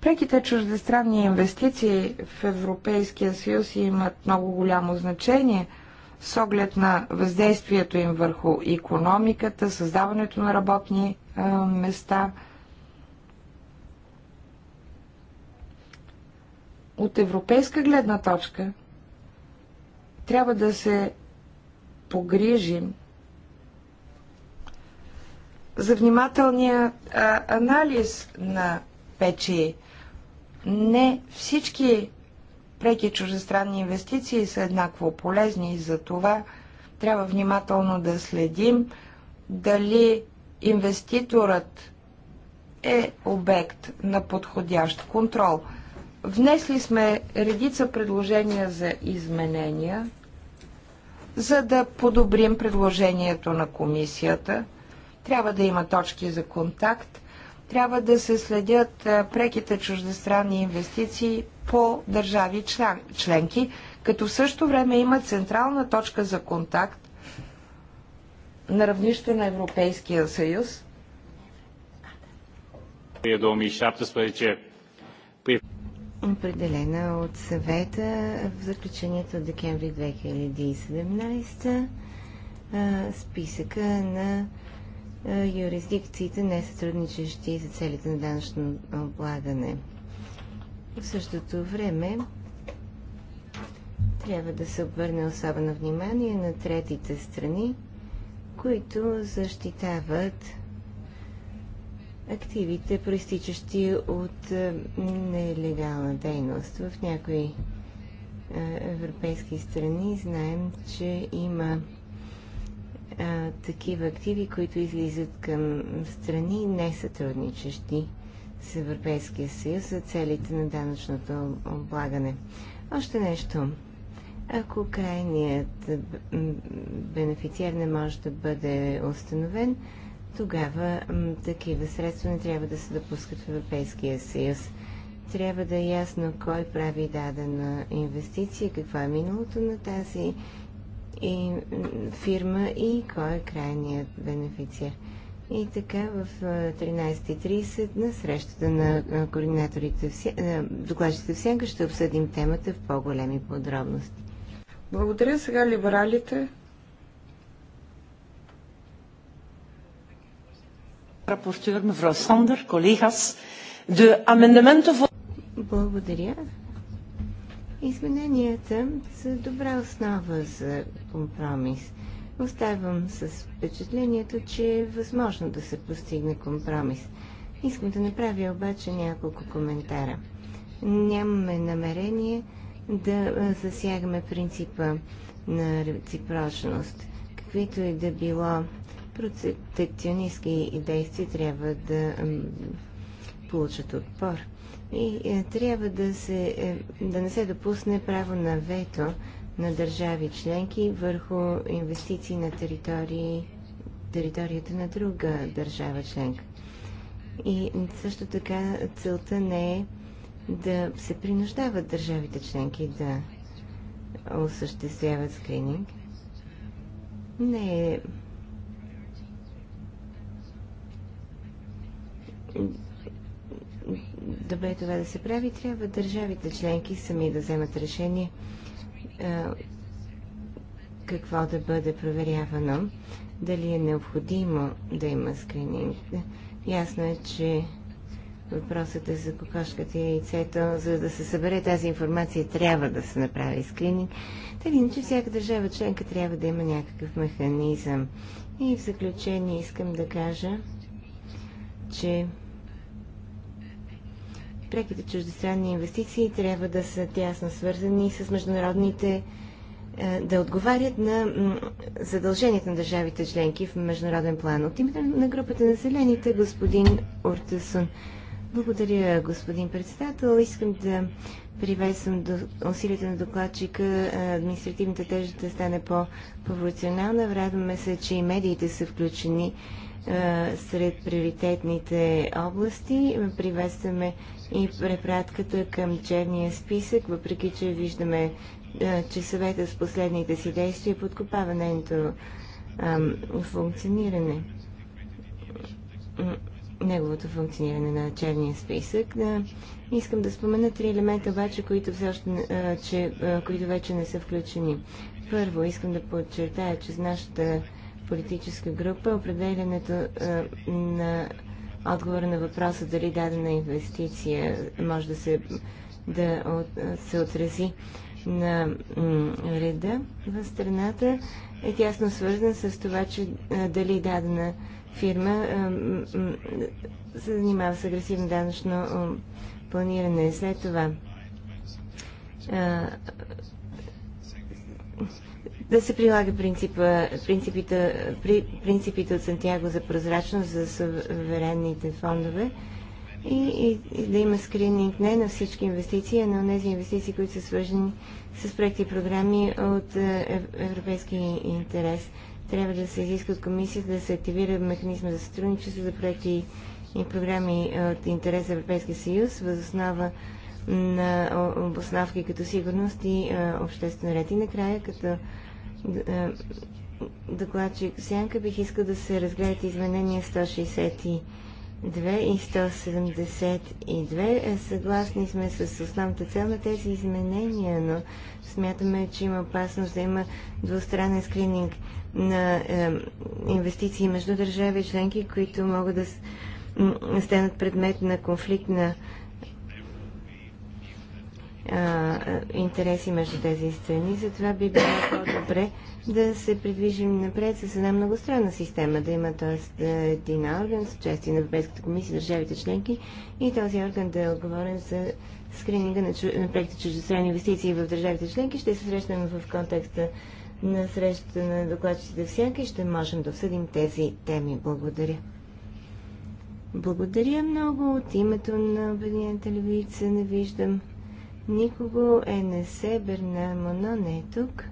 Преките чуждестранни инвестиции в Европейския съюз имат много голямо значение с оглед на въздействието им върху економиката, създаването на работни места. От европейска гледна точка трябва да се погрижим за внимателния а, анализ на печи. Не всички преки чужестранни инвестиции са еднакво полезни и за това трябва внимателно да следим дали инвеститорът е обект на подходящ контрол. Внесли сме редица предложения за изменения, за да подобрим предложението на комисията – трябва да има точки за контакт, трябва да се следят преките чуждестранни инвестиции по държави член, членки, като в същото време има централна точка за контакт на равнище на Европейския съюз. 2017 определена от съвета в заключението от декември 2017 списъка на е, юрисдикциите, не сътрудничещи за целите на данъчно облагане. В същото време трябва да се обърне особено внимание на третите страни, които защитават активите, проистичащи от е, нелегална дейност. В някои е, европейски страни знаем, че има а, такива активи, които излизат към страни не сътрудничещи с Европейския съюз за целите на данъчното облагане. Още нещо. Ако крайният бенефициер не може да бъде установен, тогава такива средства не трябва да се допускат в Европейския съюз. Трябва да е ясно кой прави дадена инвестиция, какво е миналото на тази инвестиция и фирма и кой е крайният бенефициер. И така в 13.30 на срещата на координаторите, докладчите в Сянка ще обсъдим темата в по-големи подробности. Благодаря сега либералите. Сандър, колегас, Благодаря. Измененията са добра основа за компромис. Оставам с впечатлението, че е възможно да се постигне компромис. Искам да направя обаче няколко коментара. Нямаме намерение да засягаме принципа на реципрочност. Каквито и е да било протекционистски действия трябва да получат отпор и е, трябва да, се, е, да не се допусне право на вето на държави членки върху инвестиции на територии, територията на друга държава членка. И също така целта не е да се принуждават държавите членки да осъществяват скрининг. Не е добре е това да се прави, трябва държавите членки сами да вземат решение какво да бъде проверявано, дали е необходимо да има скрининг. Ясно е, че въпросът е за кокошката и яйцето. За да се събере тази информация, трябва да се направи скрининг. Та иначе всяка държава членка трябва да има някакъв механизъм. И в заключение искам да кажа, че преките чуждестранни инвестиции трябва да са тясно свързани с международните е, да отговарят на задълженията на държавите членки в международен план. От името на групата на зелените, господин Ортасун. Благодаря, господин председател. Искам да приветствам до усилията на докладчика е, административната тежест да стане по-пропорционална. Радваме се, че и медиите са включени е, сред приоритетните области. Приветстваме и препратката към черния списък, въпреки че виждаме, е, че съвета с последните си действия подкопава нейното функциониране. Неговото функциониране на черния списък. Да. Искам да спомена три елемента, обаче, които, все още, е, че, които вече не са включени. Първо, искам да подчертая, че с нашата политическа група, определенето а, на отговора на въпроса дали дадена инвестиция може да се, да от, се отрази на реда в страната е тясно свързан с това, че а, дали дадена фирма а, се занимава с агресивно данъчно планиране. След това да се прилага принципа, принципите, при, принципите от Сантьяго за прозрачност за суверенните фондове и, и, и да има скрининг не на всички инвестиции, а на тези инвестиции, които са свързани с проекти и програми от е, европейски интерес. Трябва да се изиска от комисията да се активира механизма за сътрудничество за проекти и програми от интерес за Европейския съюз, възоснова на обосновки като сигурност и е, обществен ред. И накрая, като е, докладчик Сянка бих искал да се разгледат изменения 162 и 172. Е, съгласни сме с основната цел на тези изменения, но смятаме, че има опасност да има двустранен скрининг на е, инвестиции между държави и членки, които могат да станат предмет на конфликт на а, интереси между тези страни, затова би било по-добре да се придвижим напред с една многостранна система, да има т.е. един орган с участие на Европейската комисия, държавите членки и този орган да е отговорен за скрининга на, чу... на проекти чуждестранни инвестиции в държавите членки. Ще се срещнем в контекста на срещата на докладчите всяка и ще можем да обсъдим тези теми. Благодаря. Благодаря много. От името на Обединената левица не виждам Никого е не се, Бернамоно не е тук.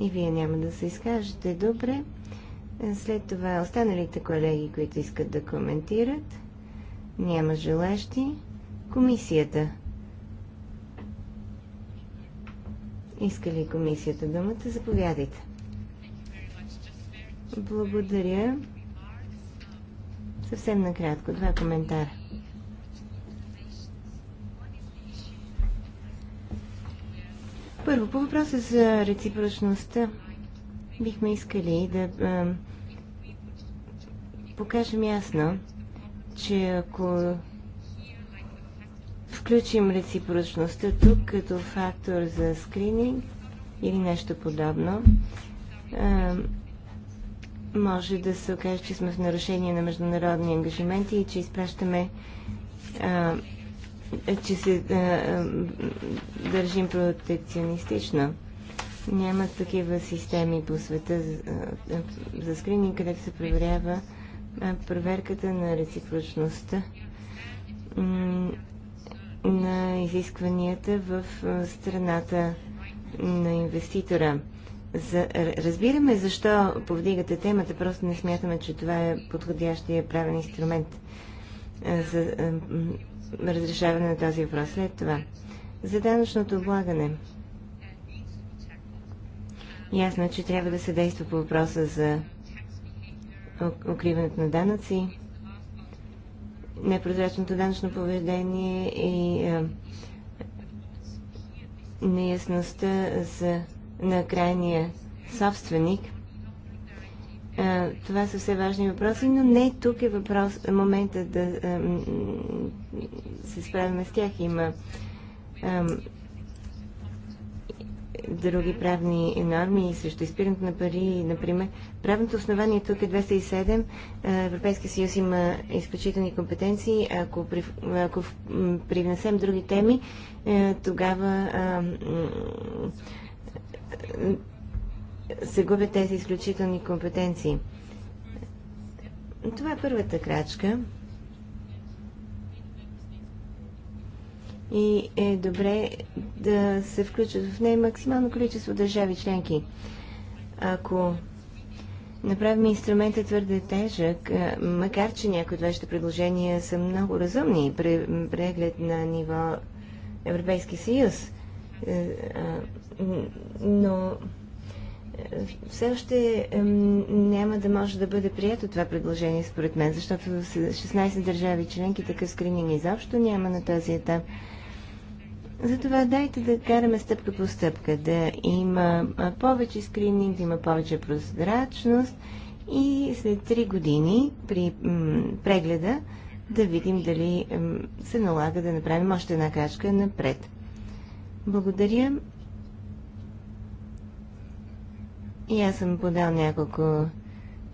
И вие няма да се изкажете добре. След това останалите колеги, които искат да коментират, няма желащи. Комисията. Иска ли комисията думата? Заповядайте. Благодаря. Съвсем накратко, два коментара. Първо, по въпроса за реципрочността, бихме искали да а, покажем ясно, че ако включим реципрочността тук като фактор за скрининг или нещо подобно, а, може да се окаже, че сме в нарушение на международни ангажименти и че изпращаме а, е, че се а, е, а, е, държим протекционистично. Няма такива системи по света за, а, за скрининг, където се проверява а, проверката на реципрочността на изискванията в страната на инвеститора. За, разбираме защо повдигате темата, просто не смятаме, че това е подходящия правен инструмент за разрешаване на този въпрос. След това, за данъчното облагане. Ясно е, че трябва да се действа по въпроса за укриването на данъци, непрозрачното данъчно поведение и неясността за, на крайния собственик – е, това са все важни въпроси, но не тук е въпрос, момента да се справяме с тях. Има други правни норми, също изпирането на пари, например. Правното основание тук е 207. Е, Европейския съюз има изключителни компетенции. Ако, при, ако привнесем други теми, е, тогава се губят тези изключителни компетенции. Това е първата крачка. И е добре да се включат в нея максимално количество държави членки. Ако направим инструмента твърде тежък, макар че някои от вашите предложения са много разумни, преглед на ниво Европейски съюз, е, но все още няма да може да бъде прието това предложение, според мен, защото в 16 държави членки такъв скрининг изобщо няма на този етап. Затова дайте да караме стъпка по стъпка, да има повече скрининг, да има повече прозрачност и след 3 години при прегледа да видим дали се налага да направим още една крачка напред. Благодаря. И аз съм подал няколко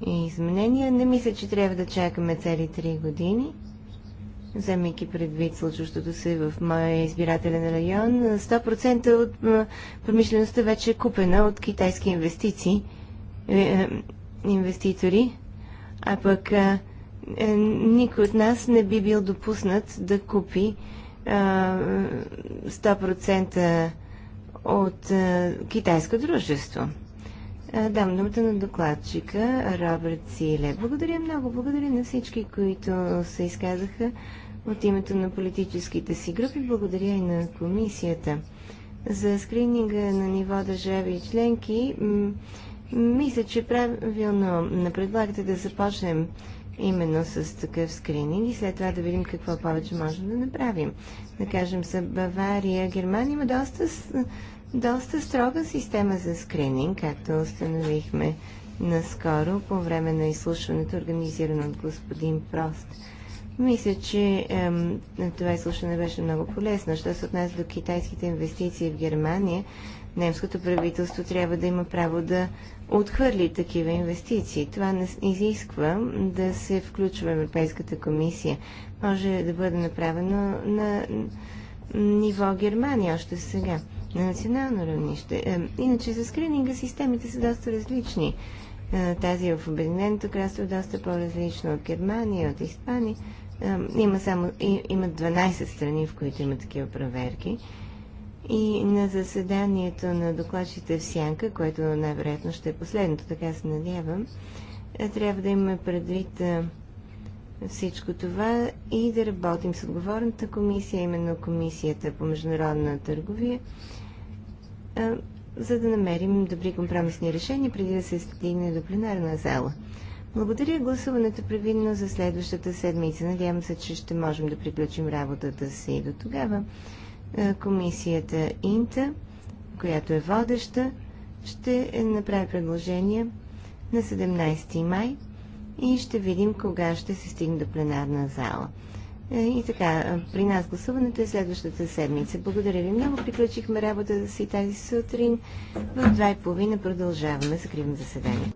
изменения. Не мисля, че трябва да чакаме цели три години. Вземайки предвид случващото се в моя избирателен район, 100% от промишлеността вече е купена от китайски инвестиции, е, е, инвеститори, а пък е, никой от нас не би бил допуснат да купи 100% от китайско дружество. Е, дам думата на докладчика Роберт Силе. Благодаря много. Благодаря на всички, които се изказаха от името на политическите си групи. Благодаря и на комисията. За скрининга на ниво държави и членки, мисля, че правилно предлагате да започнем именно с такъв скрининг и след това да видим какво повече можем да направим. Да кажем са, Бавария, Германия има доста доста строга система за скрининг, както установихме наскоро по време на изслушването, организирано от господин Прост. Мисля, че ем, това изслушване беше много полезно. Що се отнася до китайските инвестиции в Германия, немското правителство трябва да има право да отхвърли такива инвестиции. Това не изисква да се включва Европейската комисия. Може да бъде направено на ниво Германия още сега на национално равнище. Е, иначе за скрининга системите са доста различни. Е, тази в Обединеното кралство е доста по-различна от Германия, от Испания. Е, има само има 12 страни, в които има такива проверки. И на заседанието на докладчите в Сянка, което най-вероятно ще е последното, така се надявам, трябва да имаме предвид всичко това и да работим с отговорната комисия, именно комисията по международна търговия за да намерим добри компромисни решения преди да се стигне до пленарна зала. Благодаря. Гласуването предвидено за следващата седмица. Надявам се, че ще можем да приключим работата си до тогава. Комисията Инта, която е водеща, ще направи предложение на 17 май и ще видим кога ще се стигне до пленарна зала. Е, и така, при нас гласуването е следващата седмица. Благодаря ви много. Приключихме работата си тази сутрин. В 2.30 продължаваме. Закривам заседанието.